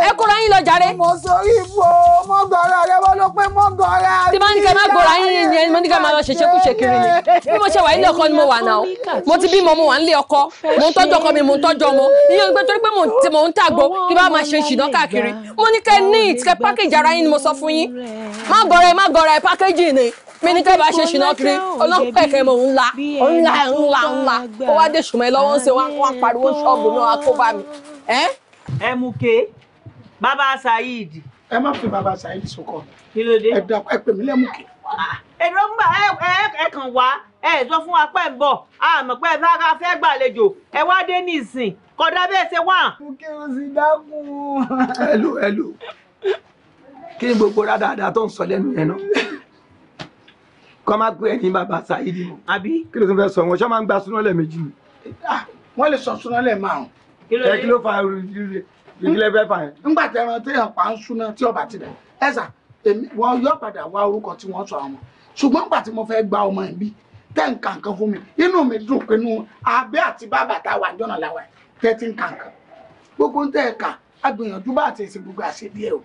ẹ kóra yín lọ jàre. mo sori ibo mo gbọ́ra rẹ wọ́n ló pé mo gbọ́ra. tí bá ní kẹ́ má gbọ́ra yín yẹn mo ní ká máa lọ ṣèṣekúṣe kiri ni bí mo ṣe wà nílé ọkọ ni mo wà náà mo ti bímọ mo wà nílé ọkọ mo ń tọ́jú ọkọ mi mo ń tọ́jú ọmọ iye pé torí pé mo ń tàgbo kí bá máa ṣe ìṣìná káàkiri mo ní kẹ́ ní ìtìkẹ́ pákéjì ara yín ni mo sọ fún yín má gbọ́ra ẹ má gbọ́ra ẹ pákéjì ni mi ní tẹ́lẹ̀ bá ṣe ṣìnà kiri ọlọ́pẹ́ kẹ́ mọ̀ ńlá ńlá ńlá ńlá ó wá dé ṣùgbọ́n ẹ lọ́wọ́ ń ṣe wá pariwo ṣọ́ọ̀bù náà kó bá mi. ẹ mú ké Baba Said, ẹ má fi bàbá saheed sọkọ kí ló dé ẹ dà ẹ pè mí lẹ́mùkẹ́. Ah, èrò ń gbà ẹ kàn wá ẹ sọ fún wa pé ń bọ̀ àmọ́ pé bá fẹ́ gbàlejò ẹ wá dé nísìn kódà bẹ́ẹ̀ ṣe wà. mo kí o sì dákun. ẹlò ẹlò kí ni gbogbo rádáadáa tó ń sọ lẹ́nu yẹn náà kọ́ máa gbé ẹni bàbá saheed mọ́. àbí kí ló tún fẹ́ sọ wọn ṣọ́ máa ń gba súnálẹ̀ méjì ni. Ah, wọ́n lè sọ súnálẹ̀ márùn-ún. kí ló fà á rú rú rú ìdílé fẹ́ fà yẹn ńgbà tẹ ẹran téèyàn pa ń súná tí ọba ti rẹ̀ ẹ sà èmi wọn yọ padà wá orúkọ tí wọ́n sọ àwọn ṣùgbọ́n ńgbà tí mo fẹ́ gba ọmọ yẹn bí tẹ́ ń ka nǹkan fún mi inú mi dùn pé nu abẹ́ àti bàbá tá a wà jọ̀nà làwà tẹ́ ti ń ka nǹkan gbogbo ń tẹ́ ẹ kà á gbìyànjú bá àti èsì gbogbo àṣẹ díẹ̀ o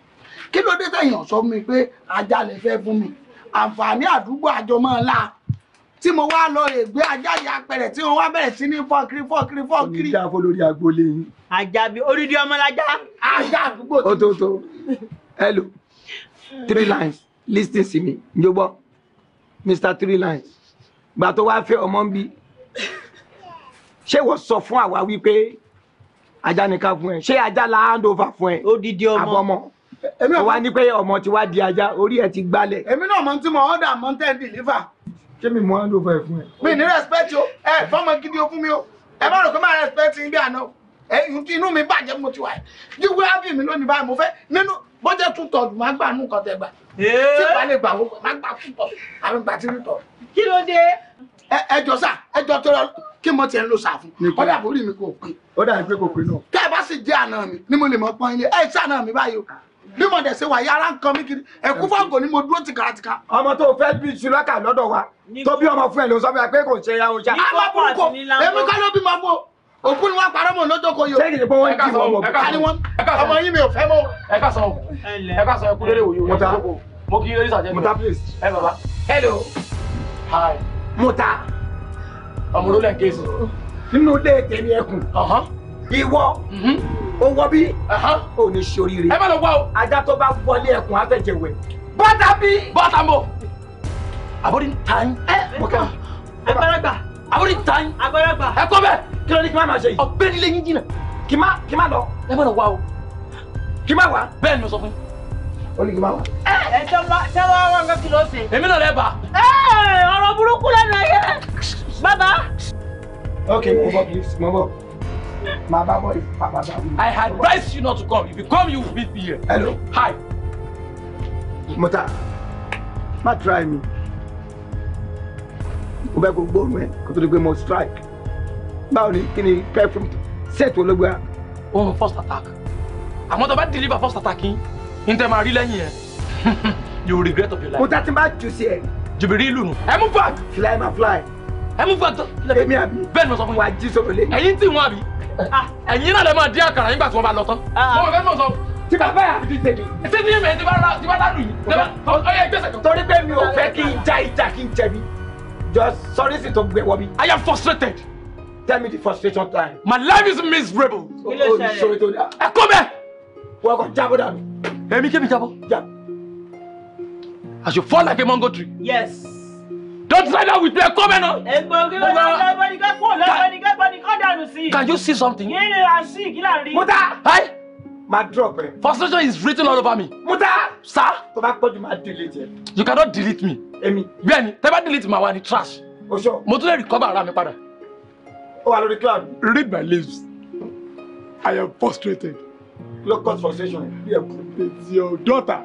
kí ló dé tẹ̀yàn sọ mi pé ajá lè fẹ́ fún mi àǹfààní àdúgbò àjọ tí mo wá lọ ègbé ajáde apẹ̀rẹ̀ tí mo wá bẹ̀rẹ̀ sí ní fọ́kiri fọ́kiri fọ́kiri. oníjà fọlórí agboolé yín. àjàbí orídìí ọmọlájà. ajá àdúgbò tó. òtòtò hello three lines listen sí mi njó gbọ́ mr three lines gbà tó wáá fẹ́ ọmọ ń bí ṣé wọ́n sọ fún àwa wípé ajá ni ká fún ẹ ṣé ajá la hand over fún ẹ odidi ọmọ àbọmọ èmi ò wá ní pé ọmọ ti wá di ajá orí ẹ ti gbálẹ̀. èmi náà mọ̀ tí mo order mountain deliver ṣé mi mú hand over ẹ fún ẹ. mi ní respect o ẹ fọmọ gidi o fún mi o ẹ má rò pé má respect yín bí àná inú mi bàjẹ́ mo ti wà ẹ yíwé ábì mi lónìí báyìí mo fẹ́ nínú bó jẹ́ two third má gbà nù kàn tẹ gbà tí ìgbà lè gbà wọ́pọ̀ má gbà two third àwọn ìgbà tí ń tọ̀. kí ló dé. ẹ jọ sá ẹ jọ tọrọ kí mo tiẹ̀ ń lo sá fún ó dà bórí mi kò pín. ó dà kò pín náà. kẹ́ ẹ bá sì jẹ́ àná mi ni mo lè mọ pọ́n ilé ẹ ṣáà náà mi báyìí o bí mo dẹ̀ ṣe wà yí ara ń kan mí kiri ẹ̀kú fáǹgò ni mo dúró tìkàtìkà. ọmọ tó fẹ́ bí sulaka lọ́dọ̀ wa tó bí ọmọ fún ẹ ló sọ fún ẹ pé kò ṣe ya o ṣá. alábùrúkọ èmi kọ́ ló bímọ fún o òkú ni wọn parọ́ mọ̀ lọ́jọ́ kò yọ. ṣé kìí pé wọ́n jí wọn bọ̀ ká ni wọ́n ọmọ yín mi ò fẹ́ mọ́. ẹ ká sọ ẹ ká sọ ẹ kú lérè wòye wòye mo kí yọrí sàjẹ́ mi. Muta please. ẹ baba. hello. hi. Muta. ọmọ ló lẹ́ ń ké sí. nínú ilé tèmi ẹkùn. ìwọ. Mm-hmm o wọ bí o ní ṣoríire ẹ má lọ wá o ajá tó bá wọlé ẹkùn afẹjẹwẹ bọ́tà bí. bọ́tà mọ àbórí ń ta yín. ẹ mọ̀kẹ́ agbáragbà. àbórí ń ta yín. agbáragbà. ẹ kọ́ bẹ́ẹ̀ kí ló ní kí má máa ṣe yìí. ọbẹ̀ nílé yín jìnnà kí má kí má lọ ẹ má lọ wá o kí má wá bẹ́ẹ̀ ni mo sọ fún yín ó ní kí n máa wà. ẹ tọ́wọ́ tọ́wọ́ ọ̀rọ̀ nǹkan kí ló ṣe. èmi náà lè bá. ọ̀rọ̀ burúkú lẹ́nu ẹ̀yẹ bàbá. ok mo bọ please mo bọ. My Baba is Papa Baba. I advise you not to come. If you come, you will meet me here. Hello. Hi. Mota, má try me. Mo bẹ́ kó gbóòórùn ẹ̀ go to the pé mo strike. Báwo ni kí ni perfume set to olóògbé a? Ohun first attack. Àmọ́ tó to deliver first attack In n tẹ́ máa rí You will regret of your life. Mo dá tí n bá jù sí ẹ̀. Jìbìrì ìlú back. Fly my fly. Ẹ mú bag tó. Èmi àbí. Bẹ́ẹ̀ni mo sọ fún yín. Wà á jí sọ̀rọ̀ lé. Ẹ̀yin tí wọ́n Ah, ẹ̀yin náà lè máa dín àkàrà nígbà tí wọ́n bá lọ tán. Ah. mo fẹ́ mọ̀ sọ tí bàbá yà fi tèmi. ṣé ní ìmọ̀ ẹ̀ ti bá rà ti bá lálù yìí. ọyọ ìgbésẹ̀ kan. torí pé mi ò fẹ́ kí n ja ìjà kí n jẹ̀bi. jọ sọrí sì tó gbé wọ mi. I am frustrated. Tell me the frustration time. My life is miserable. o o ṣòro tó dà. ẹ kó bẹ́ẹ̀. wọ́n kọ jábọ́ dànù. èmi kébì jábọ́. As you fall like a mango tree. Yes. Don't side up with me. Come on. Can you see something? Muta! Hi! Ma drop eh. Frustration is written all over me. Muta! Sir! Tó bá pọ̀jù máa delete ẹ. You cannot delete me. Èmi. Bẹ́ẹ̀ni, tẹ́ bá delete màá wà trash. O sọ. Mo tún lè recover ara mi padà. Ó wà lórí cloud. Read my lips. I am frustrated. Low cost frustration. Your daughter,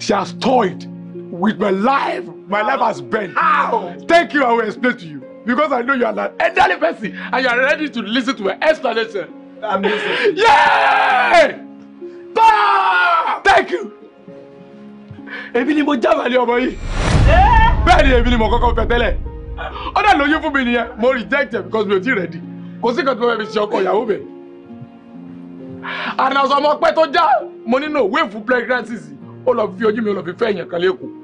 she has toyed with my life. My life has bent. How? Thank you. I will explain to you because I know you are an elderly person and you are ready to listen to an explanation. Amazing. listening. Yay! Bah! Thank you. Èmi ni mo jábàlẹ̀ ọmọ yìí. Bẹ́ẹ̀ ni èmi mo kọ́kọ́ fẹ́ tẹ́lẹ̀. Ó dà lóyún fún mi nìyẹn. Mo reject it because mi ò tí ready. Kò sí kan tí mo fẹ́ fi ṣe ọkọ ìyàwó mi. Àná ọ̀sán ọmọ pẹ́ tó já. Mo nínú òwe fún pregnancies. Ó lọ fi ojú mi ó lọ fi fẹ́ èèyàn kan lẹ́kọ̀ọ́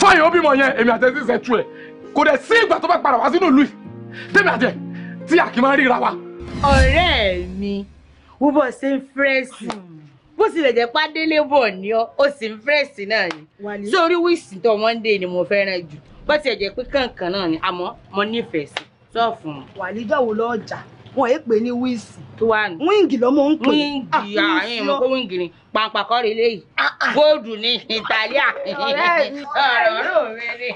fáyọ̀ ó bímọ yẹn èmi àti ẹ̀sìn ṣẹ̀tú ẹ̀ kò dẹ̀ sí ìgbà tó bá padà wá sínú ìlú yìí tèmi àti ẹ̀ tí àkì máa ń ríra wa. ọ̀rẹ́ mi wọ́n bọ̀ ṣe ń fírẹ́sì bó tilẹ̀ jẹ́ pádélé bọ̀ ni ọ́ ó sì ń fírẹ́sì náà ni sórí wíìsì tó monday ni mo fẹ́ràn jù bó tilẹ̀ jẹ́ pé kankan náà ni àmọ́ mo nífẹ̀ẹ́ sí sọ́ọ̀fù. wàlíjọ́ wo lọ́ọ́ jà wọn è pè ní wíìsì wíǹgì lọmọ ń pè wíǹgì àyìn mọ pé wíǹgì ni pàǹpà kọ́ rèé léyìí ah, ah. góòdù ní ìtàlíà ọ̀rọ̀ mi ni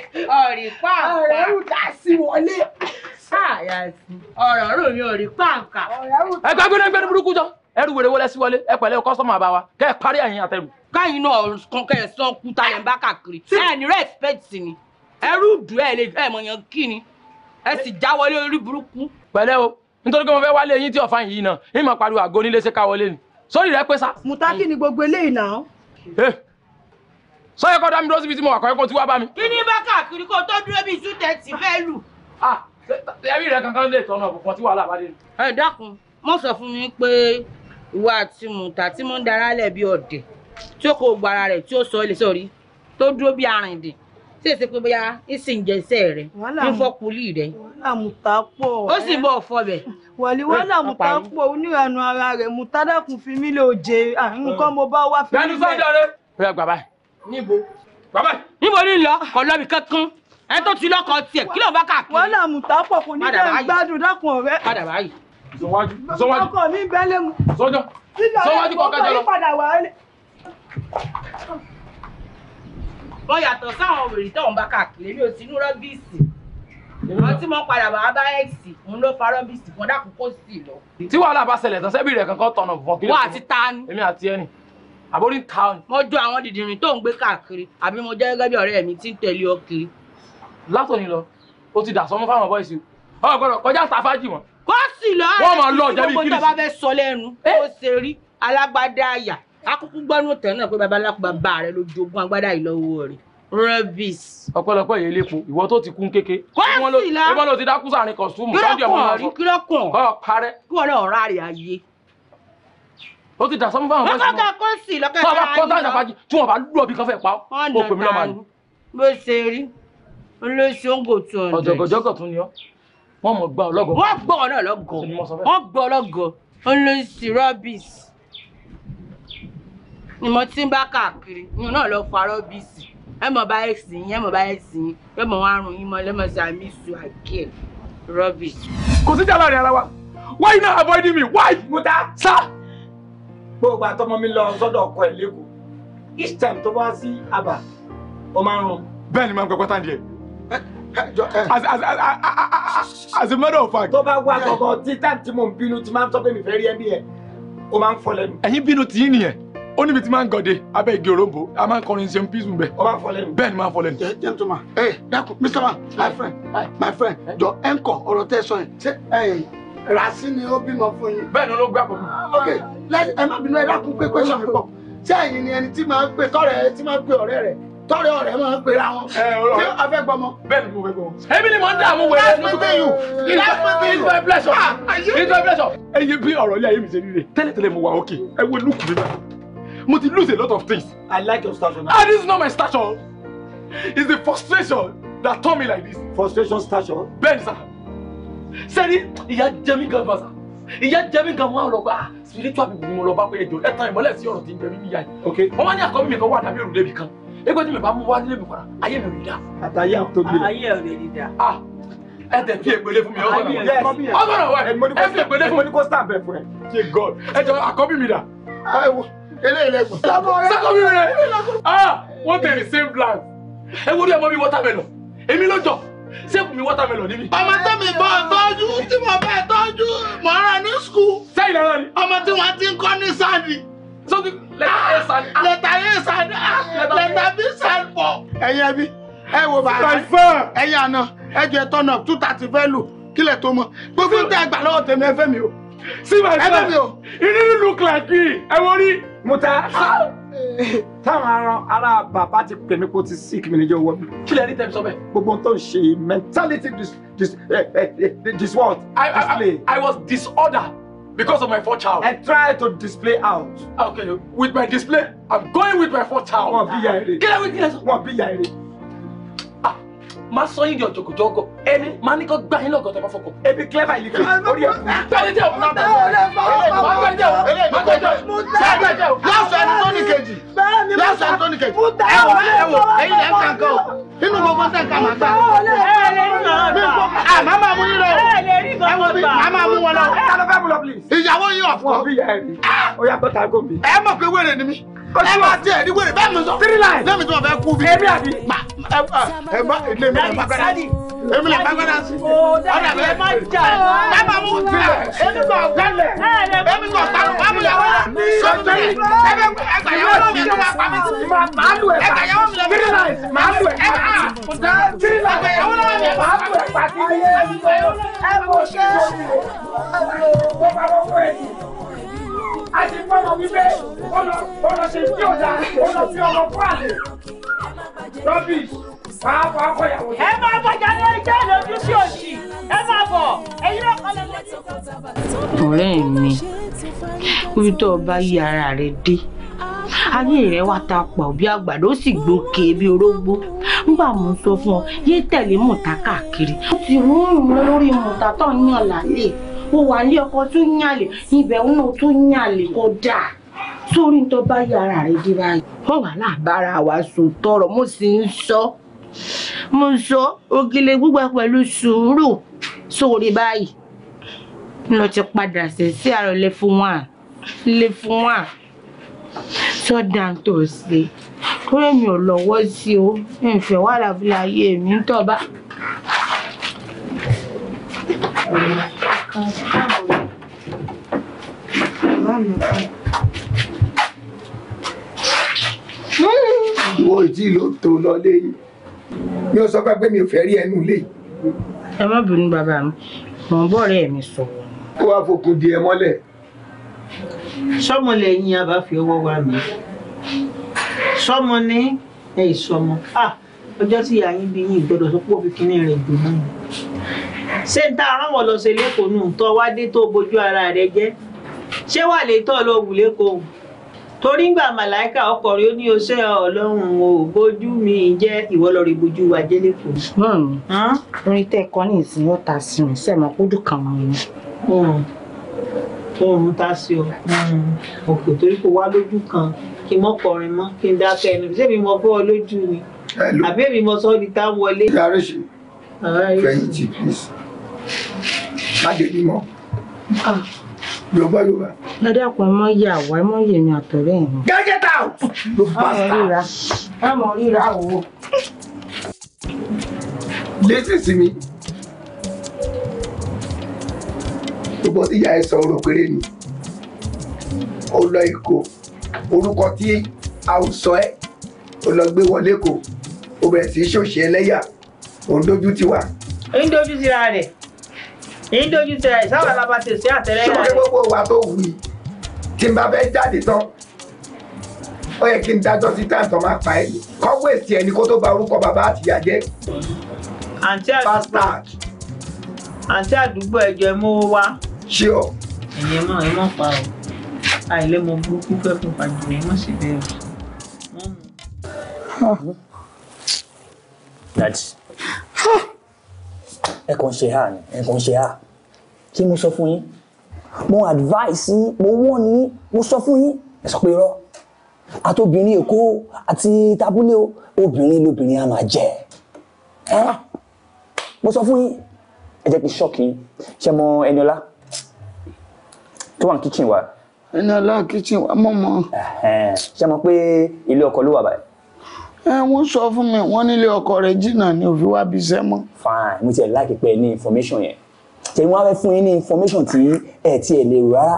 ọ̀rì pàǹpà ọ̀rẹ́ rúta sí wọlé ọ̀rọ̀ rò mi ọ̀rì pàǹpà. ẹ gbàgbé náà gbẹ́ni burúkú jọ ẹrù wèrè wọlé sí wọlé ẹ pẹ̀lẹ́ kọ́sọ́mù àbáwá kẹ́ ẹ parí ẹ̀yìn àtẹrù. káyìn náà kan kẹ́ ẹ sọ kúta lẹ́ ń bá káàkiri ẹ ní respect ni ẹrù dùn ẹ lè ẹ mọ̀ yàn kí ni ẹ sì já wọlé burúkú. pẹ̀lẹ́ o nítorí pé mo fẹ́ wálé eyín tí ọ̀fà yìí náà ìmọ̀ pariwo àgọ́ onílé ṣe káwọlé ni sórí rẹ pé sá. mutaki ni gbogbo eléyìí náà. Eh, sọ́yẹ́ kọ́ dá mi dúró síbi tí mo wà kọ́yẹ́ kó ti wá bá mi. kí ni bá káàkiri kó tó dúró bíi two thirty fẹ́ lù. Ah, ẹbí rẹ kankan lè tọ́nà ọ̀pọ̀ tí wàhálà bá dé. ẹ dákun mo sọ fún mi pé ìwà àti mùtà tí mo ń darálẹ̀ bíi ọ̀dẹ̀ tí ó kó gbara rẹ̀ tí ó sọ ilé sọ̀rí tó dúró bíi arìndìn tí èsì pé bóyá ń sì ń jẹ iṣẹ́ rẹ̀ ń fọ́ kulí rẹ̀. wàhálà mùtá pọ̀. ó sì bọ̀ fọ bẹ̀. wàlí wàhálà mùtá pọ̀ onírànú ara rẹ̀ mùtá dàkún fi mí lè jẹ nǹkan mo bá wá fi mí lẹ̀. gbẹnu sọ́jọ́ rẹ̀. bóyá bàbá níbo bàbá níbo ni lọ kọ lọ́bì kankan ẹ tó ti lọ́kọ̀ tiẹ̀ kí ló bá káàkiri. wàhálà mùtá kò ní bẹ́ẹ̀ gbádùn dákun ọ̀rẹ́. padà báyìí zọwájú zọwájú ọkọ mi bẹ́ẹ̀ lé mu. sọjọ́ wọ́n yàtọ̀ sáwọn wèrè tó ń bá káàkiri mi ò sí inú rọ́bìsì ìwọ́n tí mo padà bá bá x òun ló fa rọ́bìsì kan dákun kó sì lọ. tí wàhálà bá ṣẹlẹ̀ tán sẹ́bìrì rẹ̀ kankan tọ̀nà fún kí wọ́n àti ta ni. èmi àti ẹni àbórí ta ni. mo jọ àwọn dìdìrín tó ń gbé káàkiri àbí mo jẹ́ gẹ́gẹ́ bí ọ̀rẹ́ mi tí ń tẹ̀lé ọ kiri. látòní lọ ó ti dà sọmọ fáwọn bọ́ìsì ọ gbọ́dọ̀ kọjá sáfájì wọn. kó sì lọ àrẹ tí gbogbo tó bá fẹ́ sọ lẹ́nu eh? ó ṣe rí alágbádá àyà akúkú gbọ́nú tẹ̀ náà pé babaláko bàbá rẹ ló jogún agbádá ìlọ́wọ́ rẹ̀ rẹ́bìs. ọ̀pọ̀lọpọ̀ yẹn lépo ìwọ tó ti kún kéke. kọ́ọ̀sì la ìwọ ló ti dákú sàárín kan súnmù. kílọ̀kùn kílọ̀kùn kọ́ parẹ́. kí wọ́n lọ ọ̀rá rẹ̀ ayé. ó ti dàsọ́mú fáwọn fẹ́ẹ́ sùn. lọ́kọ̀ kọ́ọ̀sì lọ́kọ̀ ẹ̀ka ayé. tọ́ba kọ́ọ̀sì àfàjì tí wọ́n bá lù ọ́ bí kan fẹ́ pa ó pè mí lọ́mọ ni. bó ṣe rí olóṣù ń gò tún ọ̀dẹ̀. ọ̀jọ̀gọ̀jọ̀gọ̀ tún ni ọ́ wọ́n mọ̀ gbọ́ ọlọ́gọ̀. wọ́n gbọ́ ọlọ́gọ̀ wọ́n gbọ́ ọlọ́gọ̀ olóṣù rọ́bìsì ni mo ti ń bá káàkiri ìyẹn náà lọ fọ arọ bí sí ẹ mọ bá ẹsìn yín ẹ mọ bá ẹsìn yín yóò mọ wọn àrùn yín mọ rubbish. kò sí jàlá rẹ ara wa why you not avoiding me why. muta sá. gbogbo àtọmọ mi lọ sọ́dọ̀ ọkọ ẹ each time tó bá sí àbà ó máa ń rún. ni máa ń pẹ pátá as as as as a matter of fact. tó bá wá gbọ̀ngàn tí táǹtì mò ń bínú tí máa ń sọ mi fẹ́ rí ẹ bí ẹ ó máa ń fọ lẹ́nu. ẹ̀yin bínú tì í nìyẹn ó níbi tí máa ń gọdẹ abẹ́ igi òróǹbó a máa ń kọrin ṣe ń písù bẹ́ẹ̀. ọba fọlẹ́nu bẹ́ẹ̀ ni máa fọlẹ́nu. jẹ jẹ tó ma ẹ dákun mr ma my friend my friend jọ ẹ ń kọ ọ̀rọ̀ tẹ sọ yẹn ṣé ẹ rasi ni ó bímọ fún yín. bẹ́ẹ̀ ni ló gbà pọ. ok ẹ má bínú ẹ dákun pé pé sọ mi pọ ṣé ẹ̀yin ni ẹni tí máa ń pè tọ̀rẹ́ tí máa ń pè ọ̀rẹ́ rẹ̀ tọ̀rẹ́ ọ̀rẹ́ máa ń pè ra wọn. ẹ ọ̀rọ̀ ṣé a fẹ́ gbọmọ. bẹ́ẹ̀ ni mo fẹ́ gbọmọ. èmi ni mo ń dààmú wẹrẹ. that's my thing you. that's my thing you. it's my pleasure. it's my pleasure. eye bí ọ̀rọ̀ ilé ayé mi ṣe rí rè tẹ́lẹ̀tẹ́lẹ̀ mo wà ókè ẹ wo lùkù mi báyìí mo ti lose a lot of things. I like your stature Ah, this is not my stature. It's the frustration that turned me like this. Frustration stature? Bẹ́ẹ̀ni sá. Sẹ́ni ìyá jẹ mí gan-an sá. Ìyá jẹ mí gan-an wọn lọ bá spiritual people ni mo lọ bá pé ẹjọ́ ẹ tan ìmọ́lẹ̀ sí ọ̀rọ̀ tí ń jẹ mí níyà yìí. Ok. Wọ́n máa ní àkọ́bí mi kan wà dàbí òrùlé mi kan. Egbé tí mi bá mú wá nílé mi padà, ayé mi ò rí dá. Àtàyé àtòbí rẹ̀. Ayé ò rí dá. Ah ẹ tẹ fi ègbélé fún mi ọgbọnà wẹ ọgbọnà wẹ ẹ fi ègbélé fún mi. ẹ fi ègbélé fún mi. ẹ jọ àkọ́bí mi dà. Ah, eléyìí lẹ́gbọ̀n. sákò mi rẹ̀ ah, wọ́n tẹ̀lé same plan ẹ wo ni mi watermelon èmi ló jọ sẹ́ẹ̀kù mi watermelon níbi. ọmọ tó mi bọ́ tọ́jú tí mo bẹ́ẹ̀ tọ́jú mọ̀ ọ́ rà ní skul. sẹ́yìn náà ni. ọmọ tí wọ́n ti ń kọ́ ní sandy. sọ́dún lẹ́tà a sandy. lẹ́tà a sandy ah, lẹ́tà b sandy pọ̀. ẹyẹ bí ẹ wo bàbá ẹyẹ àná ẹ jọ ẹ tọ́nà two thirty fẹ́ lù kílẹ̀ tó mọ gbogbo ń tẹ́ àgbà lọ́wọ́ mi o. sí my friend it didn't look like me. ẹ wọ́n Muta ah! táwọn ará bàbá ti pè mí kó ti sick mi níjọ wọ. kí lè rí tẹ̀sán bẹ́ẹ̀. gbogbo tó ń ṣe mentality dis dis eh, eh, eh dis what. I, I, I, I was disorder because of my four child. I try to display out. okay with my display I'm going with my four child. wọn bí ya ere. kí lè wí kí lè sọ. wọn bí ya máa sọ yín di ọ̀jọ̀gọ̀jọ̀gọ̀ ẹni máa ní kó gbà yín lọ́gọ̀ tó bá fọkọ̀ ẹbí clever ilé kejì orí ẹ̀ tẹ́lẹ̀ jẹ́ òun náà tẹ́lẹ̀ jẹ́ òun tẹ́lẹ̀ jẹ́ òun tẹ́lẹ̀ jẹ́ òun lásán ẹni tó ní kejì lásán ẹni tó ní kejì ẹ wò ẹ wò ẹyin lẹ́ ń kà nǹkan o nínú gbogbo sẹ́ nǹkan màá gbà àmà máa mú yín lọ ẹ wò bí màá máa mú wọn lọ ìyàwó yín ọ̀fọ̀ ẹ mọ̀ pé wèrè ni mí ẹ máa tiẹ̀ ní wèrè bẹ́ẹ̀ mi sọ lẹ́mi tí wọ́n fẹ́ kú bí. èmi àbí. ẹ má èmi náà má gbára sí èmi náà má gbára sí. ọ̀dà bẹ́ẹ̀ má jà bàbá mu tilẹ̀ èmi kò tẹ́lẹ̀ èmi kò tẹ́lẹ̀ bàbá mu yàwó la sọ́jú rẹ̀ ẹgbẹ́ ẹgbà yàwó mi ló máa pa mí sí. màá lù ẹ̀ ẹgbà yàwó mi ló máa pa mí sí. màá lù ẹ̀ ẹgbà yàwó mi ló máa pa mí sí. màá lù ẹ̀ ẹgbà yàwó mi ló máa pa mí sí. a ti gbọ́dọ̀ wípé ó lọ ó lọ ṣe tí ò dáa ó lọ fi ọmọ fún àlè rọ́bì pàápàá kọyàwó. ẹ máa bọ̀ jáde òsì bọ̀ èyí ọkọ kọ́ lọ́jọ́. ọ̀rẹ́ mi orí tó ara rẹ dé ayé rẹ wá ta pa òbí àgbàdo ó sì gbòkè bí orógbó nígbà mò ń fún ọ yé káàkiri ó ti lórí tó mo wà ní ọkọ tún yàlè ibẹ̀ ń náà tún yàlè kó dáa sórí ń tọ́ bá yàrá rẹ̀ dé báyìí. wọ́n wà láàbára wa sùn tọrọ mo sì ń sọ mo sọ ògìlè gbígbà pẹ̀lú sùúrù sórí báyìí lọ ti padà sí sí àárọ̀ lè fún wa lè fún wa sọ́dà tó ṣe kúrò mi ò lọ́wọ́ sí o ìfẹ́ wà lábúlé ayé mi ń tọ́ bá. Thank you ìwọ ìtí ló tó lọ léyìn mi ò sọ pé pé mi ò fẹ́ rí ẹnu lé. ẹ má bínú bàbá mi mò ń bọ̀ ọ̀rẹ́ mi sọ̀rọ̀. ó wàá fokùn di ẹ mọ́lẹ̀. sọmọ lẹ́yìn abá fi ọwọ́ wa mi sọmọ ní ẹ ìsọmọ ah, ọjọ́ tí yàyín bí yín ìgbọ́dọ̀ sọ pé òfin kínní rẹ̀ dùn ṣé ń tá aráwọ̀ lọ ṣe lẹ́kọ̀ọ́ nù tọ́ wá dé tó bójú ara rẹ jẹ́ ṣé wà lè tọ́ lọ wù lẹ́kọ̀ọ́ torí ngbà màláìka ọkọ rẹ ó ní oṣẹ Ọlọ́run ò bójú mi jẹ́ ìwọ lọ rí bójú wa jẹ́ lẹ́kọ̀ọ́. mọ́ọ̀mù orin tẹ́ ẹ̀kọ́ ní ìsìn yóò ta sí rìn sẹ́ẹ̀mọ́ kó dùn kàn wọ́n ni. ta sí o òkè torí kò wá lójú kan kí n mọ́ kọrin mọ́ kí n dákẹ́ ẹnu ṣé mi mọ bọ́ ọ lójú ni àbí èmi mọ sọ́ọ́ di tá wọlé. fẹ̀yìntì please. Májèlé mọ́. Yorùbá Yorùbá. Lọ́dọ̀ àpọ̀ ẹ mọ́ yẹ àwọ̀ ẹ mọ́ yẹ mi àtọ̀rẹ́ mi. Gẹ́gẹ́ ta o. Ló bá ta. Ọmọ ríra. Ọmọ ríra o. Létí sí mi. Gbogbo tí ìyá ẹ sọ ọ̀rọ̀ péré ni. Ó lọ Èkó. Orúkọ tí a ò sọ ẹ́. Ó lọ gbé wọlé kò. Ó bẹ̀rẹ̀ sí ẹlẹ́yà. Òun ti wà. Ó ń dójú rẹ̀ èyí dojú tẹ ìsáwà lába ti ṣe àtẹrẹ. sọ pé gbogbo wa tó wù í tí n bá fẹ́ jáde tán ó yẹ kí n dájọ́ sí táǹtì tó máa pa ẹ́ kọ́wé sí ẹni kó tó ba orúkọ bàbá àtìyá jẹ́. àǹtí àdúgbò àǹtí àdúgbò ẹ̀jọ̀ ẹ̀ mówó wá. ṣé o. ẹ̀yẹ mọ̀ ẹ mọ̀ pa o àìlẹ́mọ burúkú fẹ́ fún pàjùmọ̀ ẹ mọ̀ bẹ́ẹ̀ o. That's ẹ kàn ṣe hà ni ẹ ṣe hà kí mo sọ fún yín mo advice yín mo wọ́n ní mo sọ fún yín ẹ sọ pé irọ́ àtobìnrin èkó àti tabule o obìnrin lobìnrin a máa jẹ ẹ mo sọ fún yín ẹ jẹ́ kí ṣọ́ọ̀kì ṣe mọ Ẹniọlá tó wà ní kitchen wa. Ẹniọlá kitchen wa mọ̀ mọ́. ṣe mọ̀ pé ilé ọkọ ló wà báyìí wọ́n sọ fún mi wọ́n nílé ọkọ rẹ̀ jìnnà ni òfin wá bí iṣẹ́ mọ́. fine mo tiẹ̀ láàkì pé ẹ ní information yẹn tẹ̀yìn wọn á fẹ́ fún yín ní information tí ẹ ti ẹ̀ lè rárá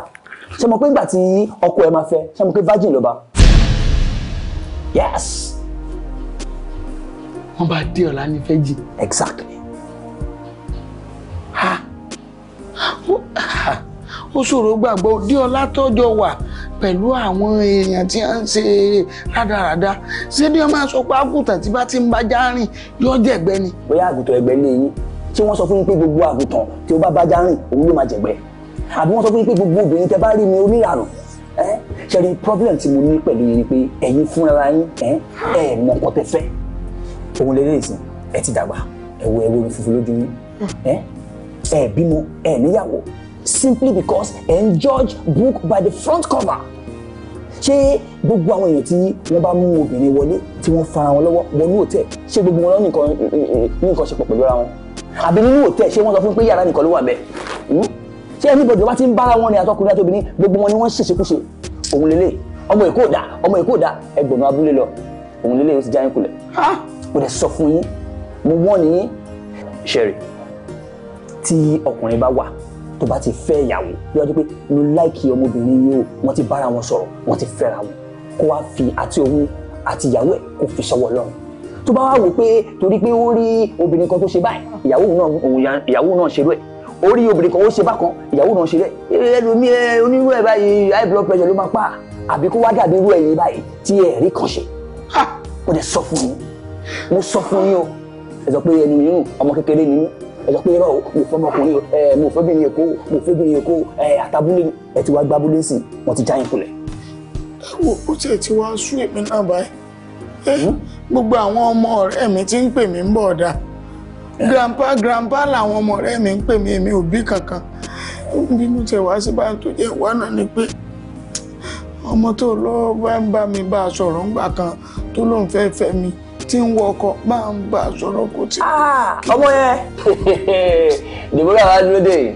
ṣe mọ̀ pé ìgbà tí ọkọ ẹ máa fẹ́ ṣe mọ̀ pé virgin lọ́ba yes. wọ́n bá dé ọ̀la ní fẹ́jì. exactly. ó ṣòro gbàgbọ́ dé ọlá tọ́jọ́ wà pẹ̀lú àwọn èèyàn tí wọ́n ń ṣe rádaràda ṣé bí wọ́n máa sọ pé àgùntàn tí bá ti ń bá já rìn yóò jẹ̀gbẹ́ ni. bóyá àgùntàn ẹgbẹ́ lé yín tí wọ́n sọ fún yín pé gbogbo àgùntàn tí ó bá bá já rìn òun ló máa jẹ̀gbẹ́ àbí wọ́n sọ fún yín pé gbogbo obìnrin tẹ bá rí mi oníyàrá ṣẹ́ni problem tí mo ní pẹ̀lú yín ni pé ẹ̀yin fúnra yín ẹ̀ mọ̀ nǹkan tẹ fẹ́ òun lè lè sìn ẹ ti dàgbà ẹ̀wọ̀ ẹ̀wọ̀ funfun ẹ̀ bímọ simply because ẹ̀ ń judge book by the front cover ṣé gbogbo àwọn èèyàn tí wọ́n bá mú obìnrin wọlé tí wọ́n fara wọn lọ́wọ́ wọnú òtẹ́ ṣé gbogbo wọn lọ ní nǹkan ṣe pọ̀ pẹ̀lú ara wọn àbí nínú òtẹ́ ṣé wọ́n sọ fún pé yàrá nìkan ló wà bẹ́ẹ̀ hmm? ṣé anybody bá ti ń bára wọn ni àtọkùnrin àtobìnrin gbogbo wọn ni wọ́n ṣèṣekúṣe òun lélẹ̀ ọmọ èkó ò dá ọmọ èkó ò dá ẹgbọ̀nà abúlé lọ òun lélẹ̀ ó ti já yín kulẹ̀ mo dẹ̀ sọ fún yín mo wọ́n ní yín ṣẹ̀rì tí ọkùnrin bá wà tó bá ti fẹ́ ìyàwó bí wọ́n ti pé mo láìkì ọmọbìnrin yìí o wọ́n ti bára wọn sọ̀rọ̀ wọ́n ti fẹ́ra wọn kó wá fi àti òun àti ìyàwó ẹ̀ kó fi sọ́wọ́ lọ́rùn tó bá wá wò pé torí pé ó rí obìnrin kan tó ṣe báyìí ìyàwó náà ìyàwó náà ṣerú ẹ̀ ó rí obìnrin kan ó ṣe bákan ìyàwó náà ṣerú ẹ̀ ẹlòmí ẹ onírú ẹ̀ báyìí high blood pressure ló máa pa àbí kó wá dàbí irú ẹ̀yìn báyìí tí ẹ̀ rí kan ṣe mo dẹ̀ sọ fún yín mo sọ fún yín o ẹ sọ pé ẹnu mi ọmọ kékeré mi mú ẹ sọ pé irọ́ o mo fẹ́ ọmọkùnrin o ẹ mo fẹ́ bìnrin èkó mo fẹ́ bìnrin èkó ẹ àtàbúlé ẹ ti wá gbábúlé sí wọn ti já yín kulẹ̀. wo ó tiẹ̀ ti wá sún èmi náà báyìí hmm? gbogbo àwọn ọmọ ọ̀rẹ́ mi ti ń pè mí ń bọ̀ ọ̀dà eh? grandpa grandpa làwọn ọmọ ọ̀rẹ́ mi ń pè mí èmi ò bí kankan bí mo tẹ̀ wá sí bá tó jẹ́ wá náà ni pé ọmọ tó lọ́ọ́ bá ń bá mi bá a sọ̀rọ̀ ńgbà kan tó lóun fẹ́ fẹ́ mi tí ń wọ ọkọ bá ń bá a sọ̀rọ̀ kó tí. Ah, ọmọ yẹn Deborah wá dúró dè yìí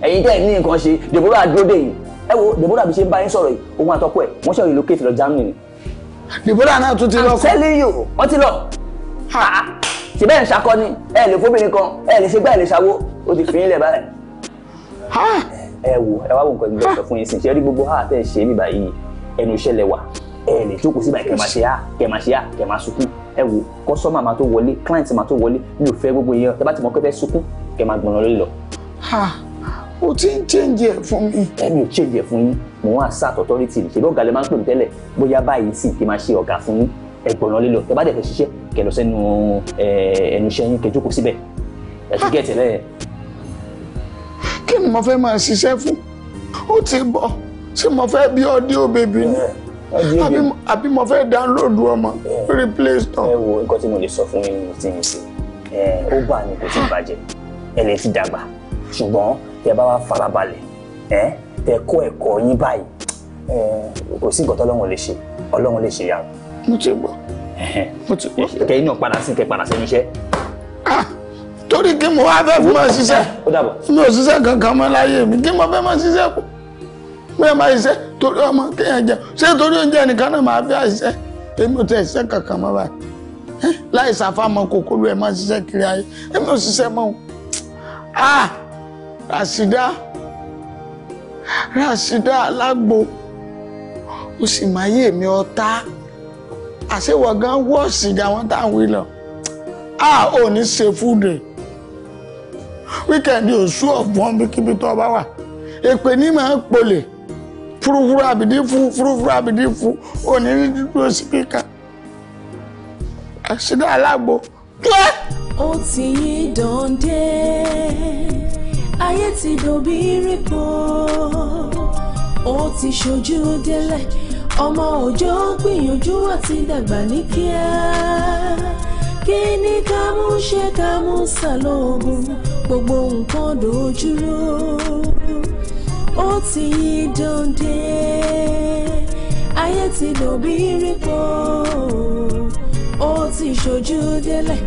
ẹ̀yin tẹ́ ẹ̀ ní nǹkan ṣe Deborah dúró dè yìí ẹ wo Deborah bí ṣe ń bá yín sọ̀rọ̀ yìí òun àtọ́kọ ẹ̀ wọ́n ṣe relocate lọ Germany. Deborah náà tún ti lọ kọ́. I'm telling you wọ́n ti lọ. Ah, ṣe bẹ́ẹ̀ ń ṣakọ ni ẹ lè fóbìnrin kan ẹ lè ṣe gbá ẹ lè ṣàwo ó ti fi yín lẹ̀ báyìí ẹ wo, ẹ wá wò nǹkan ìgbésẹ̀ fún yín sí ṣe rí gbogbo ha àtẹ̀ ṣe mí báyìí ẹnu iṣẹ́ lẹ wà ẹ lè jókòó síbà kẹ máa ṣe á kẹ ṣe á kẹ sunkún ẹ wò kọ́sọ́mà máa tó wọlé client máa tó wọlé mi ò fẹ́ gbogbo yẹn tẹ bá ti mọ pé fẹ́ sunkún kẹ máa gbọ̀nà lórí lọ. o ti ń change ẹ fún mi. ẹ mi change ẹ fún yín mò ń assert authority ṣe bí ọ̀gá lè máa ń pè mí tẹ́lẹ̀ bóyá báyìí sì kí máa ṣe ọ̀gá fún yín ẹ gbọ̀nà lílọ tẹ bá dẹ̀ fẹ́ ṣiṣẹ́ kẹ lọ sẹ́nu ẹnu iṣẹ́ yín kẹ jókòó síbẹ̀ ẹ ti gẹ̀ tẹ́lẹ̀. kí ni mo fẹ́ máa ṣiṣẹ́ fún ó ti bọ̀ ṣé mo fẹ́ bí ọdí òbèbí ni. Yeah àbí mo fẹ́ download ọmọ lórí play store. ẹ wo nǹkan tí mo lè sọ fún yín nínú tí mi ṣe ó bá ní kò tí ì bàjẹ́ ẹ lè ti dàgbà ṣùgbọ́n tẹ bá wá farabalẹ̀ ẹ tẹ kó ẹ̀kọ́ yín báyìí kò sí nǹkan tọ́lọ́run lè ṣe ọlọ́run lè ṣe yàrá. mo ti gbọ́ mo ti gbọ́. kẹ́yìn náà padà sí kẹ́ padà sí níṣẹ́. Ah, torí kí mo wá fẹ́ fún ọ ṣiṣẹ́ mi ò ṣiṣẹ́ kankan mọ́ láyé mi kí mo fẹ́ mọ́ ṣiṣẹ́ kù pé máa ṣiṣẹ́ torí ọmọ kéèyàn jẹ ṣé torí oúnjẹ nìkan náà máa fi àṣìṣe èmi ò tẹ ṣiṣẹ́ kankan mọ́ báyìí láì ṣàfàmọ́ kòkòrò ẹ̀ máa ṣiṣẹ́ kiri ayé èmi ò ṣiṣẹ́ mọ́ ah Rasida Rasida alágbo ó sì máa yé mi ọ̀tá àṣewọ̀ gan wọ́ọ̀sì jà wọ́n tá à ń wí lọ ah ò ní ṣe fúdè wíkẹ̀ndì òṣù ọ̀fọ́n bí kíbi tó bá wà èpè ní máa ń polè fúrufúru àbídífú fúrufúru àbídífú òní dúró síbí kan àṣírí alágbo. ó ti yí dòde ayé ti dòbí rí ó ti ṣojú délẹ̀ ọmọ òjò gbìyànjú àti dàgbà ní kíá kí ni ká mú ṣe ká mú sàlóògùn gbogbo nǹkan dojúró ó ti yí dòde ayé ti lòbí rí pọ̀ ó ti ṣojú délẹ̀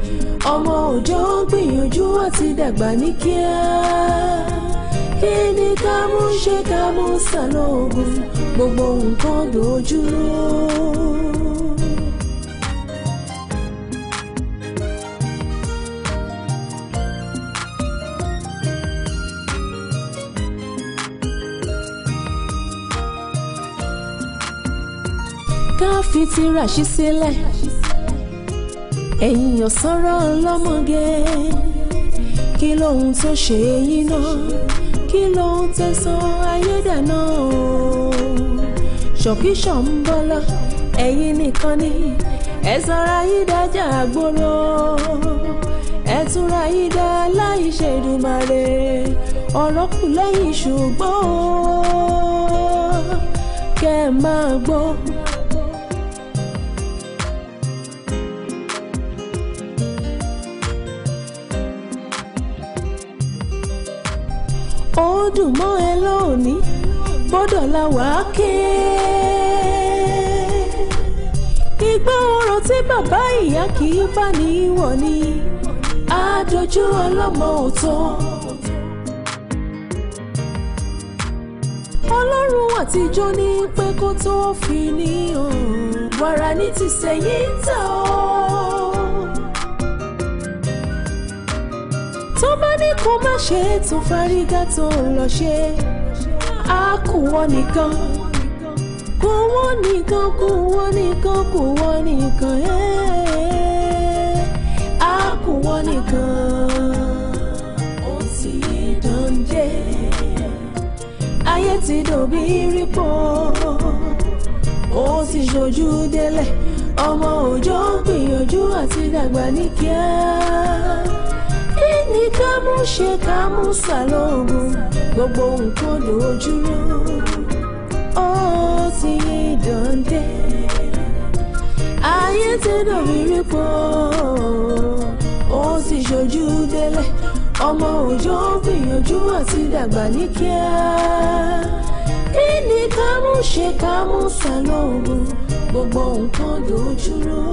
ọmọ òjò gbìyànjú àti dàgbà ní kíá kí ni ká mú ṣe ká mú sàlóògùn gbogbo nǹkan dojúrú. ká fi tira ṣí sílẹ̀ ẹ̀yìn ọ̀sọ́rọ̀ ọlọ́mọge kí lóhun tó ṣe yín náà kí lóhun tẹ̀sán ayédènà ṣọ̀kíṣọ̀ ń bọ́ lọ ẹ̀yin nìkan ni ẹ sọra yìí dájà àgbòrò ẹ túnra yìí dá láì ṣe ọ̀rọ̀ kù lẹ́yìn ṣùgbọ́n kẹ́ ẹ máa gbọ́. dùn mọ́ ẹ lónìí bọ́dọ̀ la wà á ké. igbó ọ̀rọ̀ tí bàbá ìyá kì í bá ní wọ̀ ni àádọ́jú ọlọ́mọ ọ̀tọ̀. ọlọ́run àtijọ́ ní pé kó tó fi ní o wàrà ní ti sẹ́yìn tà tó bá ní kó má ṣe tó fárígá tó lọ ṣe á kù wọ́n nìkan kù wọ́n nìkan kù wọ́n nìkan kù wọ́n nìkan á eh. kù wọ́n nìkan ó ti dán dé ayé ti dòbí rí pọ̀ ó ti ṣojú délẹ̀ ọmọ òjò gbìyànjú àti dàgbà ní kíá kámú ṣe kámú sàlóògùn gbogbo nǹkan lójúrò ó ti dọ̀ndé ayé ti dòmírí pọ̀ ó sì ṣojú délẹ̀ ọmọ òjò gbìyànjú àti dàgbà ní kíá kí ni kámú ṣe kámú sàlóògùn gbogbo nǹkan lójúrò.